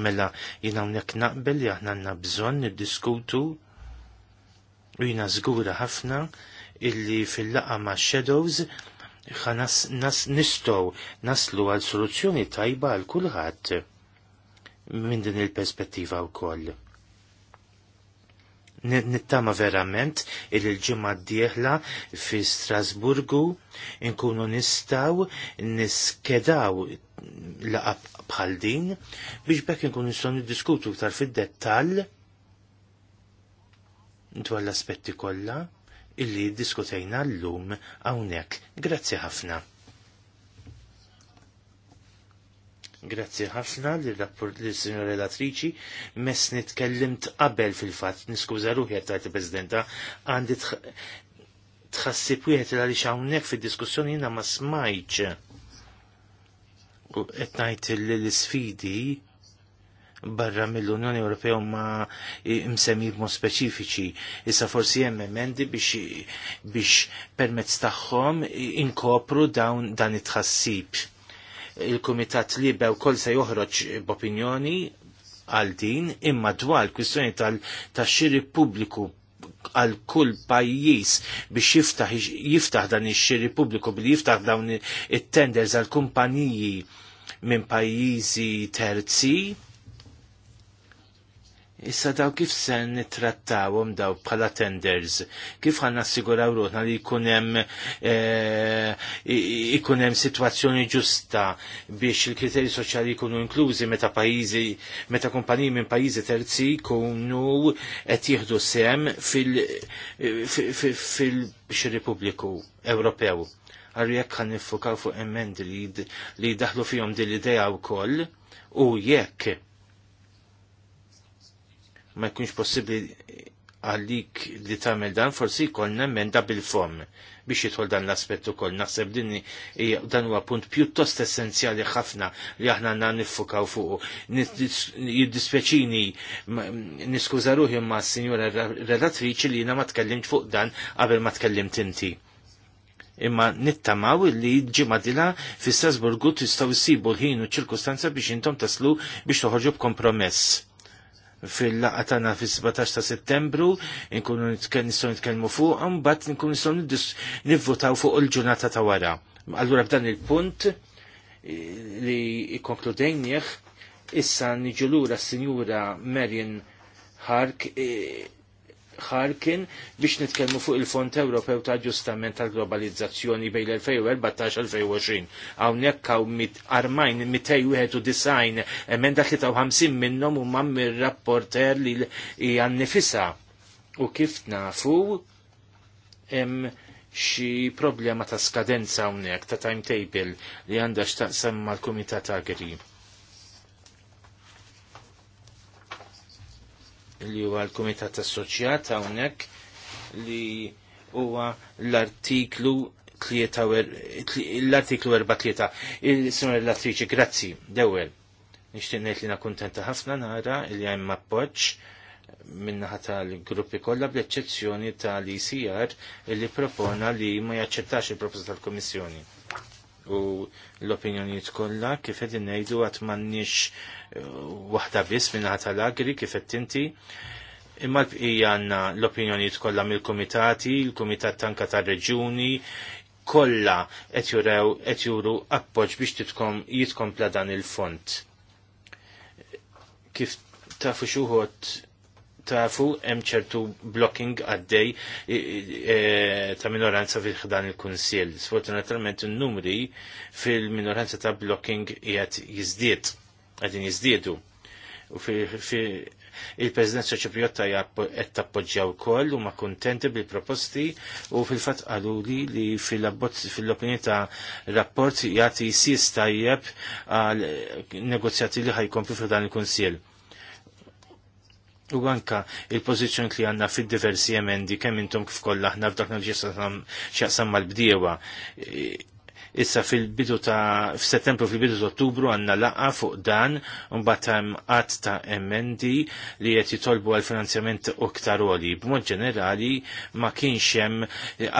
Mela jien hawnhekk naqbel li aħna għandna bżonn niddiskutu u jiena żgura ħafna illi fil-laqa ma' shadows ħanas nas nistgħu naslu għal soluzzjoni tajba għal kulħadd minn din il-perspettiva u koll. Nittama verament il ġimma d-dieħla fi Strasburgu inkunu nistaw niskedaw laqab bħal din biex bekk inkunu nistaw niddiskutu ktar fid-dettall dwar l-aspetti kollha illi diskutejna l-lum hawnhekk. Grazzi ħafna. Grazzi ħafna li rapport li signor relatriċi mess nitkellimt qabel fil-fatt, niskuża ruħi għattajt prezidenta għandi tħassib wieħed għalix hawnhekk fid-diskussjoni jina ma smajċ u qed ngħid l-isfidi barra mill-Unjoni Ewropea ma msemmi b'mod speċifiċi. Issa forsi hemm emendi biex biex permezz tagħhom inkopru dawn dan it-tħassib il-Kumitat Libe wkoll se joħroġ b'opinjoni għal din imma dwar kwistjoni tal-xiri pubbliku għal kull pajjiż biex jiftaħ, jiftaħ dan ix-xiri pubbliku billi jiftaħ dawn it-tenders għal kumpaniji minn pajjiżi terzi Issa daw kif se nittrattawhom daw bħala tenders, kif għan siguraw ruħna li jkunem e, eh, situazzjoni ġusta biex il-kriteri soċjali jkunu inklużi meta pajizi, meta kumpaniji minn pajizi terzi jkunu qed jieħdu sem fil-Repubbliku fil, fil, Ewropew. Għarri jekk għan nifukaw fuq emmend li daħlu fihom din l-idea wkoll u jekk ma jkunx possibbli għalik li tagħmel dan forsi jkollna da bil-fom biex jidħol dan l-aspett ukoll. Naħseb din dan huwa punt pjuttost essenzjali ħafna li aħna għanna niffukaw fuq. Jiddispjaċini niskuża ruħi ma' s-sinjura relatriċi li jiena ma tkellimt fuq dan qabel ma tkellimt inti. Imma nittamaw li ġimma dila fi Strasburgu tistgħu jsibu l-ħin u ċirkustanza biex intom taslu biex toħorġu b'kompromess fil-laqa tagħna fis-17 ta' Settembru nkunu nistgħu nitkellmu fuq mbagħad nkunu nistgħu nivvotaw fuq il-ġurnata ta' wara. Allura b'dan il-punt li ikkonkludejnieh issa niġu lura s-Sinjura Marion Hark ħarkin biex nitkellmu fuq il-Fond Ewropew ta' Aġġustament tal-Globalizzazzjoni bejn l-2014-2020. Hawnhekk hawn mit armajn 291 emenda 53 minnhom huma mir-rapporter li għannifisa. U kif nafu hemm xi problema ta' skadenza hawnhekk ta' timetable li għandha x'taqsam mal-Kumitat Agri li huwa l-Kumitat Assoċjat hawnhekk li huwa l-artiklu l-artiklu 43. Il-Sinor Latriċi, grazzi, dewel. Nixtieq ngħid li na ħafna nara li hemm appoġġ minnaħa tal-gruppi kollha bl-eċċezzjoni tal-ICR li propona li ma jaċċettax il-proposta tal-Komissjoni u l-opinjonijiet kollha kif qed ngħidu qatt m'għandniex uh, waħda biss minn tal-agri kif qed inti. Imma l-bqija għandna l-opinjonijiet kollha mill-kumitati, l-kumitat tanka tar-reġuni, kollha qed jurew qed juru appoġġ biex titkom jitkompla dan il-font. Kif tafu xuħod tafu hemm ċertu blocking għaddej e, ta' minoranza fil dan il-Kunsill. Sfortunatament il numri fil-minoranza ta' blocking qiegħed jiżdied, qegħdin jiżdiedu. U il-Presidenza Ċipriotta qed tappoġġja u huma kuntenti bil-proposti u fil-fatt qaluli li fil-opinjoni ta' rapport jagħti sis tajjeb għal negozjati li ħajkompli fil dan il kunsil U anka il-pozizjoni li għanna fid diversi emendi kemm intom kif kollha aħna f'dak x'jaqsam mal-bdiewa. Issa fil-bidu ta' f'Settembru fil-bidu ta' Ottubru għandna laqa fuq dan mbagħad hemm qatt ta' emendi li qed jitolbu għal finanzjament iktar oli. B'mod ġenerali ma kienx hemm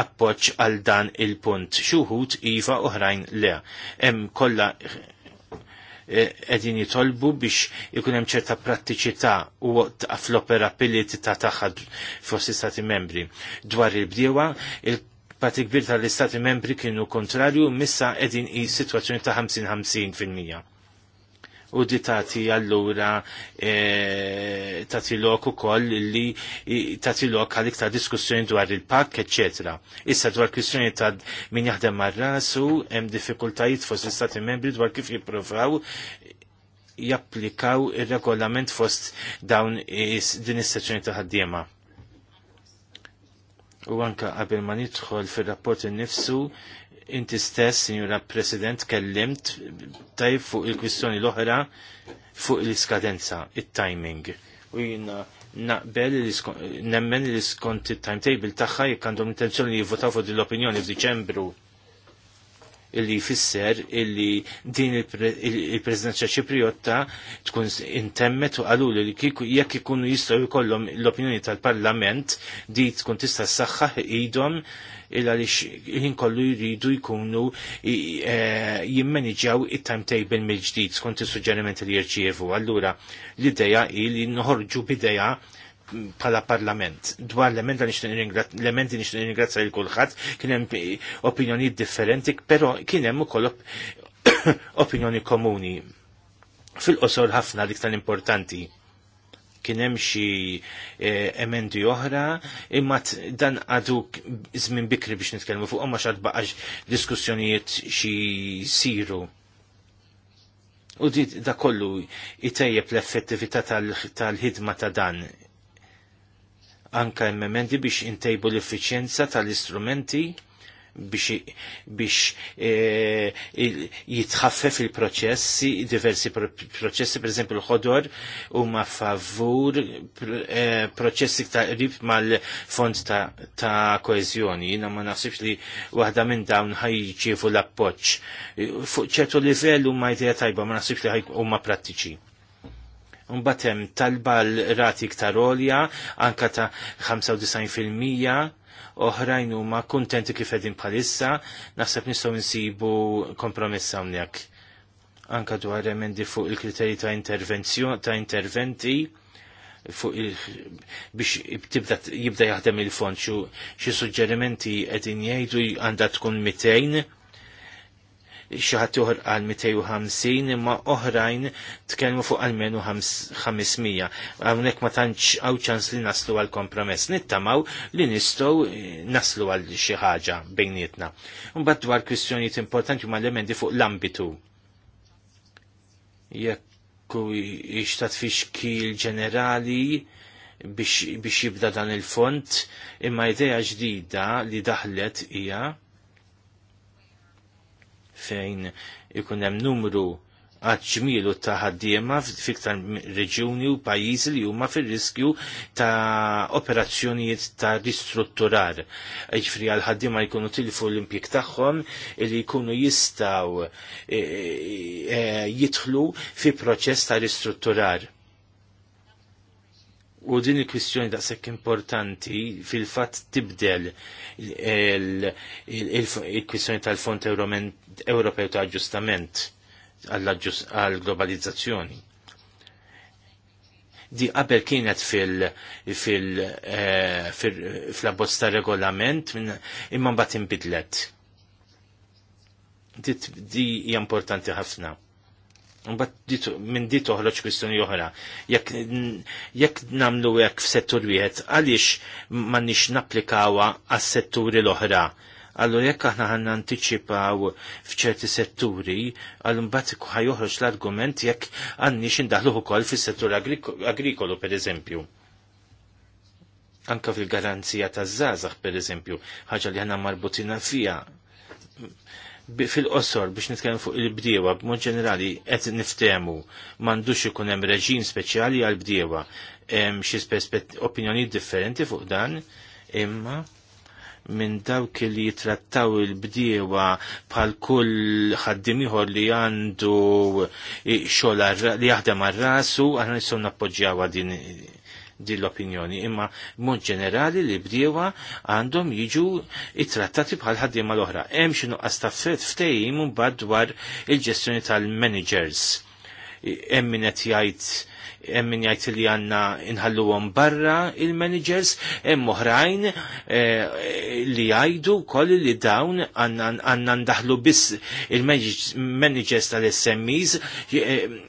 appoġġ għal dan il-punt. Xuħut iva oħrajn le. Hemm kollha Eh, edin jitolbu biex ikun hemm ċerta prattiċità u fl-operability ta' tagħha fost istati membri. Dwar il-bdiewa, il-parti kbir tal-istati membri kienu kontrarju missa edin i situazzjoni ta' 50-50 fil-mija u di tati allura e, tati lok u koll li tati lok għalik ta' diskussjoni dwar il-pak, etc. Issa dwar kwistjoni ta' min jaħdem mar-rasu, hemm diffikultajiet fost l-istati membri dwar kif jippruvaw japplikaw il-regolament fost dawn din is-sezzjoni ta' ħaddiema. U anka qabel ma nidħol fir-rapport innifsu, Inti stess, Signora President, kellimt tajf fuq il-kwistjoni l-oħra fuq l-iskadenza, il-timing. U jina naqbel nemmen li skont il-timetable tagħha jekk għandhom intenzjoni li jivvotaw fuq din l-opinjoni f'Diċembru illi jfisser illi din il-Presidenza Ċipriotta tkun intemmet u qalu li jekk ikunu jistgħu jkollhom l-opinjoni tal-Parlament di tkun tista' s-saxħa idhom illa li ħin kollu jridu jkunu e, jimmanġaw it-timetable mill-ġdid skont is-suġġerimenti li jirċievu. Allura l-idea hi li nħorġu bideja pala parlament. Dwar l-element li nixtieq ringrazzja lil kulħadd kien hemm opinjonijiet differenti, però kien hemm ukoll opinjoni komuni. Fil-qosor ħafna dik tal-importanti kien hemm xi eh, emendi oħra, imma dan għadu żmien bikri biex nitkellmu fuq ma xad baqax diskussjonijiet xi siru. U di da kollu itejjeb l-effettività tal-ħidma ta' dan anka emendi biex intejbu l-effiċjenza tal-istrumenti biex e, jitħaffef il-proċessi, diversi proċessi, per esempio l-ħodor, u ma favur e, proċessi ta' rib mal-fond ta' koezjoni. Jina ma nafsibx li waħda minn dawn ħajġifu l-appoċ. Fuq ċertu livellu ma idea tajba, ma nafsibx li ħaj u ma prattiċi Unbatem talba l-rati iktar olja, anka ta' 95% oħrajn huma kuntenti kif edin bħalissa, naħseb nistgħu nsibu kompromessa hawnhekk. Anka dwar emendi fuq il-kriterji ta' intervenzjon ta' interventi fuq il biex tibda jibda jaħdem il-fond xi suġġerimenti qegħdin jgħidu għandha tkun 200 xaħat uħr għal 250 imma oħrajn tkellmu fuq għal-menu 500. Għawnek ma tantx għaw ċans li naslu għal kompromess. Nittamaw li nistow eh, naslu għal xi ħaġa bejnietna. Mbagħad dwar kwistjonijiet importanti ma l-emendi fuq l-ambitu. Jekk fi xkil ġenerali biex, jibda dan il-font imma ideja ġdida li daħlet hija fejn ikun hemm numru għadġmilu ta' ħaddiema fiktar reġjuni u pajjiżi li huma fir-riskju ta' operazzjonijiet ta' ristrutturar. Ġifri għal ħaddiema jkunu tilfu l-impjek tagħhom li jkunu jistaw e, e, e, jidħlu fi proċess ta' ristrutturar u din il-kwistjoni daqshekk importanti fil-fatt tibdel il-kwistjoni tal-Fond Ewropew ta' Aġġustament għall-globalizzazzjoni. Di qabel kienet fil-abbozz eh, ta' regolament imma mbagħad inbidlet. Di hija importanti ħafna Mbagħad minn di toħroġ kwistjoni Jek, Jekk jekk nagħmlu hekk f'settur wieħed, għaliex m'għandniex napplikawha għas-setturi l-oħra. Għallu jekk aħna għanna anticipaw f'ċerti setturi, għallu mbagħad ħajoħroġ l-argument jekk għandniex indaħluh ukoll fis-settur agrikolu pereżempju. Anka fil-garanzija taż-żgħażagħ pereżempju, ħaġa li għanna marbutina fija fil-qosor biex nitkellem fuq il-bdiewa b'mod ġenerali qed niftehmu m'għandux ikun hemm reġim speċjali għall bdiewa hemm xi opinjonijiet differenti fuq dan imma minn dawk li jitrattaw il-bdiewa bħal kull ħaddim ieħor li għandu xogħol li jaħdem għar rasu aħna nistgħu nappoġġjaw din din l-opinjoni, imma mod ġenerali li bdiewa għandhom jiġu it-trattati bħal ħaddiema l-oħra. Hemm xi nuqqas ta' ftehim mbagħad dwar il-ġestjoni tal-managers. Hemm min qed jgħid hemm min jgħid li għandna inħalluhom barra il-managers, hemm oħrajn eh, li jgħidu koll li dawn għandna ndaħlu biss il-managers tal-SMEs eh,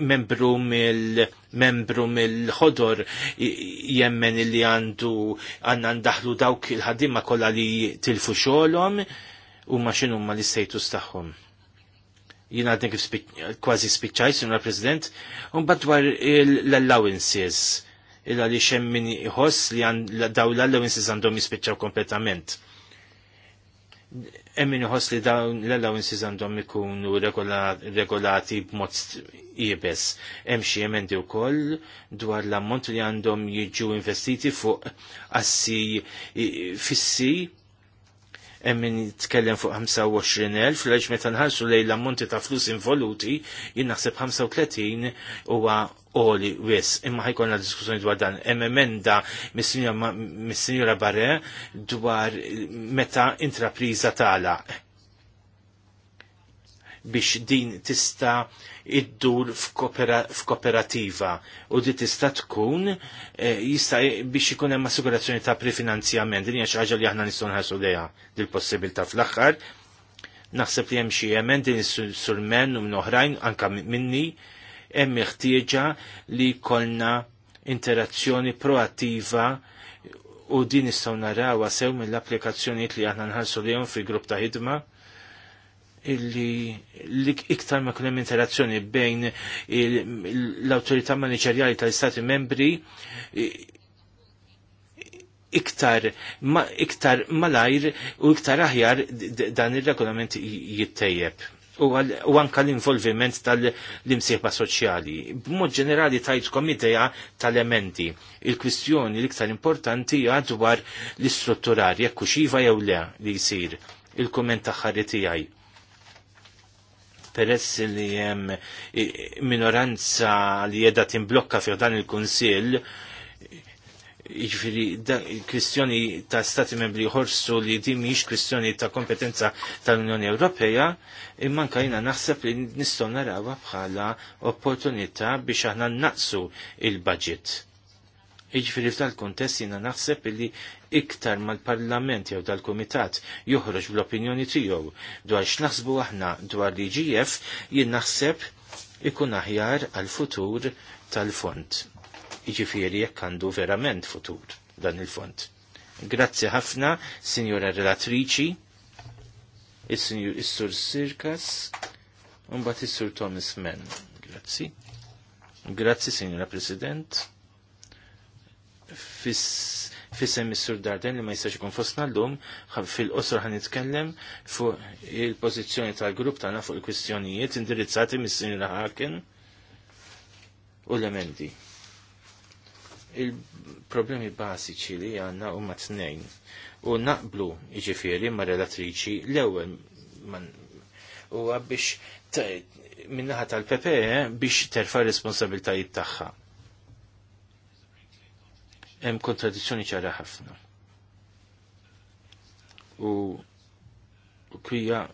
membru mill membru mill-ħodor jemmen li għandu għanna ndaħlu dawk il-ħaddima kolla li tilfu xolom u ma xinu ma li status taħħom. Jina għadni kif kważi spiċċaj, Sinu President, un dwar l-allowances illa li xemmin iħoss li daw l-allowances għandhom jispiċċaw kompletament emmini uħos li dawn l-allowances għandhom ikunu regolati b'mod jibes. Hemm xi emendi wkoll dwar l-ammont li għandhom jiġu investiti fuq assi fissi hemm min jitkellem fuq 25,000 fl meta nħarsu lejn l-ammonti ta' flus involuti jien naħseb 35 huwa oli wis, imma ħajkolna diskussjoni dwar dan, hemm emenda mis-sinjora Barre dwar meta intrapriża tagħlaq biex din tista iddur f'kooperativa u di tista tkun eh, jista biex ikun hemm assigurazzjoni ta' prefinanzjament din hija xi ħaġa li aħna nistgħu nħarsu lejha dil-possibilità fl-aħħar naħseb li hemm xi emendi surmen u minn oħrajn anka minni hemm ħtieġa li jkollna interazzjoni proattiva u din nistgħu narawha sew mill-applikazzjonijiet li aħna nħarsu lihom fi grupp ta' ħidma illi li iktar ma kunem interazzjoni bejn l-autorità maniġerjali tal-Istati membri iktar, ma, iktar malajr u iktar aħjar dan ir regolament jittejjeb u anka l-involviment tal-imsieħba soċjali. B'mod ġenerali tajtkom idea tal-elementi. Il-kwistjoni l-iktar importanti hija dwar l-istrutturar, jekk xiva jew le li jsir il-komment taħħarri tijaj. Peress li hemm minoranza li jeda timblokka fiħdan dan il-Kunsill, Jiġifieri kwistjoni ta' stati membri jħorsu li din mhijiex kwistjoni ta' kompetenza tal-Unjoni Ewropea, imma anke jiena naħseb li nistgħu narawha bħala opportunità biex aħna naqsu il-budget. Jiġifieri f'dal kuntest jiena naħseb li iktar mal-Parlament jew tal-Kumitat joħroġ bl-opinjoni tiegħu dwar x'naħsbu aħna dwar l-IGF jien naħseb ikun aħjar għal-futur tal-fond jiġifieri jekk għandu verament futur dan il-fond. Grazzi ħafna, relatrici, il is-Sur Sirkas, un is-Sur Thomas Mann. Grazzi. Grazzi, signora President. fissem Issur Darden li ma jistax ikun fostna l-lum, fil-qosor għan nitkellem fuq il-pozizjoni tal-grupp tagħna fuq il-kwistjonijiet indirizzati mis signora Haken u l-emendi il-problemi basiċi li għanna u ma t nejn U naqblu iġifiri ma relatriċi l-ewel u għabbix minnaħat tal-PPE eh, biex terfa responsabiltajiet tagħha. Hemm kontradizzjoni ċara ħafna. U kwija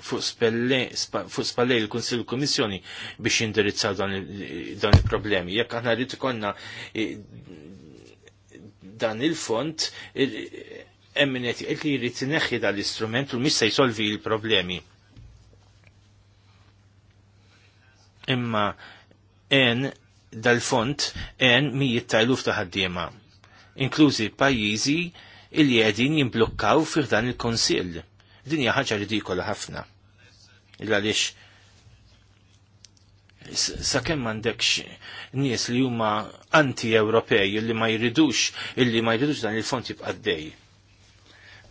fuq spallej il-Konsil Komissjoni biex jindirizzaw dan il-problemi. Jekk aħna rrid konna e, dan il-font, e, emminet jgħid li jrid neħħi dal-istrument u mista jsolvi il-problemi. Imma en dal-font en mi jittajlu ta' ħaddiema, inklużi pajjiżi il-li għedin jimblokkaw fiħdan il-Konsil. il konsil Din hija ħaġa ridikola ħafna. sa sakemm m'għandekx nies li huma anti-Ewropej li ma jridux illi ma jridux dan il-fond jibqa' dej.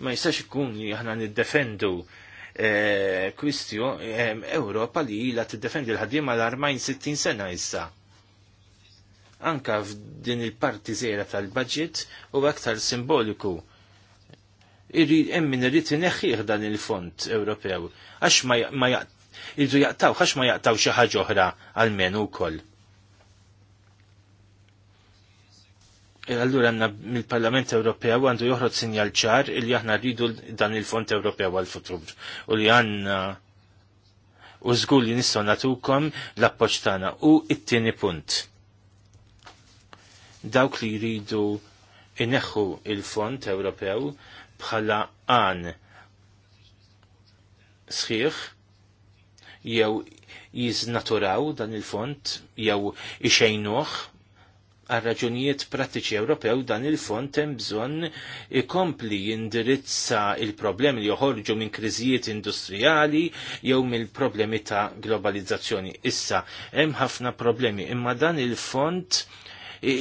Ma jistax ikun li aħna niddefendu eh, kwistju eh, Ewropa li ilha tiddefendi l-ħaddiema l-40-60 sena issa. Anka f'din il-parti żejra tal-budget u aktar simboliku emmin irrit neħħiħ dan il-fond Ewropew, għax ma irridu jaqtaw, għax ma jaqtaw xi ħaġa oħra għal-men koll. E allura għanna mill-Parlament Ewropew għandu joħroġ sinjal ċar li aħna rridu dan il-Fond Ewropew għal-futur u li għanna u żgur li nistgħu nagħtukom l-appoġġ tagħna u it-tieni punt. Dawk li jridu ineħħu il-Fond Ewropew bħala għan sħiħ jew jiznaturaw dan il-font jew ixejnuħ għal raġunijiet pratiċi Ewropew dan il-font hemm bżonn ikompli jindirizza il-problemi li joħorġu minn kriżijiet industrijali jew mill-problemi ta' globalizzazzjoni. Issa hemm ħafna problemi, imma dan il-font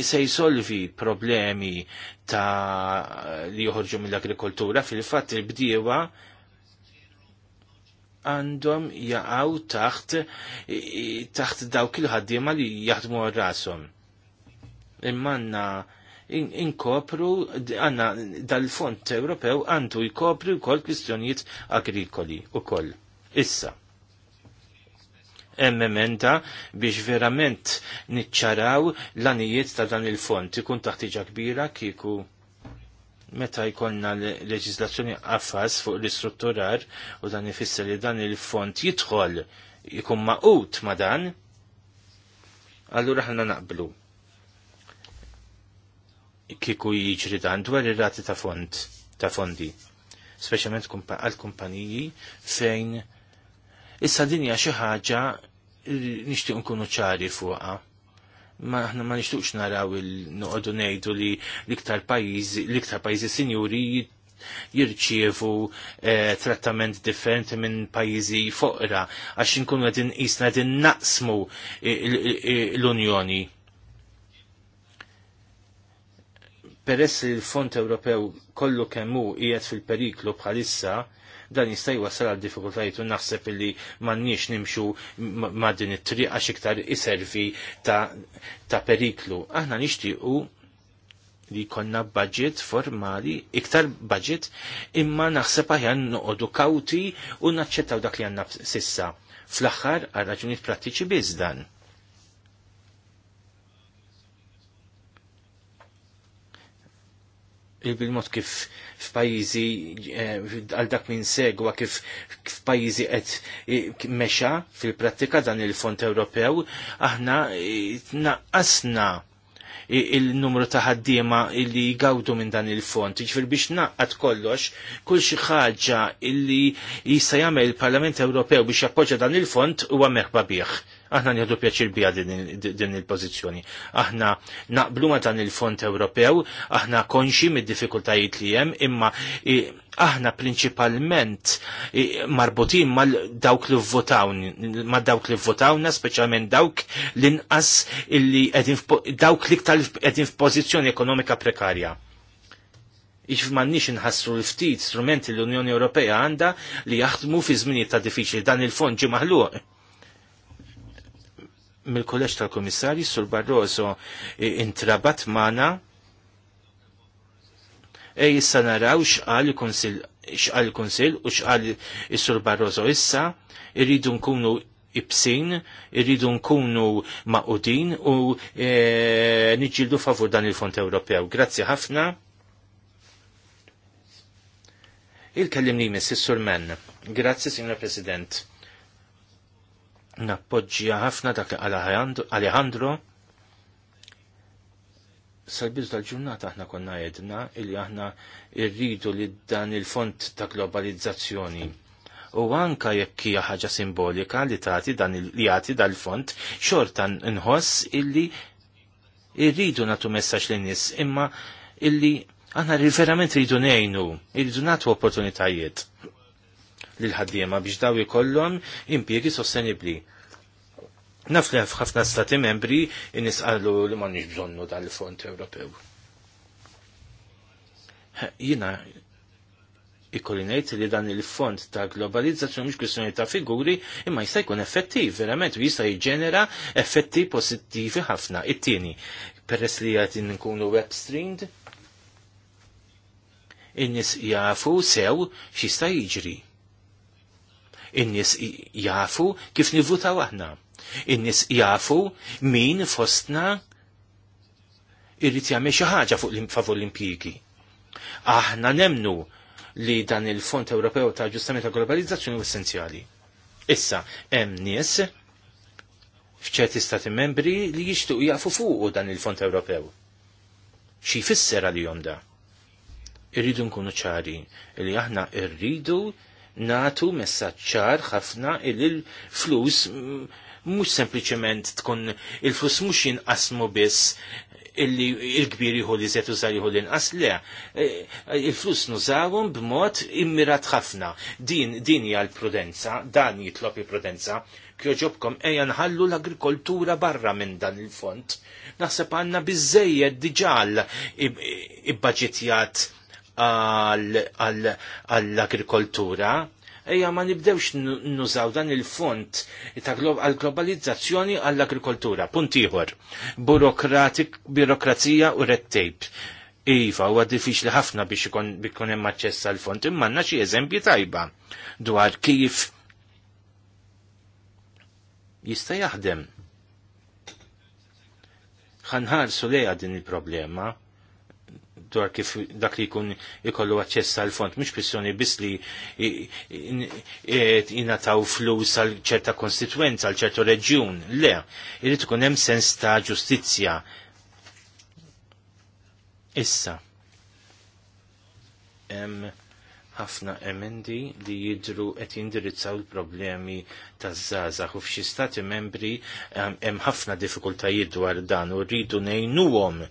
se jsolvi problemi ta' li joħorġu mill-agrikoltura fil-fatt il-bdiewa għandhom jaqaw taħt taħt dawk il-ħaddiema li jaħdmu għal-rasom. Immanna inkopru għanna dal-Fond Ewropew għandu jkopri wkoll kwistjonijiet agrikoli u koll. Issa hemm emenda biex verament niċċaraw l-anijiet ta' dan il-fond. Ikun taħtiġa kbira kieku meta jkollna leġislazzjoni qafas fuq l-istrutturar u dan ifisser li dan il-fond jidħol ikun maqut ma' dan, allura ħna naqblu kiku jiġri dan dwar ir-rati ta' fond ta' fondi. Speċjalment għal kumpaniji fejn issa dinja xi ħaġa nixtieq nkunu ċari fuqha. Ma aħna ma nishtuqx naraw il-noqogħdu ngħidu li l-iktar pajjiżi l-iktar sinjuri jirċievu eh, trattament differenti minn pajjiżi foqra għax inkunu għedin qisna għedin naqsmu l-Unjoni. Peress li l-Fond Ewropew kollu kemm hu qiegħed fil-periklu bħalissa, dan jista' jwassal għal diffikultajiet u naħseb li m'għandniex nimxu ma' din it-triq għax iktar iservi ta', ta periklu. Aħna nixtiequ li konna budget formali, iktar budget, imma naħseb aħjan noqodu kawti u naċċettaw dak li għanna sissa. Fl-axħar għal raġunijiet prattiċi biż dan il-mod kif f'pajjiżi eh, għal dak minn segwa kif f'pajjiżi qed eh, mexa fil-prattika dan il-Fond Ewropew aħna eh, naqqasna il-numru ta' ħaddiema li jgawdu minn dan il-fond. Ġifir biex naqqat kollox, kull xi ħaġa illi jista' jagħmel il-Parlament Ewropew biex jappoġġa dan il-fond huwa merħba bih Aħna nieħdu pjaċir bija din il-pożizzjoni. Aħna naqblu ma dan il-Fond Ewropew, aħna konxi mid-diffikultajiet li hemm, imma aħna prinċipalment marbutin mal dawk li votawn, ma dawk li votawna, speċjalment dawk l-inqas illi dawk li ktal qegħdin f'pożizzjoni ekonomika prekarja iġ mannix nħassru l-ftit strumenti l-Unjoni Ewropea għanda li jaħdmu fi zmini ta' diffiċli dan il-fond ġi maħluq mill-kolleġ tal komissari sur Barroso intrabat mana e issa naraw xqal il-konsil xqal il-konsil u xqal is-sur Barroso issa irridu nkunu ibsin, irridu nkunu maqudin u e, favur dan il-Fond Ewropew. Grazzi ħafna. Il-kellimni miss is-sur Men. Grazzi, Signor President nappoġġja ħafna dak li Alejandro sal-biz tal-ġurnata aħna konna jedna illi aħna irridu li dan il-font ta' globalizzazzjoni. U anka jekk hija ħaġa simbolika li tagħti dan li jagħti dal-font xorta nħoss illi irridu natu messaġġ lin nies imma illi aħna verament rridu ngħinu, irridu nagħtu opportunitajiet l-ħaddiema biex daw ikollhom impjiegi sostenibbli. Naf li f'ħafna stati membri nisqalu li m'għandniex bżonnu dal-Fond Ewropew. Jina ikolli ngħid li dan il-fond ta' globalizzazzjoni mhux kwestjoni ta' figuri imma jista' jkun effettiv verament u jista' jiġġenera effetti pożittivi ħafna. It-tieni, peress li qed nkunu web streamed, in-nies jafu sew x'jista' jiġri in-nies jafu kif nivvutaw aħna. In-nies jafu min fostna irrit jagħmel xi ħaġa fuq l-impjiegi. Aħna nemnu li dan il-Fond Ewropew ta' Ġustament ta' Globalizzazzjoni essenzjali. Issa, hemm nies f'ċerti stati membri li jixtuq jafu fuq dan il-Fond Ewropew. Xi jfisser għalihom da? Irridu nkunu ċari li aħna rridu natu messaċċar ħafna il-flus mux sempliciment tkun il-flus mux jinqasmu biss illi il kbiri hu li zetu zari hu l-inqas, le, e, il-flus nużawum b'mod immirat ħafna. Din, din hija l-prudenza, dan jitlob il-prudenza, kjoġobkom ejjan ħallu l-agrikoltura barra minn dan il-font. Naħseb għanna bizzejed diġal ib għall-agrikoltura, ejja ma nibdewx nużaw dan il-font ta' globalizzazzjoni għall-agrikoltura. Punt ieħor. Burokrazija u red tape. Iva, huwa diffiċli ħafna biex ikun hemm aċċess għal font imma għandna xi eżempji tajba dwar kif jista' jaħdem. Ħanħarsu lejha din il-problema dwar kif dak li jkun ikollu aċċess għal fond mhux kwistjoni biss li jingħataw flus għal ċerta konstituenza għal ċertu reġjun. Le, irid ikun hemm sens ta' ġustizzja. Issa. hemm ħafna emendi li jidru qed jindirizzaw il-problemi taż-żgħażagħ u f'xi stati membri hemm ħafna diffikultajiet dwar dan u rridu ngħinuhom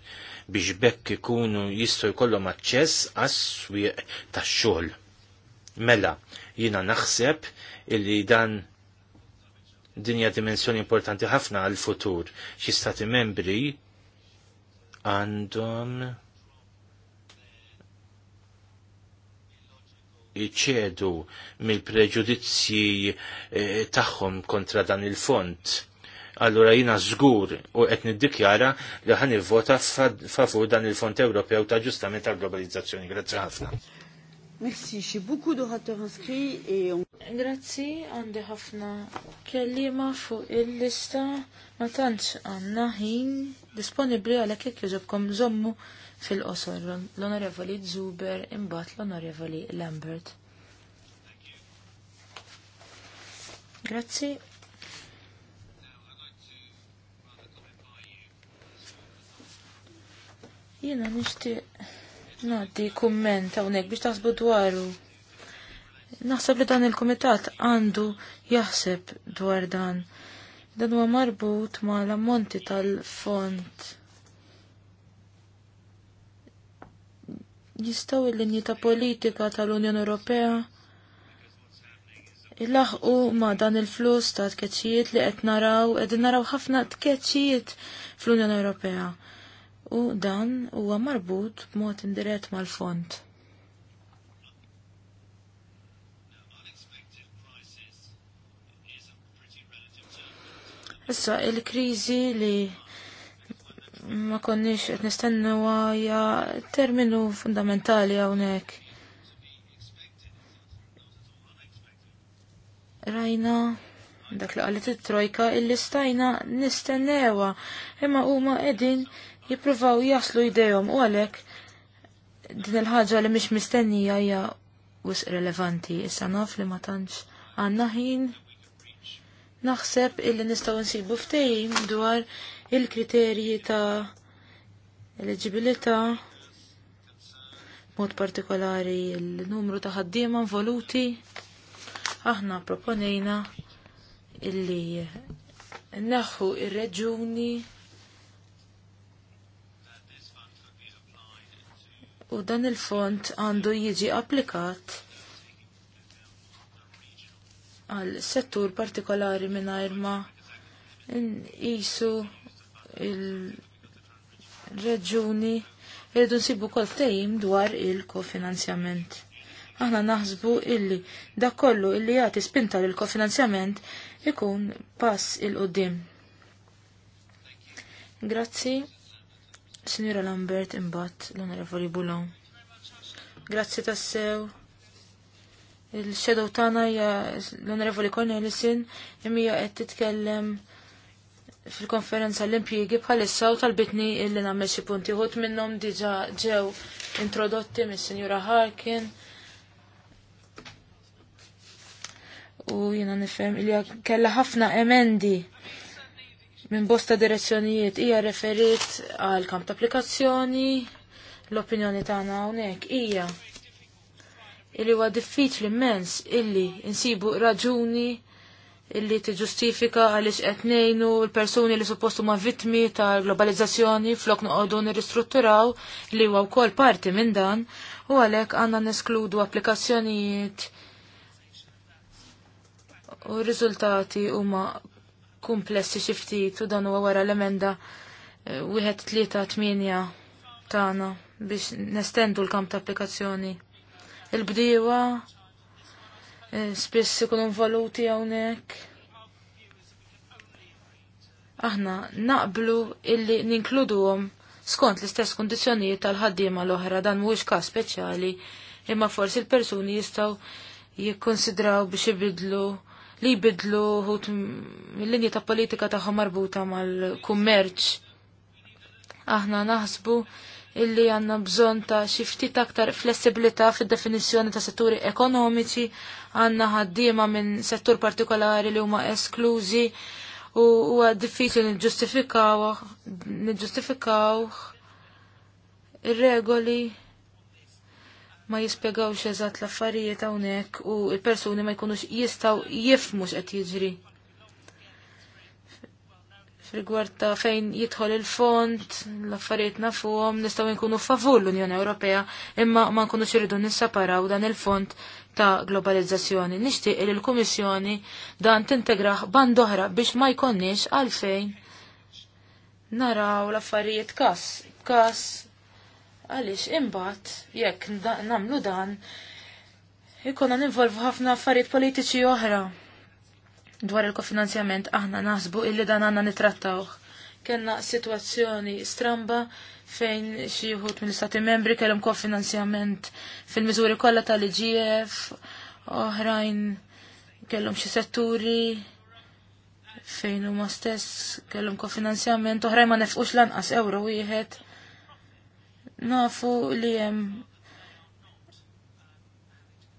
biex bekk ikunu jistgħu jkollhom aċċess għas-swieq tax-xogħol. Mela, jiena naħseb illi dan dinja dimensjoni importanti ħafna għal futur xi stati membri għandhom iċedu mill-preġudizzji eh, tagħhom kontra dan il-font allura jina żgur u qed niddikjara li ħan vota favur dan il-Fond Ewropew ta' ġustament tal-globalizzazzjoni. Grazzi ħafna. Merci, xi buku d'orateurs inscrits on... Grazzi, għandi ħafna kellima fuq il-lista ma tantx għandna ħin disponibbli għalhekk jekk jogħġobkom żommu fil-qosor l-Onorevoli Zuber imbagħad l-Onorevoli Lambert. Grazzi. Jiena nixtieq ngħaddi kumment hawnhekk biex taħsbu dwaru. Naħseb li dan il-kumitat għandu jaħseb dwar dan. Dan huwa marbut ma' l-ammonti tal-font. Jistgħu il linji ta' politika tal-Unjoni Ewropea il-laħqu ma dan il-flus ta' tkeċijiet li qed naraw, qed naraw ħafna tkeċijiet fl-Unjoni Ewropea u dan huwa marbut b'mod indirett mal-font. Issa il-kriżi li ma konniex qed nistennu hija terminu fundamentali hawnhekk. Rajna dak li qalet it-trojka illi stajna nistennewa imma huma qegħdin jippruvaw jaslu idejhom u għalhekk din il-ħaġa li mhix mistennija hija wisq relevanti. Issa naf li ma tantx għandna ħin naħseb illi nistgħu nsibu ftehim dwar il-kriterji ta' eligibilità mod partikolari il-numru ta' ħaddiema voluti. aħna proponejna illi naħu ir-reġuni il u dan il-font għandu jiġi applikat għal settur partikolari minn ma jisu il-reġuni irridu nsibu kol tejjim dwar il-kofinanzjament. Aħna naħsbu illi da kollu illi jagħti spinta lil kofinanzjament ikun pass il qoddim Grazzi. Signora Lambert imbat l-Onorevoli Bulon. Grazzi tassew. il xedow tana hija l-Onorevoli Cornelisin imija qed titkellem fil-konferenza l-impjiegi bħalissa u talbitni illi nagħmel xi punti ħut minnhom diġà ġew introdotti mis-Sinjura Harkin. U jiena nifhem li kella ħafna emendi minn bosta direzzjonijiet hija referit għal kamp ta' applikazzjoni l-opinjoni tagħna hawnhekk hija illi huwa diffiċli immens illi insibu raġuni illi tiġustifika għaliex qed ngħinu l-persuni li suppostu ma' vittmi tal-globalizzazzjoni flok noqogħdu nirristrutturaw li huwa wkoll parti minn dan u għalhekk għandna neskludu applikazzjonijiet u r-riżultati huma komplessi xi ftit u dan huwa wara l-emenda eh, wieħed tlieta tminja tagħna biex nestendu l-kamp ta' applikazzjoni. Il-bdiewa eh, spiss ikunu involuti hawnhekk. Aħna naqblu illi ninkluduhom skont l-istess kundizzjonijiet tal-ħaddiema l-oħra dan mhuwiex każ speċjali imma forsi l-persuni jistgħu jikkonsidraw biex ibidlu li jbidlu mill-linji ta' politika tagħhom marbuta mal-kummerċ. Aħna naħsbu illi għanna bżon ta' xiftit aktar flessibilità fid-definizjoni ta' setturi ekonomiċi, għanna ħaddiema minn settur partikolari li huma esklużi u huwa diffiċli niġġustifikaw ir-regoli ma jispjegawx eżatt l-affarijiet hawnhekk u l-persuni ma jkunux jistgħu jifmux qed jiġri. Rigward ta' fejn jidħol il-font, l-affarijiet nafuhom, nistgħu nkunu favur l-Unjoni Ewropea, imma ma nkunux irridu nissaparaw dan il-font ta' globalizzazzjoni. Nixtieq il kummissjoni dan tintegraħ band oħra biex ma jkonniex għalfejn naraw l-affarijiet kas, kas Għaliex imbagħad jekk nagħmlu dan ikonna ninvolvu ħafna affarijiet politiċi oħra dwar il-kofinanzjament aħna naħsbu illi dan għandna nitrattawh. Kenna sitwazzjoni stramba fejn xi wħud mill-istati membri kellhom kofinanzjament fil-miżuri kollha tal-IGF, oħrajn kellhom xi setturi fejn huma stess kellhom kofinanzjament, oħrajn ma nefqux lanqas euro wieħed nafu li jem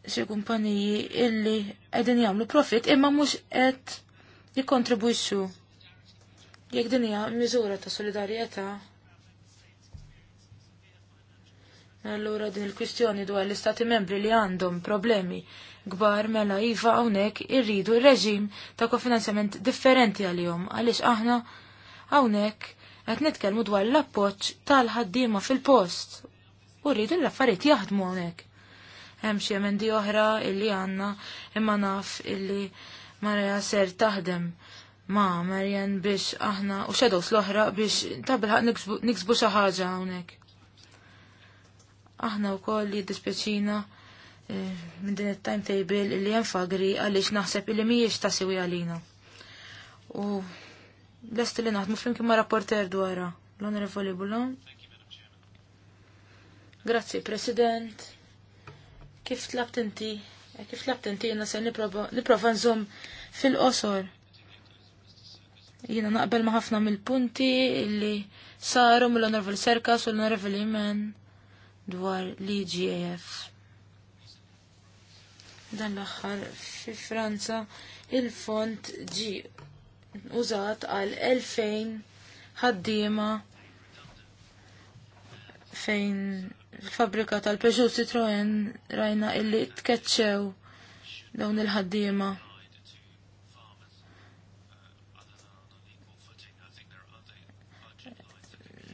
xie kumpaniji illi għedin jamlu profit imma mux għed jikontribuixxu. Jek hija miżura ta' solidarieta Allura din il-kwistjoni dwar l-istati membri li għandhom problemi gbar mela iva hawnhekk irridu reġim ta' kofinanzjament differenti għalihom għaliex aħna hawnhekk Qed nitkellmu dwar l-appoġġ tal-ħaddiema fil-post. U rridu l-affarijiet jaħdmu hawnhekk. Hemm xi emendi oħra illi għanna imma naf illi Marja ser taħdem ma' Marjan biex aħna u xedows l-oħra biex tabilħaq niksbu xi ħaġa hawnhekk. Aħna wkoll li dispeċina eh, minn din it-timetable illi hemm fagri għaliex naħseb illi mhijiex tasiwi għalina. U Lest li naħt, flimkien kima rapporter dwarra l-Onorevoli Bullon. Grazzi, President. Kif tlabt inti? Eh, kif tlabt inti jena se niprofa nżom fil-qosor. Jena naqbel ma' ħafna mill-punti li saru mill-Onorevoli Serkas u l-Onorevoli Men dwar l-IGAF dan l-axħar fi Franza il-font ġi użat għal 2000 ħaddiema fejn il-fabrika tal-Peugeot Citroen rajna illi tkeċċew dawn il-ħaddiema.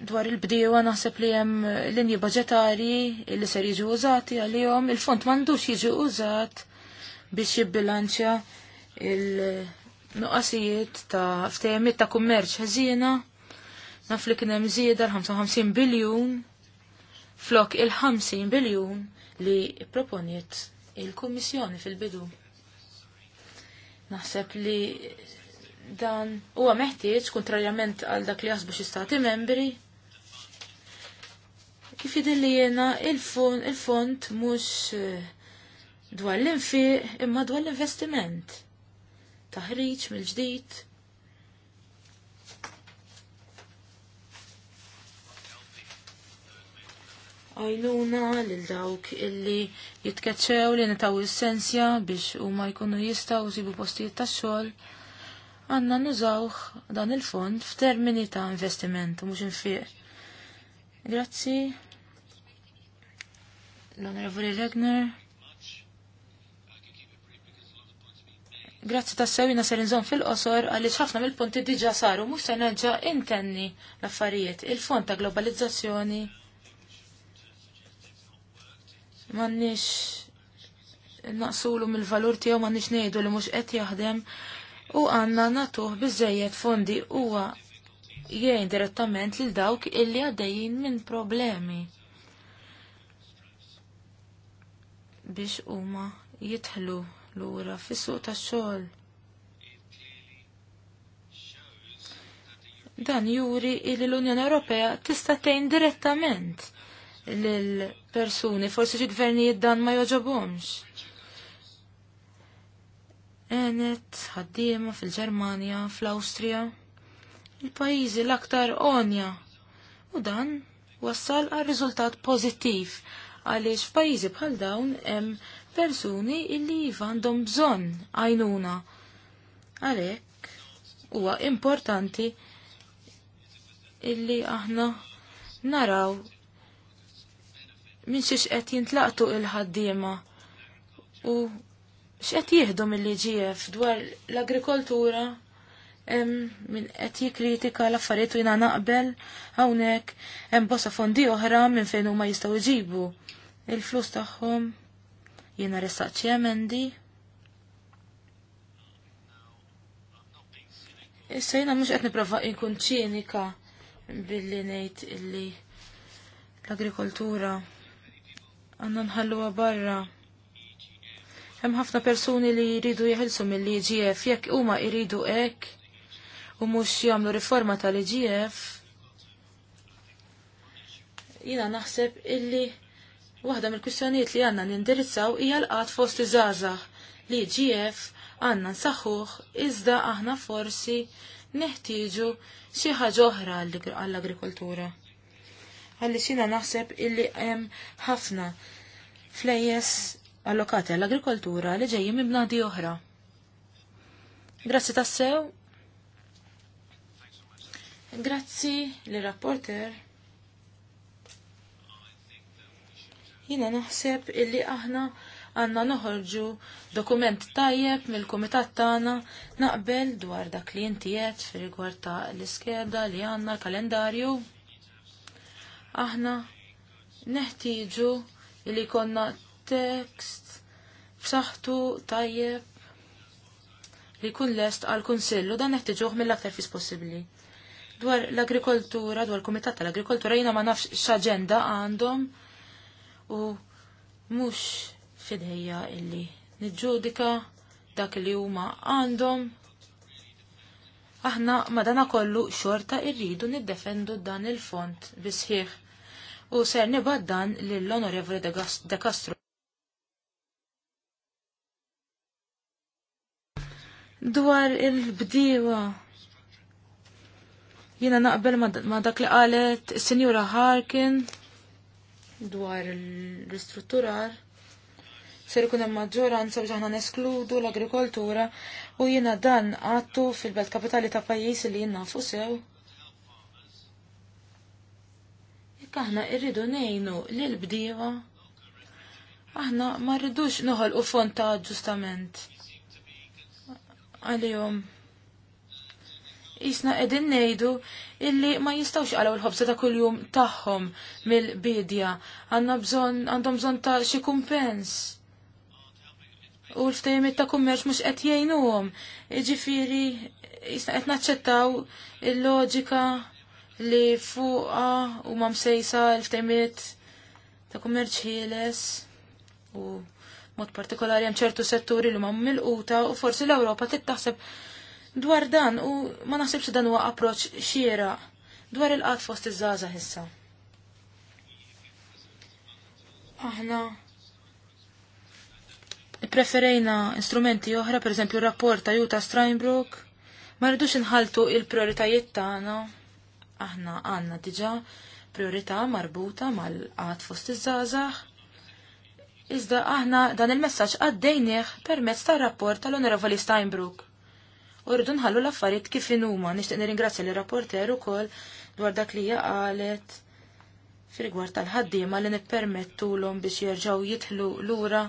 dwar il-bdiewa naħseb li hemm linji budġetarji illi ser jiġu użati għalihom il-fond m'għandux jiġi użat biex jibbilanċja il- nuqqasijiet ta' ftejemiet ta' kummerċ ħażina, naf li kien hemm l-55 biljun flok il-50 biljun li proponiet il-Kummissjoni fil-bidu. Naħseb li dan huwa meħtieġ kontrarjament għal dak li jasbu xi stati membri. Kif li jena il-fond mhux dwar l-infiq imma dwar l-investiment taħriġ mill-ġdid. Għajluna lil dawk illi jitkeċċew li nitaw essenzja biex u ma jkunu jistaw zibu postijiet ta' xogħol. Għanna nużawh dan il-fond f'termini ta' investiment u mhux infiq. Grazzi. L-Onorevoli Regner. Grazzi ta' sewina ser serinżon fil-qosor għaliex ħafna mill-punti diġa saru mhux se nerġa' intenni l-affarijiet. Il-fond ta' globalizzazzjoni m'għandniex naqsulu mill-valur tiegħu m'għandniex ngħidu li mhux qed jaħdem u għandna nagħtuh biżejjed fondi huwa jgħin direttament lil dawk illi għaddejjin minn problemi biex huma jitħlu lura fis-suq ta' xogħol Dan juri li l-Unjoni Ewropea tista' tgħin direttament lil persuni forsi xi gvernijiet dan ma joġobhomx. Enet ħaddiema fil-Ġermanja, fl-Awstrija, il-pajjiżi l-aktar onja. U dan wassal għal riżultat pożittiv għaliex f'pajjiżi bħal dawn hemm persuni illi jiva għandhom bżonn għajnuna. Għalhekk huwa importanti illi aħna naraw minn xiex qed jintlaqtu il-ħaddiema u x'qed jieħdu mill-IGF dwar l-agrikoltura minn qed jikkritika l-affarijiet u jiena naqbel hawnhekk hemm bosta fondi oħra minn fejn huma jistgħu jġibu il-flus tagħhom Jiena ressaqt xi emendi. Issa jiena mhux qed nipprova jinkun ċinika billi ngħid illi l-agrikoltura għandna nħalluha barra. Hemm ħafna persuni li jridu jeħilsu mill-IGF jekk huma jridu hekk u mhux jagħmlu riforma tal-IGF. Jiena naħseb illi Waħda mill-kwistjonijiet li għanna nindirizzaw hija l-qat fost iżgħażagħ li GF għanna nsaħħuh iżda aħna forsi neħtieġu xi ħaġa oħra għall-agrikoltura. Għalli xina naħseb illi hemm ħafna flejjes allokati għall-agrikoltura li ġejjin minn bnadi oħra. Grazzi tassew. Grazzi li rapporter. Jina naħseb illi aħna għanna noħorġu dokument tajjeb mill-kumitat tagħna naqbel dwar dak li inti fir-rigward ta' l-iskeda li għandna l-kalendarju. Aħna neħtieġu li konna tekst b'saħħtu tajjeb li kun lest għal kunsillu dan neħtieġuh mill-aktar fis possibbli. Dwar l-agrikoltura, dwar l-Kumitat tal-Agrikoltura jiena ma nafx x'aġenda għandhom u mhux fidejja illi niġġudika dak li huma għandhom aħna madana kollu xorta irridu niddefendu dan il-font bisħiħ U ser nibad dan lill-Onorevoli De Castro. Dwar il bdiwa Jina naqbel ma dak li qalet, Sinjura Harkin, dwar l-istrutturar ser ikun hemm maġġoranza biex aħna neskludu l-agrikoltura u jiena dan għattu fil-belt kapitali ta' pajjiż li jien nafu sew. Jekk aħna rridu ngħinu lil bdiewa aħna ma rridux noħolqu fond ta' aġġustament. Għalihom jisna edin nejdu illi ma jistawx għalaw l-ħobza ta' kull-jum taħħom mill-bidja. Għanna bżon, għandhom bżon ta' xi kumpens. U l ftajmit ta' kummerċ mux qed jgħinuhom. Ġifieri jisna qed naċċettaw il-loġika li fuqa u mam msejsa l ftajmit ta' kummerċ ħieles u mod partikolari hemm ċertu setturi li ma' quta u forsi l-Ewropa tittaħseb taħseb dwar dan u ma naħsibx dan huwa approċ xiera dwar il-qat fost iż-żaża issa. Aħna preferejna instrumenti oħra, per eżempju rapport ta' Juta Strainbrook, ma rridux inħaltu il-prioritajiet tagħna. Aħna għandna diġà priorità marbuta mal-qat fost iż-żgħażagħ. Iżda aħna dan il-messaġġ għaddejnieh permezz tar rapport tal-Onorevoli Steinbrook u rridu nħallu l-affarijiet kif inhuma. Nixtieq nirringrazzja l rapporter ukoll dwar dak li hija qalet fir tal-ħaddiema li nippermettulhom biex jerġgħu jidħlu lura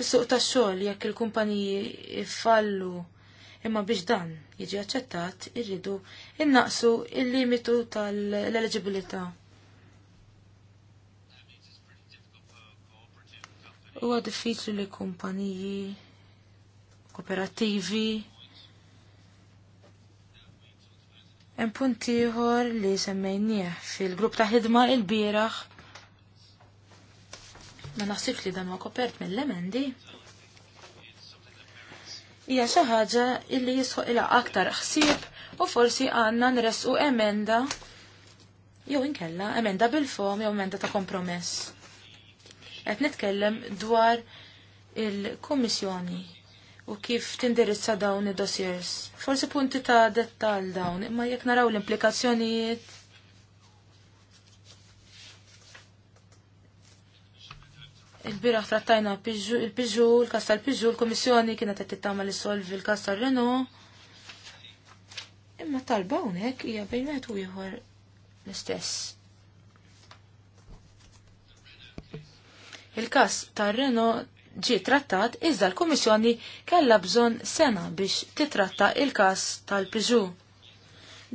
fis-suq tax-xogħol jekk il-kumpaniji fallu Imma biex dan jiġi aċċettat irridu innaqsu il-limitu tal-eligibilità. Huwa diffiċli li kumpaniji kooperativi. Hemm punt ieħor li semmejnieh fil-grupp ta' ħidma l bieraħ Ma naħsibx li dan huwa kopert mill-emendi. Hija xi ħaġa illi jisħoq ilha aktar ħsieb u forsi għandna nresqu emenda jew inkella emenda bil-fom jew emenda ta' kompromess. Qed nitkellem dwar il-Kummissjoni u kif tindirizza dawn id-dossiers. Forsi punti ta' dettal dawn, imma jekk naraw l-implikazzjonijiet. Il-biraħ trattajna il-Piġu, il-kas tal-Piġu, l-Komissjoni kienet qed titgħamel solvi l-kas tar Renu. Imma talba hawnhekk hija bejn wieħed u ieħor l-istess. Il-kas tar-Renault ġi trattat iżda l-Kummissjoni kellha bżonn sena biex titratta il-każ tal-Piġu.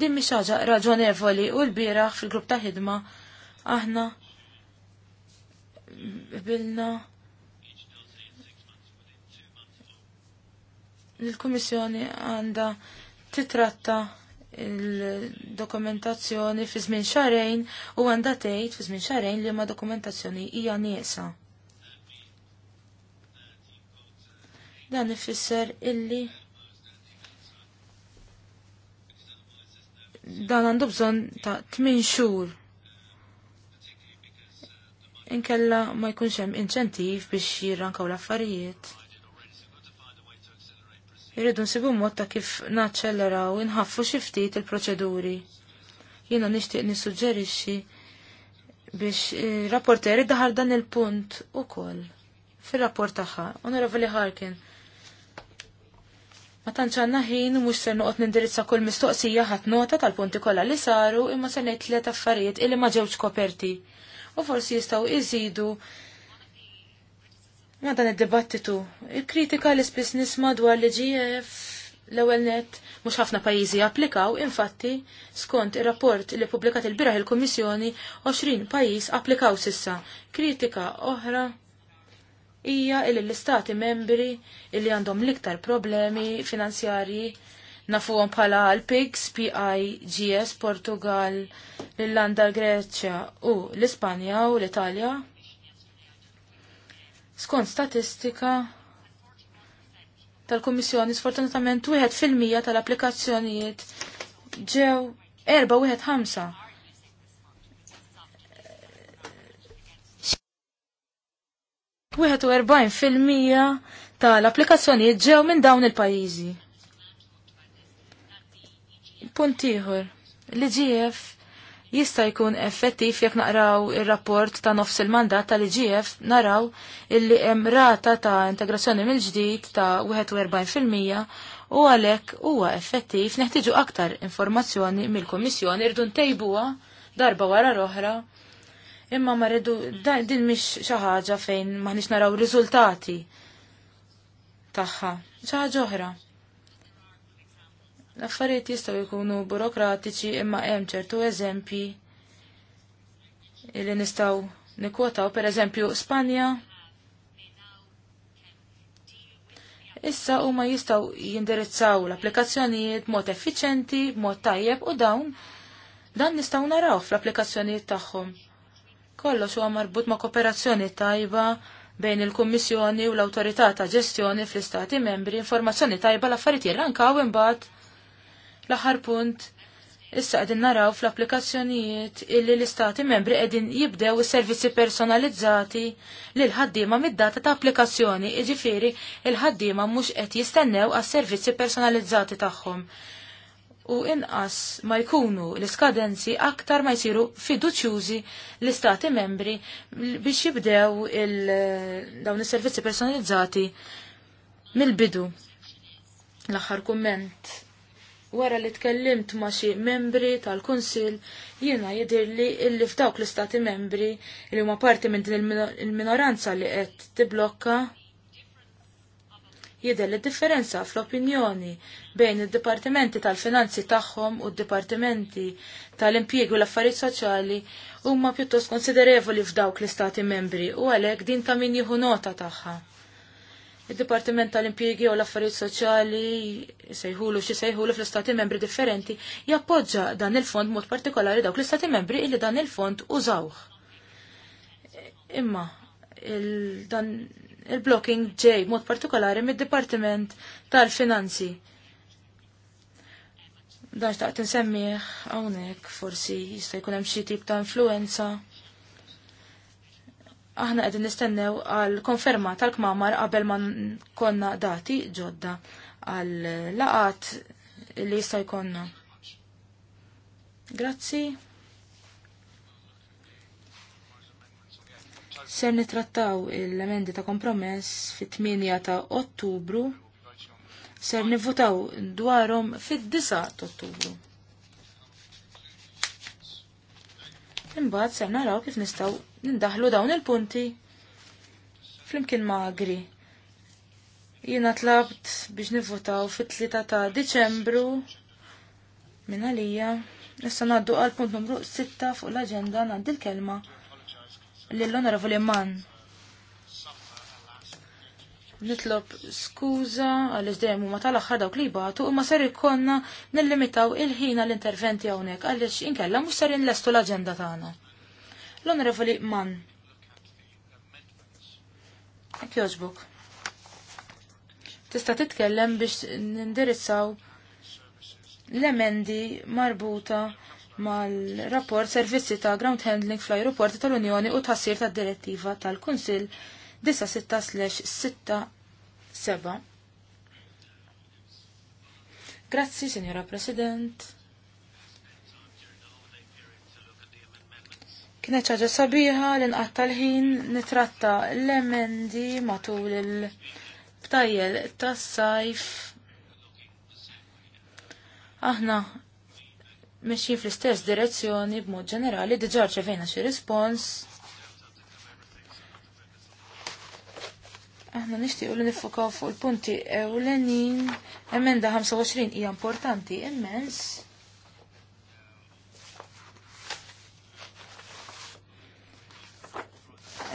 Din mhix ħaġa raġonevoli u l biraħ fil-grupp ta' ħidma aħna bilna l-Kummissjoni għandha titratta il-dokumentazzjoni fi żmien xarejn u għandha tgħid fi żmien xarejn li ma dokumentazzjoni hija nieqsa. Dan ifisser illi dan għandu bżonn ta' 8 xhur. Inkella ma jkunx hemm inċentiv biex jirrankaw l-affarijiet. Irridu nsibu mod ta' kif naċċelleraw inħaffu xi ftit il-proċeduri. Jiena nixtieq nissuġġerixxi biex eh, rapporteri daħal dan il-punt ukoll fil-rapport tagħha. Onorevoli Harkin, Ma tanċanna ħin mhux ser noqgħod nindirizza kull mistoqsija ħat nota tal-punti kollha li saru imma se nejt li affarijiet illi ma ġewx koperti. U forsi jistgħu iżidu ma dan id-dibattitu. Il-kritika li spiss nisma' dwar li ġijef l-ewwel net mhux ħafna pajjiżi applikaw, infatti skont ir-rapport li publikat il-biraħ il-Kummissjoni 20 pajjiż applikaw sissa. Kritika oħra hija il l-istati membri illi għandhom l-iktar problemi finanzjarji nafuhom bħala l-PIGS, PIGS, Portugal, l-Irlanda, Greċja u l-Ispanja u l-Italja. Skont statistika tal-Kummissjoni sfortunatament wieħed fil-mija tal-applikazzjonijiet ġew erba' wieħed ħamsa 41% tal-applikazzjonijiet ġew minn dawn il-pajjiżi. Punt ieħor, l-IGF jista' jkun effettiv jekk naqraw ir-rapport ta' nofs il-mandat tal-IGF naraw illi hemm rata ta' integrazzjoni mill-ġdid ta' 41% u għalhekk huwa effettiv neħtieġu aktar informazzjoni mill-Kummissjoni irdu ntejbuha darba wara l-oħra Imma ma rridu din mhix xi ħaġa fejn maħniex naraw riżultati tagħha. xaħġa oħra. L-affarijiet jistgħu jkunu burokratiċi imma hemm ċertu eżempji li nistgħu nikwotaw, pereżempju Spanja, issa huma jistgħu jindirizzaw l-applikazzjonijiet mod effiċenti, mod tajjeb u dawn dan nistgħu naraw fl-applikazzjonijiet tagħhom. Kollox huwa marbut ma' kooperazzjoni tajba bejn il-Kummissjoni u l-Awtorità ta' Ġestjoni fl-Istati Membri informazzjoni tajba l-affarijiet jirrankaw imbagħad l-aħħar punt issa qegħdin naraw fl-applikazzjonijiet illi l-Istati Membri qegħdin jibdew is-servizzi personalizzati lil ħaddiema mid-data ta' applikazzjoni, jiġifieri il-ħaddiema mhux qed jistennew għas-servizzi personalizzati tagħhom u inqas ma jkunu l-iskadenzi aktar ma jsiru fiduċjużi l-istati membri biex jibdew dawn is-servizzi personalizzati mill-bidu. L-aħħar kumment wara li tkellimt ma xi membri tal-Kunsill jiena jidirli illi f'dawk l-istati membri li huma parti minn din il-minoranza li qed tiblokka jidher li differenza fl-opinjoni bejn id-dipartimenti tal-finanzi tagħhom u d-dipartimenti tal-impjieg u l-affarijiet soċjali huma pjuttost konsiderevoli f'dawk l-istati membri u għalhekk din ta' min jieħu nota tagħha. Id-Dipartiment tal-Impjiegi u l-Affarijiet Soċjali sejħulu xi sejħulu fl-istati membri differenti jappoġġa dan il-fond mod partikolari dawk l-istati membri illi dan il-fond użawh. Imma il dan il-blocking ġej mod partikolari mid-Dipartiment tal-Finanzi. Dan xtaqt nsemmiħ hawnhekk forsi jista' jkun hemm xi tip ta' influenza. Aħna qegħdin nistennew għal konferma tal-kmamar qabel ma konna dati ġodda għal laqat li jista' jkollna. Grazzi. Ser nitrattaw l-emendi ta' kompromess fit-8 ta' Ottubru. Ser nivvutaw dwarhom fit-9 ta' Ottubru. Imbagħad ser naraw kif nistgħu nindaħlu dawn il-punti flimkien magri. Jiena tlabt biex nivvotaw fit-3 ta' Diċembru minn għalija. Issa ngħaddu għal punt numru 6 fuq l-aġenda ngħaddi l-kelma lill-Onorevoli Mann. Nitlob skuża għaliex dejjem huma tal axħar dawk li jbagħtu imma ser ikonna nillimitaw il ħina l interventi hawnhekk għaliex inkella mhux ser inlestu l-aġenda tagħna. L-Onorevoli Mann. Hekk jogħġbok. Tista' titkellem biex nindirizzaw l-emendi marbuta mal-rapport servizzi ta' ground handling fl-aeroporti tal-Unjoni u tħassir ta' direttiva tal-Kunsil 96-67. Grazzi, Signora President. Kienet ċaġa sabiħa l inqatta l-ħin nitratta l-emendi matul il-btajjel tas-sajf. Aħna mexjin fl-istess direzzjoni b'mod ġenerali diġà ċevejna xi rispons. Aħna nixtiequ li nifokaw fuq il-punti ewlenin. Emenda 25 hija importanti immens.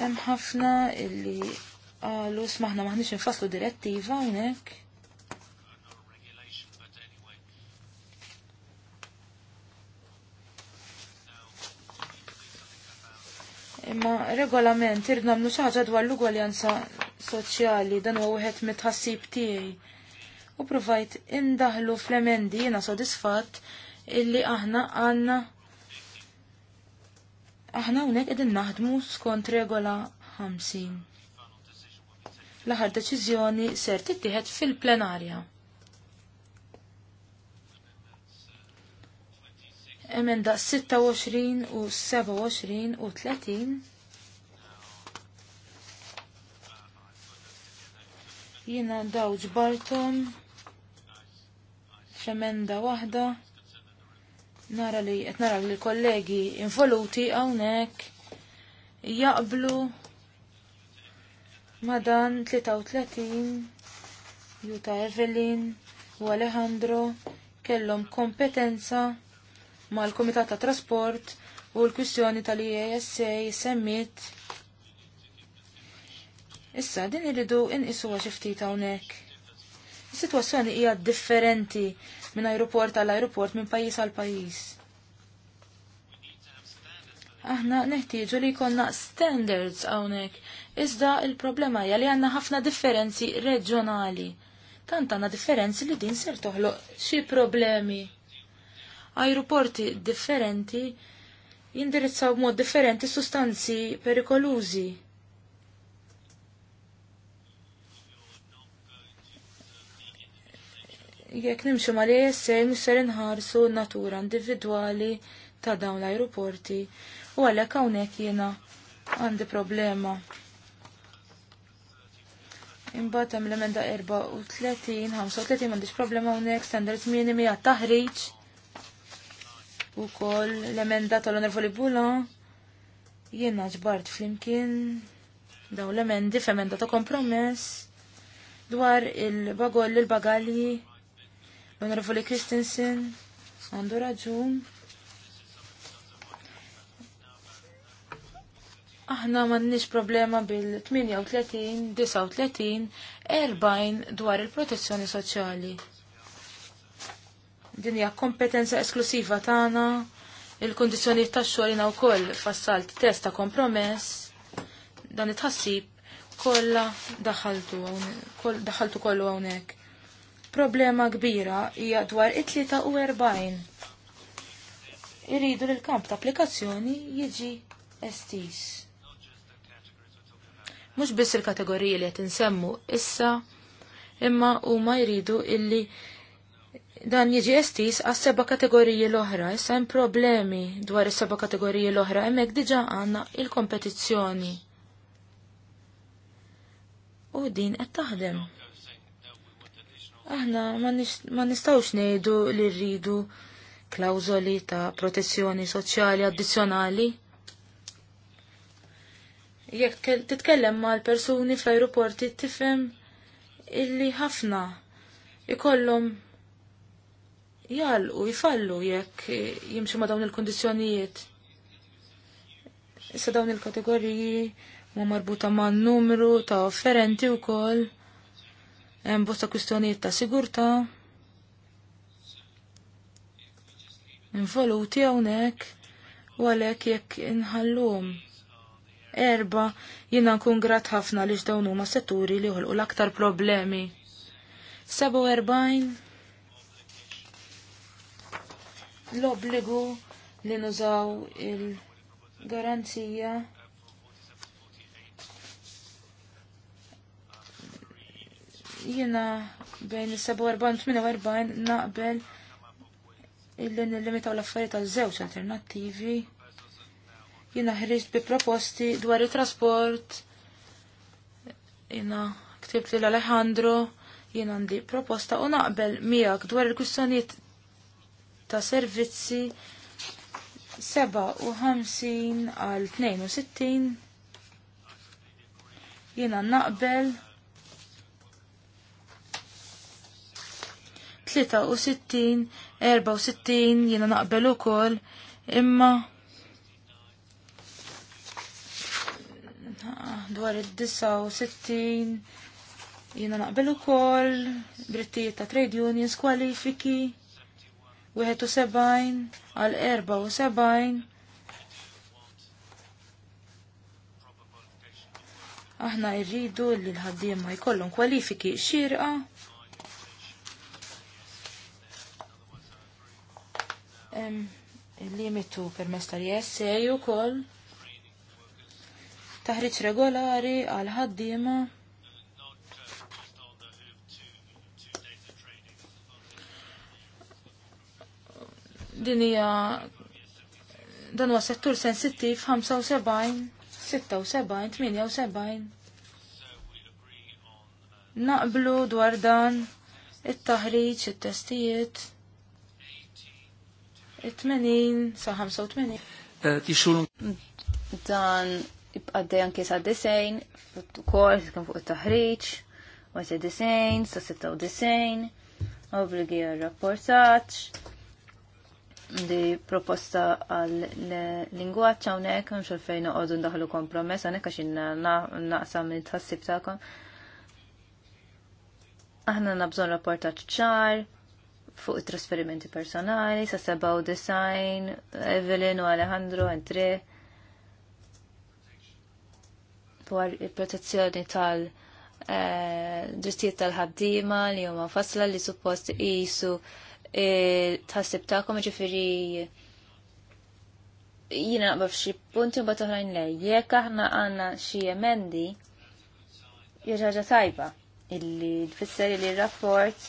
Hemm ħafna illi qalu smaħna maħniex infaslu direttiva hawnhekk. Imma regolament irna nagħmlu xi ħaġa dwar l-ugwaljanza soċjali dan huwa wieħed mit-tħassib tiegħi. U provajt indaħlu fl-emendi jiena sodisfatt illi aħna għandna aħna hawnhekk qegħdin naħdmu skont regola 50. L-aħħar deċiżjoni ser tittieħed fil-plenarja. emenda 26 u 27 u 30 jina dawġ Barton f'emenda waħda nara li qed nara li kollegi involuti hawnhekk jaqblu madan 33 Juta Evelyn u Alejandro kellhom kompetenza mal-Kumitat ta' Trasport u l-kwistjoni tal-IASA semmit. Issa, din irridu inqisu xi ftit hawnhekk. Is-sitwazzjoni hija differenti minn aeroport għal aeroport minn pajjiż għal pajjiż. Aħna neħtieġu li jkollna standards hawnhekk, iżda il-problema hija li għandna ħafna differenzi reġjonali. Tant għandna differenzi li din ser toħloq xi problemi aeroporti differenti jindirizzaw b'mod differenti sustanzi perikolużi. Jekk nimxu ma li jessej inħarsu natura individwali ta' dawn l-ajruporti u għalhekk hawnhekk jiena għandi problema. Imbagħad hemm l-emenda 34, 35 m'għandix problema hawnhekk standards minimi għat-taħriġ u kol l-emenda tal-onervoli bulo jiena ġbart flimkien daw l-emendi f'emenda ta' kompromess dwar il-bagol il bagali l-onervoli Christensen għandu raġun aħna mannix problema bil-38, 39, 40 dwar il-protezzjoni soċjali. Din hija kompetenza esklusiva tagħna. Il-kundizzjonijiet tax xogħolina wkoll fassalt test ta' kompromess. Dan it-ħassib kollha daħaltu koll, daħaltu kollu hawnhekk. Problema kbira hija dwar it-tlieta u erbajn. Iridu l kamp ta' applikazzjoni jiġi estis. Mhux biss il-kategoriji li qed insemmu issa, imma huma jridu illi Dan jiġi estis għas seba kategoriji l-oħra, jissa hemm problemi dwar is-seba kategoriji l-oħra, hemmhekk diġà għandna il-kompetizzjoni. U din qed taħdem. Aħna ma nistgħux ngħidu li rridu klawżoli ta' protezzjoni soċjali addizzjonali. Jekk titkellem mal-persuni fl-ajruporti tifhem illi ħafna ikollhom jalqu jfallu jekk jimxu ma dawn il-kondizjonijiet. Issa dawn il-kategoriji ma marbuta ma' numru ta' offerenti u kol, hemm bosta kwistjonijiet ta' sigurta, involuti hawnhekk u għalhekk jekk inħallum. Erba, jina nkun grat ħafna li dawn huma setturi li joħolqu l-aktar problemi. 47 l-obbligu li nużaw il-garanzija jina bejn 47-48 naqbel illi nillimitaw l-affarijiet għal żewġ alternattivi. Jina ħriġt bi proposti dwar il-trasport. Jina ktibt l-Alejandro jina għandi proposta u naqbel miegħek dwar il-kwistjonijiet ta' servizzi 57 għal 62 Jiena naqbel 63, 64 jiena naqbel u kol imma dwar id-69 jiena naqbel u kol brittijiet ta' trade unions kwalifiki u sebajn għal erba' u 74 aħna irridu li l-ħaddiema jkollhom kwalifiki xirqa il limitu permess tal-jessa u koll taħriġ regolari għal ħaddiema din hija dan huwa settur sensittiv 75, 76, 78. Naqblu dwar dan it-taħriġ, it-testijiet. 80 sa 85. Eh, Tixxun. Dan ibqaddej anke sa 90, kors kien fuq it-taħriġ, wasa 90 sa 96, obbligi għal rapportaċ di proposta għal lingwaċ hawnhekk hemm xulfejn noqogħdu ndaħlu kompromess għanek għax naqsam it-tħassib tagħkom. Aħna nabżon rapportaġġ ċar fuq it-trasferimenti personali sa seba' u design, Evelyn u Alejandro Entre dwar il-protezzjoni tal- eh, drittijiet tal-ħaddiema li huma fasla li suppost isu tħassib tagħkom ġifiri jiena naqbaf f'xi punti mbagħad batuħrajn lej. Jekk aħna għandna xi emendi hija ħaġa tajba illi tfisser li r-rapport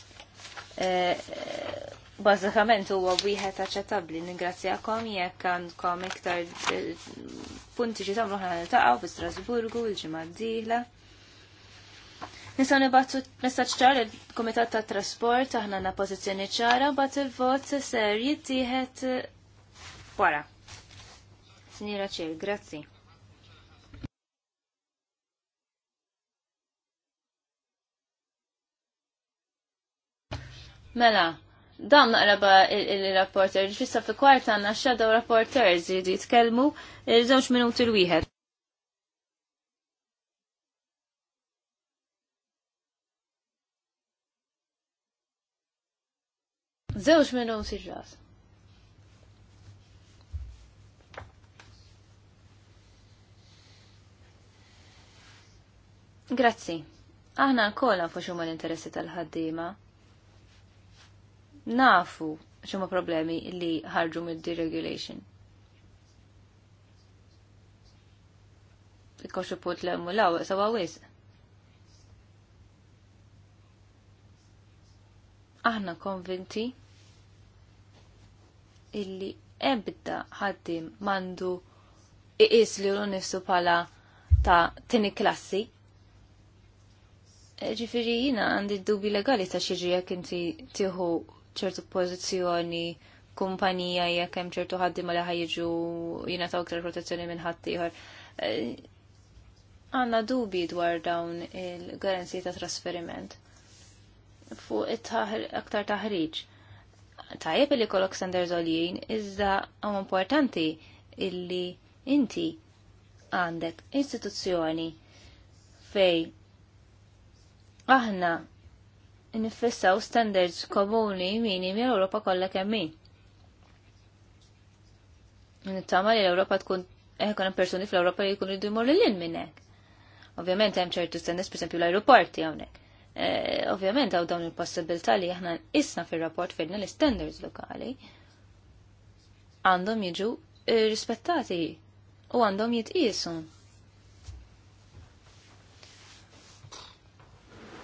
eh, eh, bażikament huwa wieħed aċċettabbli. Ningrazzjakom jekk għandkom iktar eh, punti xi tagħmlu ħana niltaqgħu fi Strasburgu il-ġimgħa Nisa nibattu messaċ ċar il-Komitat ta' Trasport, aħna na pozizjoni ċara, bat il-vot ser jittieħed wara. Sinjira ċir, grazzi. Mela, dam naqraba il-rapporter, ġifissa fi kwarta għanna xadaw rapporter, jridu jitkellmu il-żewġ minuti l-wieħed. minnum si ġas. Grazzi. Aħna nkolla nafu fuxum l-interessi tal-ħaddima. Nafu xumma problemi li ħarġu mid-deregulation. Ikkoxu put l law, sawa wisq. aħna konvinti illi ebda ħaddim mandu iqis li l-nifsu pala ta' tini klassi. E, ġifiri jina għandi dubi legali ta' xieġi jek inti tiħu ċertu pozizjoni kumpanija jekk hemm ċertu ħaddim li ħajġu jina ta' uktar protezzjoni minn ħaddieħor. E, għanna dubi dwar dawn il-garanzji ta' trasferiment fuq aktar taħriġ tajjeb li kolok standards zoljien, iżda għom importanti illi inti għandek istituzzjoni fej aħna nifissaw standards komuni minimi l-Europa kollha kemm min. Nittama li l-Europa tkun eħkon eh, persuni fl-Europa li jkun id-dimur l-lin minnek. Ovvjament hemm ċertu standards, per l-aeroporti hawnhekk Eh, ovvjament għaw dawn il-possibilità li aħna isna fil-rapport fejn l-standards lokali għandhom jiġu eh, rispettati u għandhom jitqisu.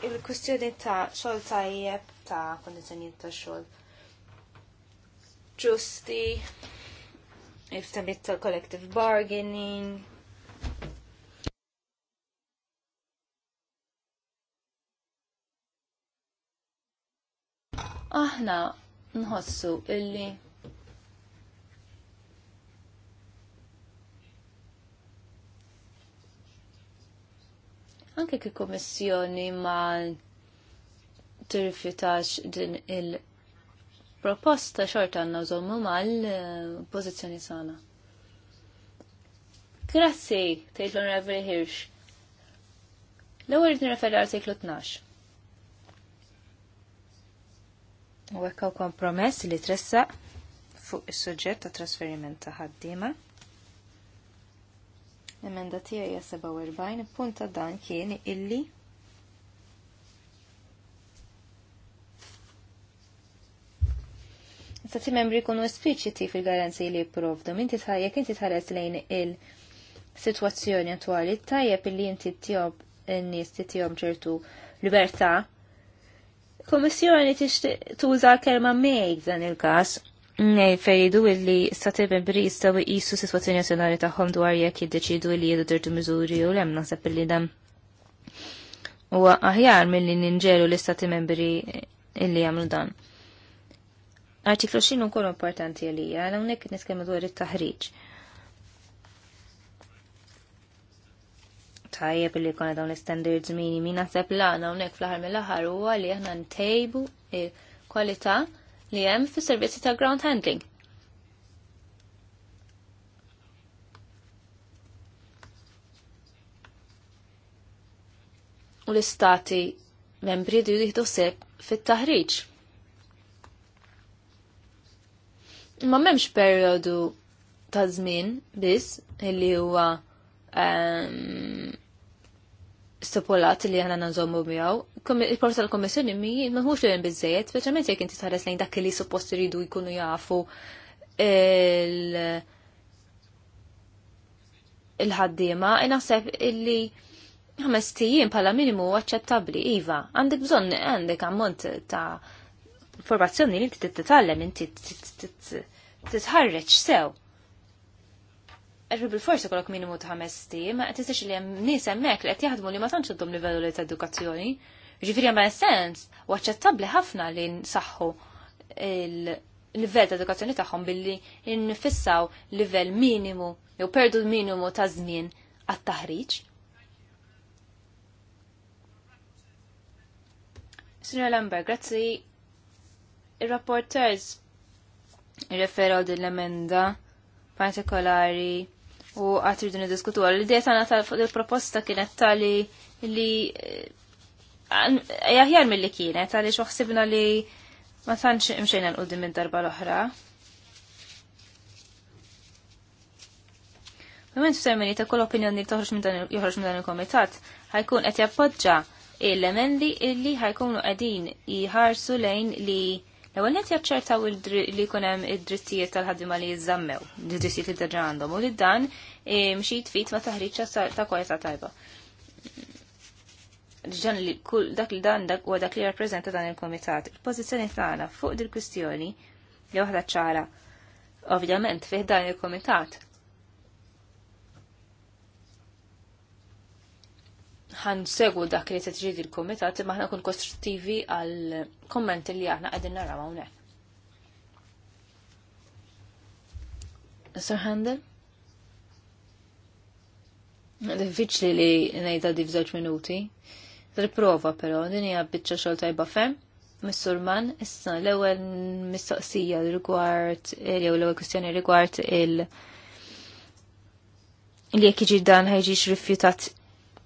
Il-kustjoni ta' xogħol tajjeb ta' kondizjoni ta' xogħol ġusti, il ta' collective bargaining, aħna nħossu illi anke kif komissjoni ma tirrifjutax din il-proposta xorta għandna ma mal-pożizzjoni sana. Grazzi, tgħid l-Onorevoli Hirsch. L-ewwel nirreferi artiklu 12. U hekk kompromess li tressaq fuq is-suġġett ta' trasferiment ta' ħaddiema. L-emenda tiegħi hija 47 punt ta' dan kien illi ti membri kunu espliċiti fil-garanzi li jipprovdu. Inti tħajjek inti tħares lejn il-sitwazzjoni attuali tajjeb illi inti tjob n-nies titjom ċertu libertà Il-Komissjoni tixtieq tuża kelma mejk dan il-każ fejdu illi statib membri jistgħu jqisu sitwazzjoni nazzjonali tagħhom dwar jekk jiddeċidu li jedu dirtu miżuri u hemm naħseb illi dam Huwa aħjar milli ninġelu l-istati membri illi jagħmlu dan. Artiklu xinu kol importanti għalija, għal hawnhekk nitkellmu dwar it-taħriġ. tajjeb li kona dawn l-standards minimi naħseb sepp laħna hawnhekk fl-aħħar mill-aħħar huwa li aħna ntejbu kwalità li hemm fis-servizzi ta' ground handling. U l-istati membri jridu jieħdu sib fit-taħriġ. Ma memx periodu ta' żmien biss illi huwa ehm, stipulat li għana nanżommu miegħu. Il-porta l-Kommissjoni mi maħux li bizzejet, speċjalment jekk inti tħares lejn dak li suppost ridu jkunu jafu il-ħaddiema, e naħseb illi ħames tijiem pala minimu aċċettabli, iva, għandek bżon, għandek ammont ta' informazzjoni li inti titallem inti titħarreċ sew. Erri bil-forsi kolok minimu ta' ħames tim, tistax li hemm nies hemmhekk li qed jaħdmu li ma tantx dum livellu li ta' edukazzjoni. Ġifieri ma sens u aċċettabbli ħafna li nsaħħu il-livell ta' edukazzjoni tagħhom billi nfissaw livell minimu jew perdu l minimu ta' żmien għat-taħriġ. Signor Lambert, grazzi. Il-rapporters referu din l-emenda partikolari u għatridu rridu nidiskutu għal. l ideja tagħna tal-proposta kienet tali li eh, jahjar mill-li kienet għaliex waħsibna li ma tantx imxejna l-qudiem minn darba l-oħra. Moment semmini ta' kull opinjoni li toħroġ minn dan joħroġ minn dan il-komitat ħajkun qed jappoġġa l-emendi illi ħajkunu qegħdin jħarsu lejn li L-ewwel qed jaċċertaw li jkun hemm id-drittijiet tal-ħaddiema li jiżammew, id-drittijiet li diġà għandhom u li dan mxi fit ma taħriġ ta' kwalità tajba. Ġan li kull dak li dan dak u dak li rappreżenta dan il-komitat. Il-pożizzjoni tagħna fuq dil-kwistjoni li waħda ċara. Ovvjament fih dan il-komitat ħan dak li t-tġidi l-komitat imma ħna kun kostruttivi għal kommenti li aħna għadin narraw hawnhekk. Sir Handel? Diffiċli li nejda di f'żewġ minuti. Riprova però, din hija biċċa xogħol tajba fem. Surman, issa l-ewwel mistoqsija rigward jew l-ewwel kwestjoni rigward il- li jekk jiġi dan ħajġix rifjutat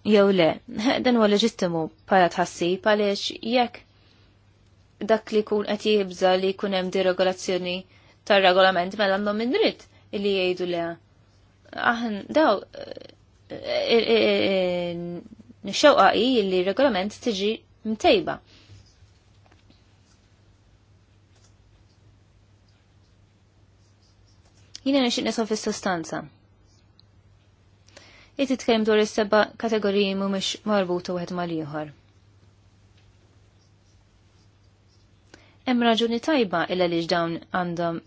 jew le, dan huwa leġittimu bħala tħassib għaliex jekk dak li jkun qed jibża li jkun hemm deregolazzjoni tar-regolament mela għandhom minn dritt li jgħidu le. Aħn daw eh, eh, eh, nixxewqa hi li regolament tiġi mtejba. Jina nixtieq nisol fis-sostanza it titkellem dwar is-seba' kategoriji mhumiex marbuta wieħed mal-ieħor. Hemm raġuni tajba illa li dawn għandhom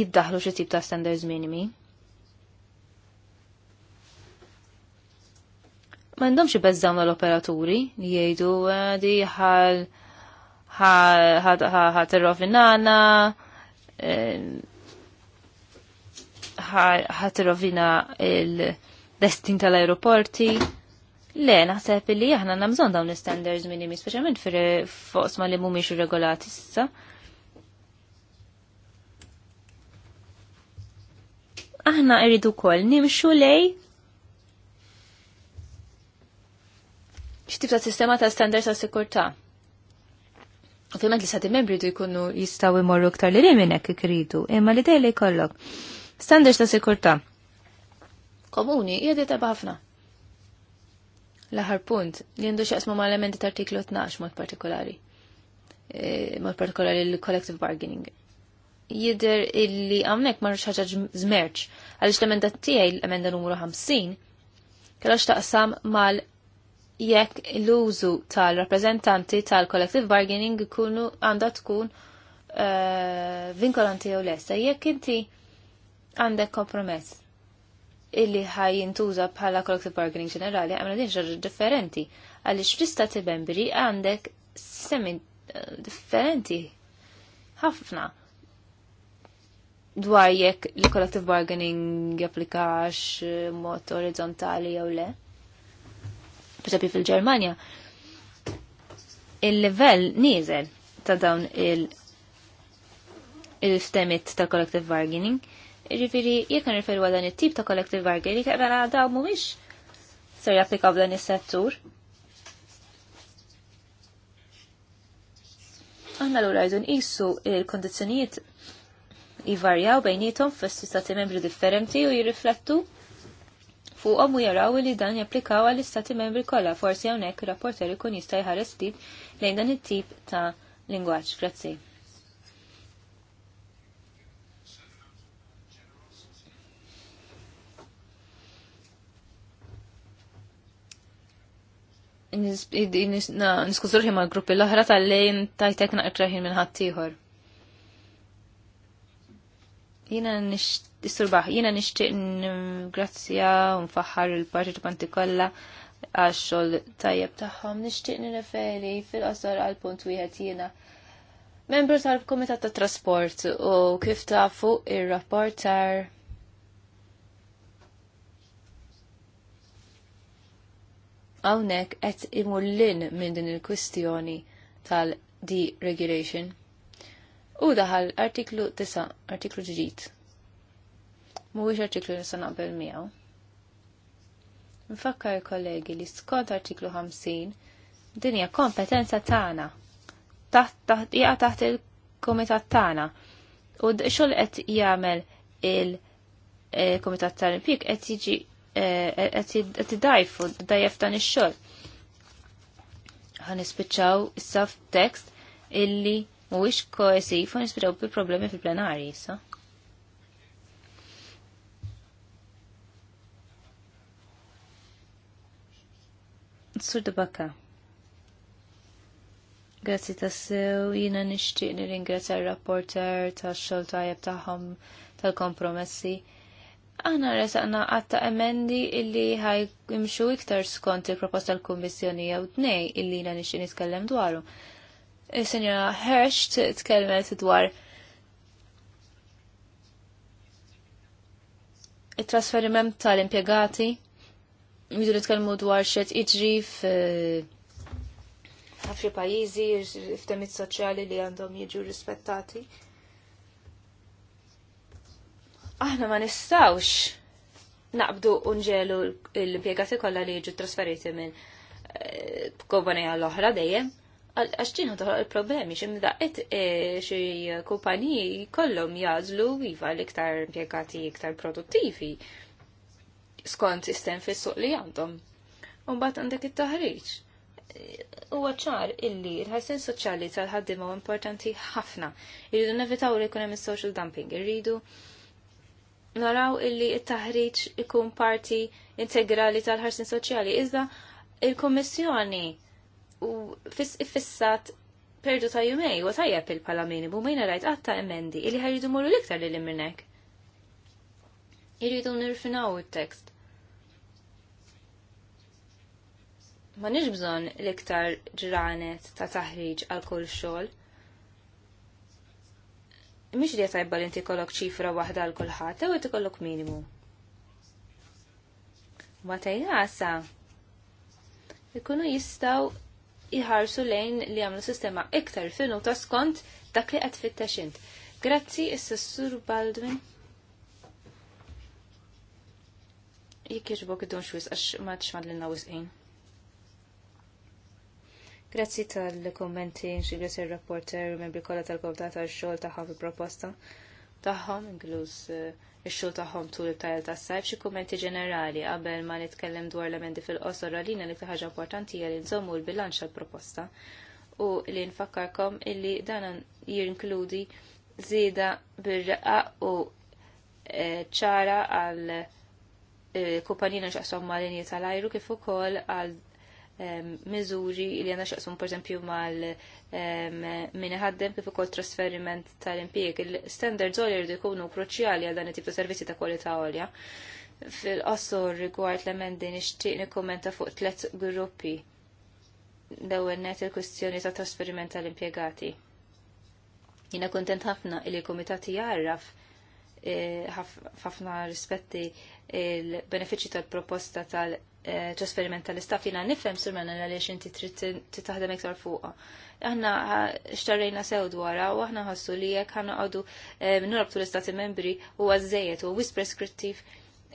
jiddaħlu xi tip ta' standards minimi. M'għandhomx dawn l-operaturi li jgħidu eh, di ħal ħat irrovinana eh, ħat irrovina il- destin tal-aeroporti. Le, naħseb li aħna namżon dawn l-standards minimi, speċjalment fir-fosma li mhumiex irregolati issa. Aħna rridu wkoll nimxu lej x'tib ta' sistema ta' standards ta' sikurtà. Ovvjament li sa' membri du jkunu jistaw imorru aktar li minn hekk ikridu, imma li dejli jkollok. Standards ta' sikurtà komuni jedi dieta ħafna. l punt li għandu xaqsmu ma' elementi ta' artiklu 12 mod partikolari. E, mod partikolari l-collective bargaining. Jider illi għamnek marrux ħaġa zmerċ, għalix l-emenda tiegħi l-emenda numru 50 kellox taqsam mal jekk l-użu tal-rappresentanti tal-collective bargaining kunu għandha tkun e, vinkolanti jew lesta. Jekk inti għandek kompromess illi ħaj jintuża bħala collective bargaining ġenerali għamna din differenti għaliex fl-istati membri għandek semi eh, differenti ħafna dwar jekk li collective bargaining japplikax eh, mod orizzontali jew le. Pereżempju fil-Ġermanja, il-livell nieżel ta' dawn il- il ta' collective bargaining Ġifiri, jek nirriferu għal dan it-tip ta' collective bargaining, għamela daw mumiex ser japplikaw dan is-settur. Għanna l-ura jidun jissu il kondizjoniet jivarjaw bejnietom f'istati membri differenti u jirriflettu fuqhom u jaraw li dan japplikaw għall istati membri kollha forsi hawnhekk ir-rapporter ikun jista' jħares lejn dan it-tip ta' lingwaġġ. Grazzi. niskużur ma l-gruppi l-oħra tal-lejn tajtek naqraħin minn ħaddieħor. Jina nisturbaħ, jina nishtiq grazzja unfaħħar il-parċipanti kollha għax-xogħol tajjeb tagħhom, nixtieq referi fil qasar għal punt wieħed jiena. Membru tal-Kumitat tat Trasport u kif tafu ir-rapportar hawnhekk qed imullin minn din il-kwistjoni tal-deregulation. U daħal artiklu 9, artiklu ġdid. Mhuwiex artiklu nisa naqbel miegħu. Nfakkar kollegi li skont artiklu 50 din hija kompetenza tagħna. Taħt taħt il-komitat tagħna. U xol qed jagħmel il-komitat eh, tal-impjieg qed jiġi għati eh, dajfu dajf dan ix-xogħol. ispiċaw il-saf tekst illi mhuwiex koesif għan ispiċaw bi problemi fil-plenari issa. Sur Dubakka. Grazzi sew, jina nishtiq nir-ingrazzja il-rapporter ta' xol tajab taħħom tal-kompromessi. Ta Aħna resaqna għatta emendi illi ħaj imxu iktar skont il-proposta l-Kommissjoni jew tnej illi na nixin nitkellem dwaru. Eh, Senjora Hirsch tkellmet dwar il-trasferiment tal-impiegati, jidu nitkellmu dwar xet iġri eh, f'ħafri pajizi, f'temit soċjali li għandhom jiġu rispettati aħna ma nistawx naqbdu unġelu l-impiegati kollha li jiġu trasferiti minn eh, kompanija l-oħra dejjem. Għax ċinu il-problemi, xim daqqet eh, xie kompaniji kollom jazlu viva l-iktar impiegati iktar produttivi skont sistem fis-suq li għandhom. bat għandek it-taħriġ eh, huwa ċar illi il-ħarsin soċjali tal ħaddim u importanti ħafna. Irridu nevitaw li jkun hemm is-social dumping, irridu naraw illi it-taħriġ ikun parti integrali tal-ħarsin soċjali. Iżda il-Kommissjoni fissat perdu ta' jumej u tajjeb il palamini bu mejna rajt għatta emendi illi ħajridu morru liktar li l-imminek. Irridu nirfinaw il-tekst. Ma nix bżon liktar ġranet ta' taħriġ għal kull xogħol Mhix li tajba li inti kollok ċifra waħda għal kulħadd, u kollok minimu. Ma tajnasa ikunu jistaw iħarsu lejn li għamlu sistema iktar finu ta' skont dak li qed fittex Grazzi is-Sur Baldwin. Jikieġbok id-dun xwis għax ma txmad l-na wisqin. Grazzi tal-kommenti, grazzi il-rapporter, membri kolla tal-komitat tal-xol taħħom fil-proposta taħħom, inkluż eh, il-xol taħħom tul il-tajl ta' sajf, xie kommenti ġenerali qabel ma nitkellem dwar l-emendi fil-qosor għalina li ħaġa importanti għal nżommu l-bilanċ tal proposta u li nfakkarkom illi dan jirinkludi zida bil-reqqa u eh, ċara għal eh, kumpanina mal malinji tal-ajru kif ukoll għal miżuri li għanna xaqsum per esempio mal minni ħaddem kif ukoll trasferiment tal-impjeg. il standard għolja jridu jkunu kruċjali għal dan it-tip ta' servizzi ta' kwalità għolja. Fil-qosor rigward l-emendi nixtieq nikkommenta fuq tliet gruppi l-ewwel net il-kwistjoni ta' trasferiment tal-impjegati. Jina kontent ħafna li l jarraf eh, ħafna rispetti il-benefiċi tal-proposta tal Eh, trasferiment tal-istaff jina nifhem surmena għaliex inti trid taħdem iktar fuqha. Aħna xtarrejna sew dwarha u aħna ħassu li jekk ħana għadu eh, norabtu l-istati membri u għazzejet u wis preskrittiv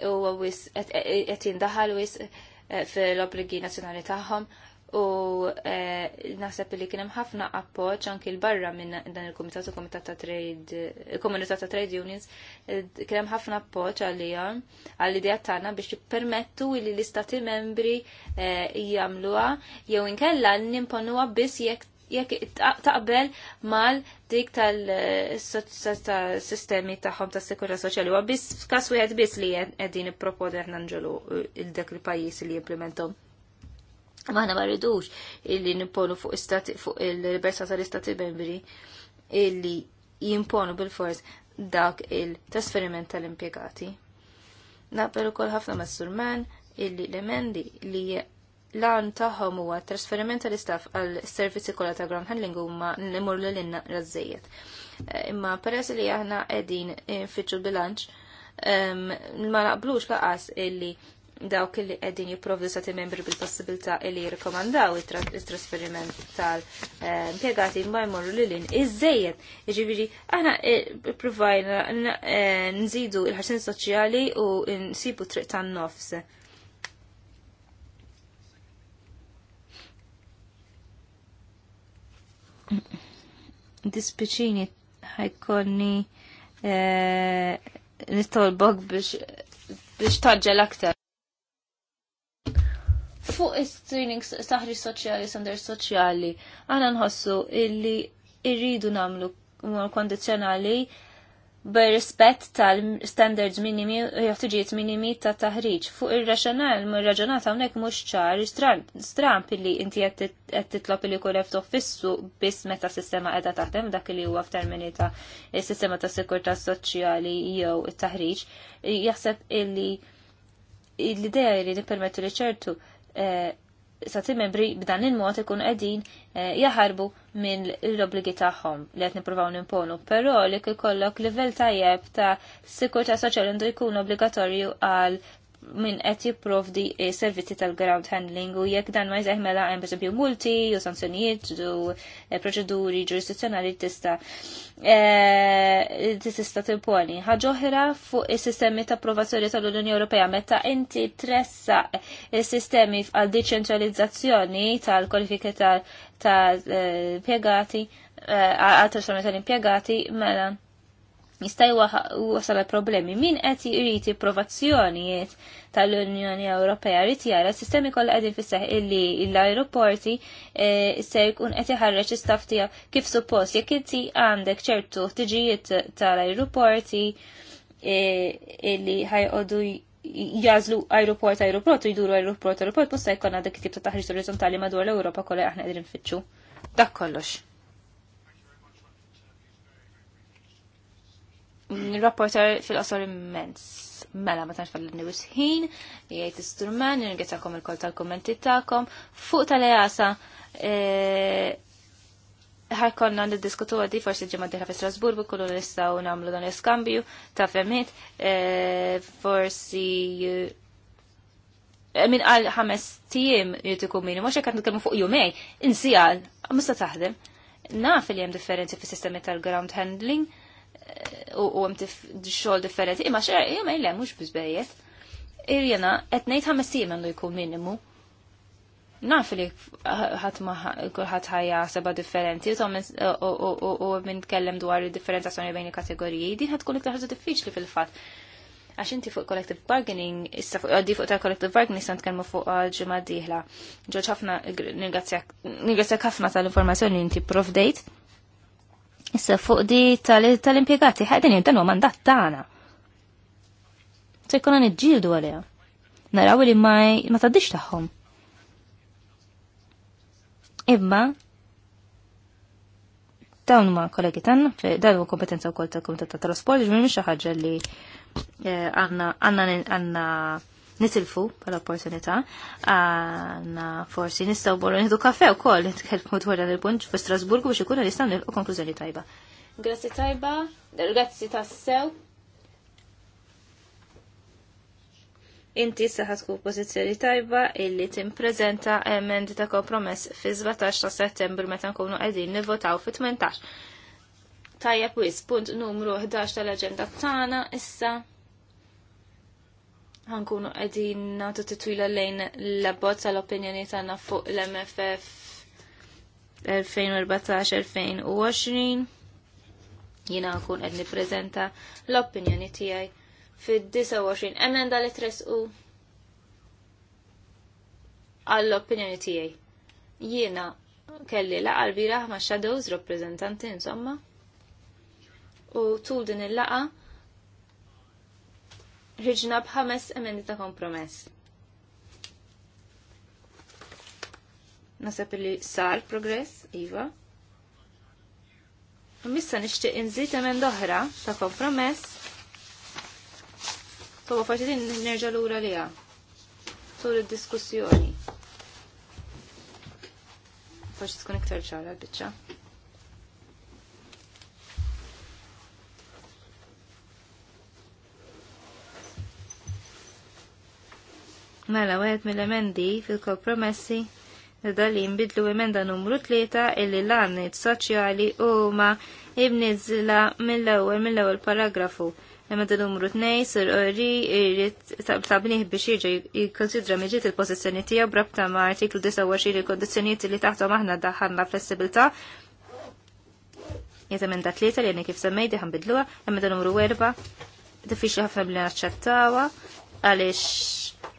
u wis qed jindaħal wis eh, fil-obbligi nazzjonali tagħhom u eh, naħseb li kien hemm ħafna appoġġ anki l barra minn dan il komitat u komitat ta' Trade, Komunità ta' Trade Unions, eh, kien hemm ħafna appoġġ għalihom għall-idea tagħna biex jippermettu li l-istati membri eh, jagħmluha jew inkella nimponuha biss jekk jekk taqbel mal dik tal-sistemi tagħhom tas sekurra soċjali huwa biss każ wieħed biss li qegħdin ipproponi aħna nġolu il-dak il-pajjiż li jimplementom. Maħna ħna marridux illi nimponu fuq, fuq il-libertà tal-istati membri illi jimponu bil-fors dak il-trasferiment tal-impiegati. Naqbel ukoll ħafna mas-surman illi l-emendi li l-għan taħħom huwa trasferiment tal-istaff għal servizzi kollha ta' ground handling huma nimur l inna rażejjed. Eh, imma peress li aħna qegħdin fiċċu bilanċ ma naqblux laqas illi dawk li qegħdin jipprovdu sa membri bil possibilta li jirkomandaw it-trasferiment tal-impjegati ma jmorru lil lin iżejjed. Jiġifieri aħna e, provajna e, nżidu il-ħarsin soċjali u nsibu triq tan-nofs. Dispiċini ħajkonni e, nittolbok biex biex taġġel aktar fuq is training saħri soċjali, sandar soċjali, għana nħossu illi irridu namlu kondizjonali rispett tal-standards minimi u ħtiġijiet minimi ta' taħriġ. Fuq ir-raġunal, mir-raġunat hawnhekk mhux ċar stramp li inti qed titlob li jkun hemm fissu biss meta sistema qiegħda taħdem dak li huwa f'termini ta' sistema ta' sekurta soċjali jew it-taħriġ. Jaħseb illi l-idea li nippermettu li ċertu Eh, stati membri b'dan il-mod ikun qegħdin eh, jaħarbu minn l-obligi tagħhom li qed nippruvaw nimponu, però li kollok livell tajjeb ta' sikurtà soċjali għandu jkun obbligatorju għal minn qed jipprovdi servizzi tal-ground handling u jekk dan ma jżeħ mela hemm pereżempju multi u sanzjonijiet u eh, proċeduri ġurisdizzjonali tista' eh, tista' timponi. Ħaġa oħra fuq is-sistemi ta' approvazzjoni tal-Unjoni Ewropea meta inti tressa is-sistemi għal deċentralizzazzjoni tal-kwalifika tal-impjegati eh, għal tal-impjegati mela jista' wasal problemi. Min qed jrid provazzjonijiet tal-Unjoni Ewropea rrid jara s-sistemi kollha qegħdin fisseħ illi l-ajruporti eh, se jkun qed iħarreġ istaff tiegħu kif suppost jekk inti għandek ċertu ħtiġijiet tal-ajruporti eh, illi ħajqodu jazlu aeroport aeroport u jduru aeroport aeroport musta jkun għandek tip ta' taħriġ orizzontali madwar l-Ewropa kollha aħna qegħdin nfittxu. Dak kollox. Rapporter fil-qosor immens. Mela, ma tanx fallinni ħin, jgħajt istrumman, nirgħetakom il-kol tal-kommenti ta'kom. Fuq tal-easa, eh, ħajkonna diskutu għaddi forsi ġemma diħra fi Strasburgu, kullu nistaw namlu dan l-skambju ta' femmit, eh, forsi eh, minn għal ħames tijem jitiku minni, mux jekk nitkellmu fuq jumej, insijal, għal, taħdem. Naf li jem differenzi fi sistemi tal-ground handling, u għem xol differenti, imma xer, imma il mux bizbejiet. Irjena, etnejt ħames sijem għandu jkun minimu. Naf li ħat ħajja seba differenti, u minn tkellem dwar differenzazzjoni bejn il-kategoriji, din ħatkun iktar ħaġa diffiċli fil-fat. Għax inti fuq collective bargaining, issa fuq għaddi fuq ta' collective bargaining issa nitkellmu fuq ġimgħa diħla. Ġoġ ħafna nirgazzjak ħafna tal-informazzjoni inti provdejt. Issa fuq di tal-impjegati, ħadin dan huwa mandat tagħna. Se jkun niġġieldu għaliha. Naraw li ma tgħaddix tagħhom. Imma dawn ma kollegi tagħna, dan huwa kompetenza wkoll tal-Kumitat tat-Trasport, ġmien mhix xi ħaġa li eh, għandna għandna nitilfu pala opportunità għanna forsi nistaw borru nidu kafe u koll nitkelmu dwar dan il-punt fi Strasburgu biex ikun nistaw nilqu konklużjoni tajba. Grazzi tajba, grazzi tassew. Inti saħat tkun pożizzjoni tajba illi prezenta emendi ta' kompromess fi 17 ta' settembru meta nkunu qegħdin nivvotaw fi 18. Tajja wis, punt numru 11 tal-aġenda tagħna issa ħankunu qegħdin nagħtu titwila lejn l abbot tal-opinjoni tagħna fuq l-MFF 2014-2020. Jiena nkun qed nippreżenta l-opinjoni tiegħi fid-29 emenda li tresqu għall-opinjoni tiegħi. Jiena kelli laqa l-biraħ ma' shadows rappreżentanti insomma. U tul din il-laqa' Riġna bħames emendi ta' kompromess. Nasab li sar progress, Iva. Missa nixtieq inżid emend oħra ta' kompromess. Towa faċi din nerġa' lura liha. Tul id-diskussjoni. Forsi tkun iktar ċara l-biċċa. Mela, għed mill-emendi fil-kompromessi dal bidlu emenda numru 3 illi l-għannit soċjali u ma ibnizla mill-ewel mill-ewel paragrafu. Emenda numru 2 sir Uri irrit tabniħ biex jirġa jikonsidra meġiet il-pozizjoni tijaw brabta ma artiklu 29 il-kondizjoniet li taħtom aħna daħanna flessibilta emenda 3 li għanni kif semmej diħan bidluwa, emenda numru 4 diffiċli ħafna bli naċċettawa għalix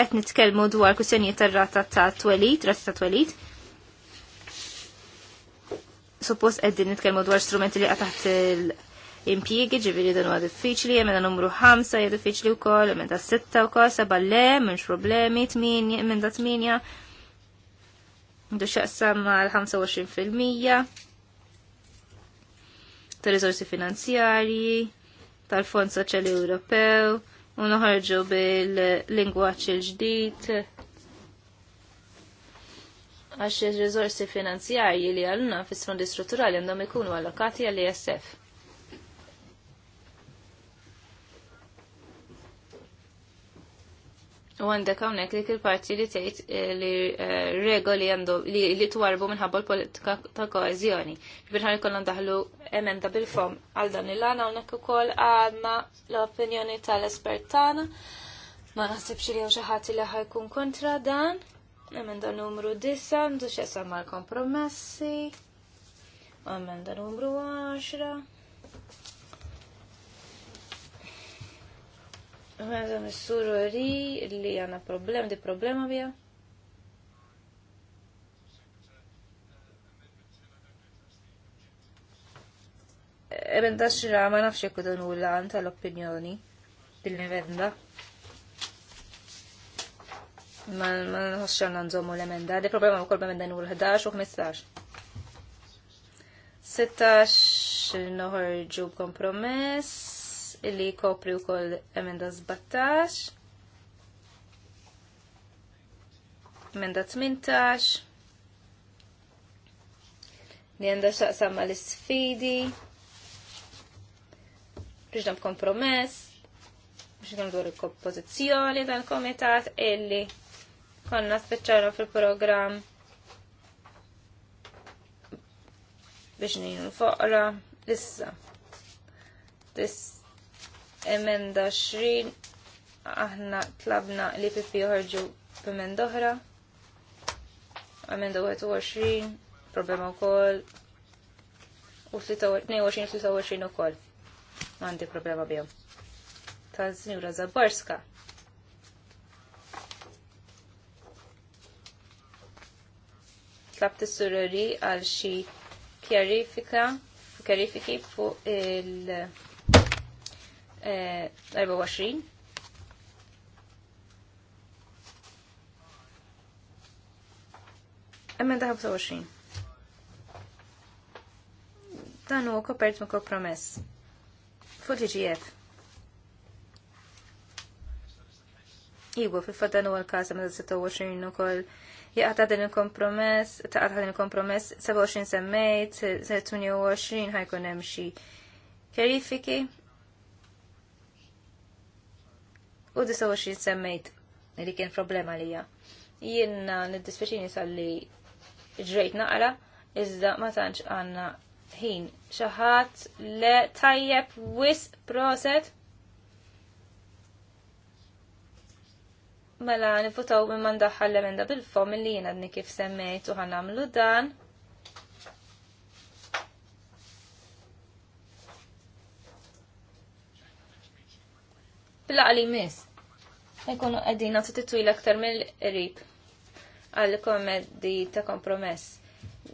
għet nitkelmu dwar kwistjonijiet tar-rata ta' twelit, rata ta' twelit. Suppost għeddin nitkelmu dwar strumenti li għataħt il-impjiegi ġifieri dan huwa diffiċli, jemmen hemm numru 5 hija diffiċli wkoll, jemmen ta' 6 wkoll, 7 le, m'hemmx problemi, 8, jemmen ta' 8. Du xaqsam għal 25% ta' riżorsi finanzjarji, tal-Fond Soċjali Ewropew, u bil-lingwaċ il-ġdid għax il-rizorsi finanzjarji li għalna fis-fondi strutturali għandhom ikunu allokati għall-ISF. U għandek hawnhekk dik il-parti li tgħid eh, li eh, regoli għandu li twarbu minħabba l-politika ta' koezjoni. Ġbirħan ikollna daħlu emenda bil-fom għal dan il-għana hawnhekk ukoll għadna l-opinjoni tal-espert tagħna. Ma naħsibx li xi ħadd li ħajkun kontra dan. Emenda numru 9 għandu x'esam mal-kompromessi. Emenda numru 10. Għazza missuru ri li għana problem, di problema bija. Eben da xira ma nafxie kudon u l-għan l opinjoni dil-nivenda. Ma nafxie nħosċan għanżomu l-emenda, di problema u kol b'emenda n 11 u 15. 16 noħorġu kompromess illi jkopri wkoll emenda 17, emenda 18, li għandha xaqsam l isfidi biex kompromess, biex dwar il-kompożizzjoni tal-komitat illi konna speċċana fil program biex nejnu l-foqra, This emenda xrin aħna tlabna li pipi joħorġu b'emenda oħra. Emenda 21 problema wkoll u 22-23 ukoll. Għandi problema bihom. Ta' Znura Zaborska. Tlabt is-sururi għal xi kjarifika, kjarifiki fuq il- Eh, emenda 25. Dan huwa kopert ma' kompromess. Futi ġiet. Iwa, fil fat dan huwa l-każ meta 26 ukoll jaqta' din il-kompromess, taqta' din il-kompromess 27 semmejt, 28 ħajkun hemm xi kerifiki, u 29 semmejt li kien problema lija. Jienna niddispeċini sal-li ġrejt naqra, iżda ma tantx għanna ħin xaħat le tajjeb wis proset. Mela nifutaw minn mandaħħal l-emenda bil-fom li dni kif semmejt u ħanamlu dan. fil-għali mis. Nkunu għedin għatu titwil aktar mill-rib għal-komedi ta' kompromess.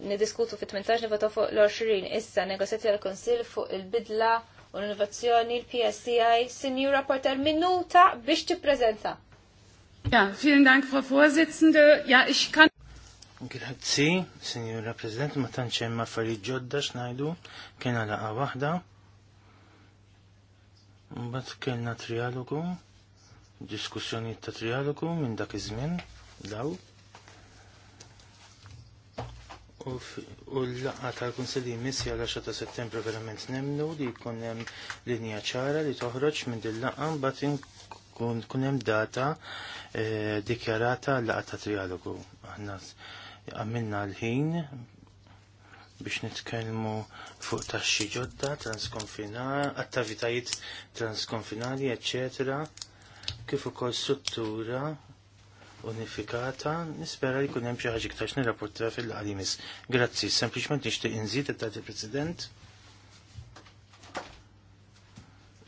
Nidiskutu fit-18 nivota fuq l-20 issa negozjati għal-konsil fuq il-bidla u l-innovazzjoni, l-PSCI, Senior Rapporter, minuta biex tippreżenta. Ja, vielen Dank, Frau Vorsitzende. Ja, ich kann. Grazzi, Signora President, ma tantx hemm affarijiet ġodda xnajdu kena laqa waħda Mbagħad kellna trialogu, diskussjoni ta' trialogu minn dak iż-żmien daw. U l-laqqa tal-Kunsilli Missi għal 10 ta' Settembru verament nemnu li jkun hemm linja ċara li toħroġ minn din laqqa mbagħad kun hemm data eh, dikjarata l-laqqa ta' trialogu. Aħna għamilna l-ħin biex nitkellmu fuq taxxi ġodda, transkonfinali, attivitajiet transkonfinali, eccetera, kif ukoll struttura unifikata, nispera li kun hemm xi ħaġa iktar nirrapportera fil-qalimis. Grazzi, sempliċement nixtieq inżid qed president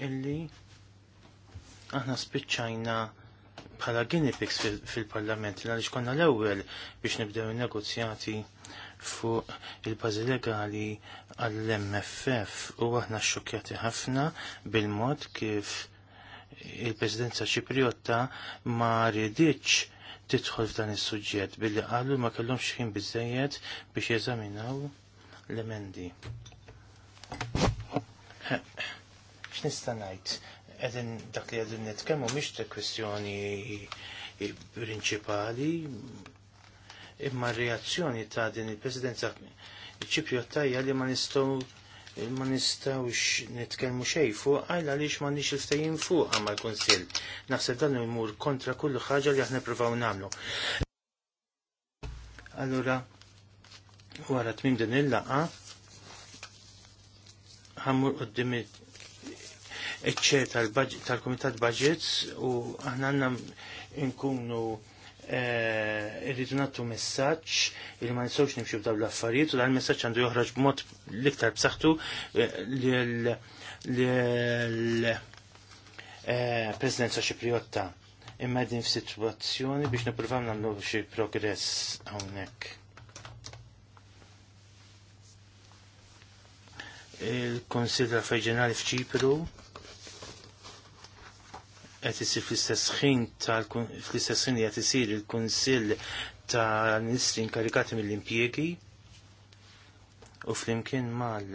illi aħna spiċċajna bħala guinea pigs fil-parlament, l għaliex konna l-ewwel biex nibdew negozjati fuq il bazilika legali għall-MFF u aħna xokjati ħafna bil-mod kif il-Presidenza Ċipriotta ma ridiċ titħol f'dan is-suġġett billi għallu ma kellhomx ħin biżejjed biex jeżaminaw l-emendi. X'nista' ngħid? Qegħdin dak li qegħdin miex mhix kwestjoni prinċipali imma reazzjoni ta' din il-presidenza ċipjotta tajja li ma nistaw ma nistgħux nitkellmu xej fuq li għaliex m'għandniex l ftehim fuq l kunsill. Naħseb dan jmur kontra kullu ħaġa li aħna provaw nagħmlu. Allura wara tmim din il-laqa ħammur qoddim iċ-ċer tal-Kumitat Budgets u aħna għanna nkunu Eh, irridu nattu messaġġ il ma nistgħux nimxu b'daw l-affarijiet u dan messaġġ għandu joħroġ b'mod l-iktar b'saħħtu eh, l-Presidenza eh, Ċipriotta imma din f'sitwazzjoni biex nippruvaw nagħmlu xi progress hawnhekk. il konsidra tal f f'Ċipru qed isir fl-istess ħin fl-istess ħin qed isir il-Kunsill ta' Ministri inkarikati mill-impjiegi u flimkien mal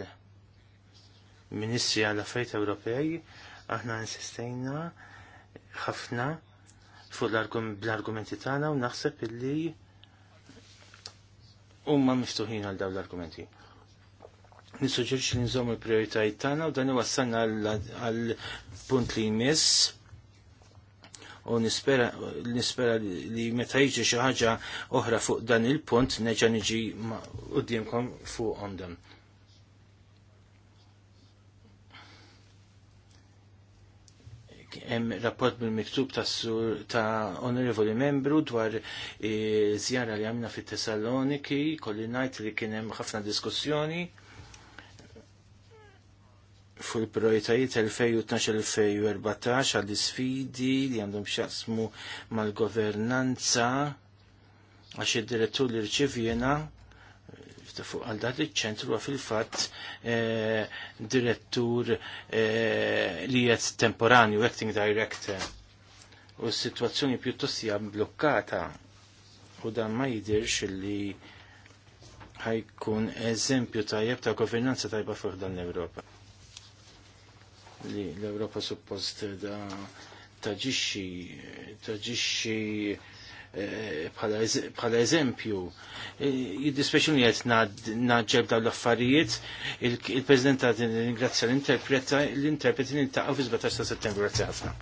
Ministri għal affarijiet Ewropej aħna insistejna ħafna fuq l-argumenti tagħna u naħseb illi huma miftuħin għal dawn l-argumenti nisuġġerx li nżommu l-prioritajiet tagħna u dan iwassalna għall punt li jmiss u nispera, nispera li meta jiġi xi ħaġa oħra fuq dan il-punt neġa' niġi qudiemkom fuq għandhom. hemm rapport bil-miktub ta' sur ta' onorevoli membru dwar żjara eh, li għamilna fit-Tessaloniki, kolli ngħid li kien hemm ħafna diskussjoni fuq il-prioritajiet 2012-2014 għal sfidi li għandhom xaqsmu mal-governanza għax id-direttur li rċivjena fuq għal dat iċ-ċentru fil-fatt e, direttur e, li qed temporanju acting director u s-sitwazzjoni pjuttost hija blokkata u dan ma jidirx li ħajkun eżempju tajjeb ta' governanza tajba fuq dan l-Ewropa li l-Europa suppost da taġixxi taġixxi eh, bħala eżempju. Eh, jiddispeċi li għet naġġeb daw l-affarijiet, il-President għad ringrazzja l-interpreta, l-interpreti nintaqaw fi 17 settembru, grazzi ħafna.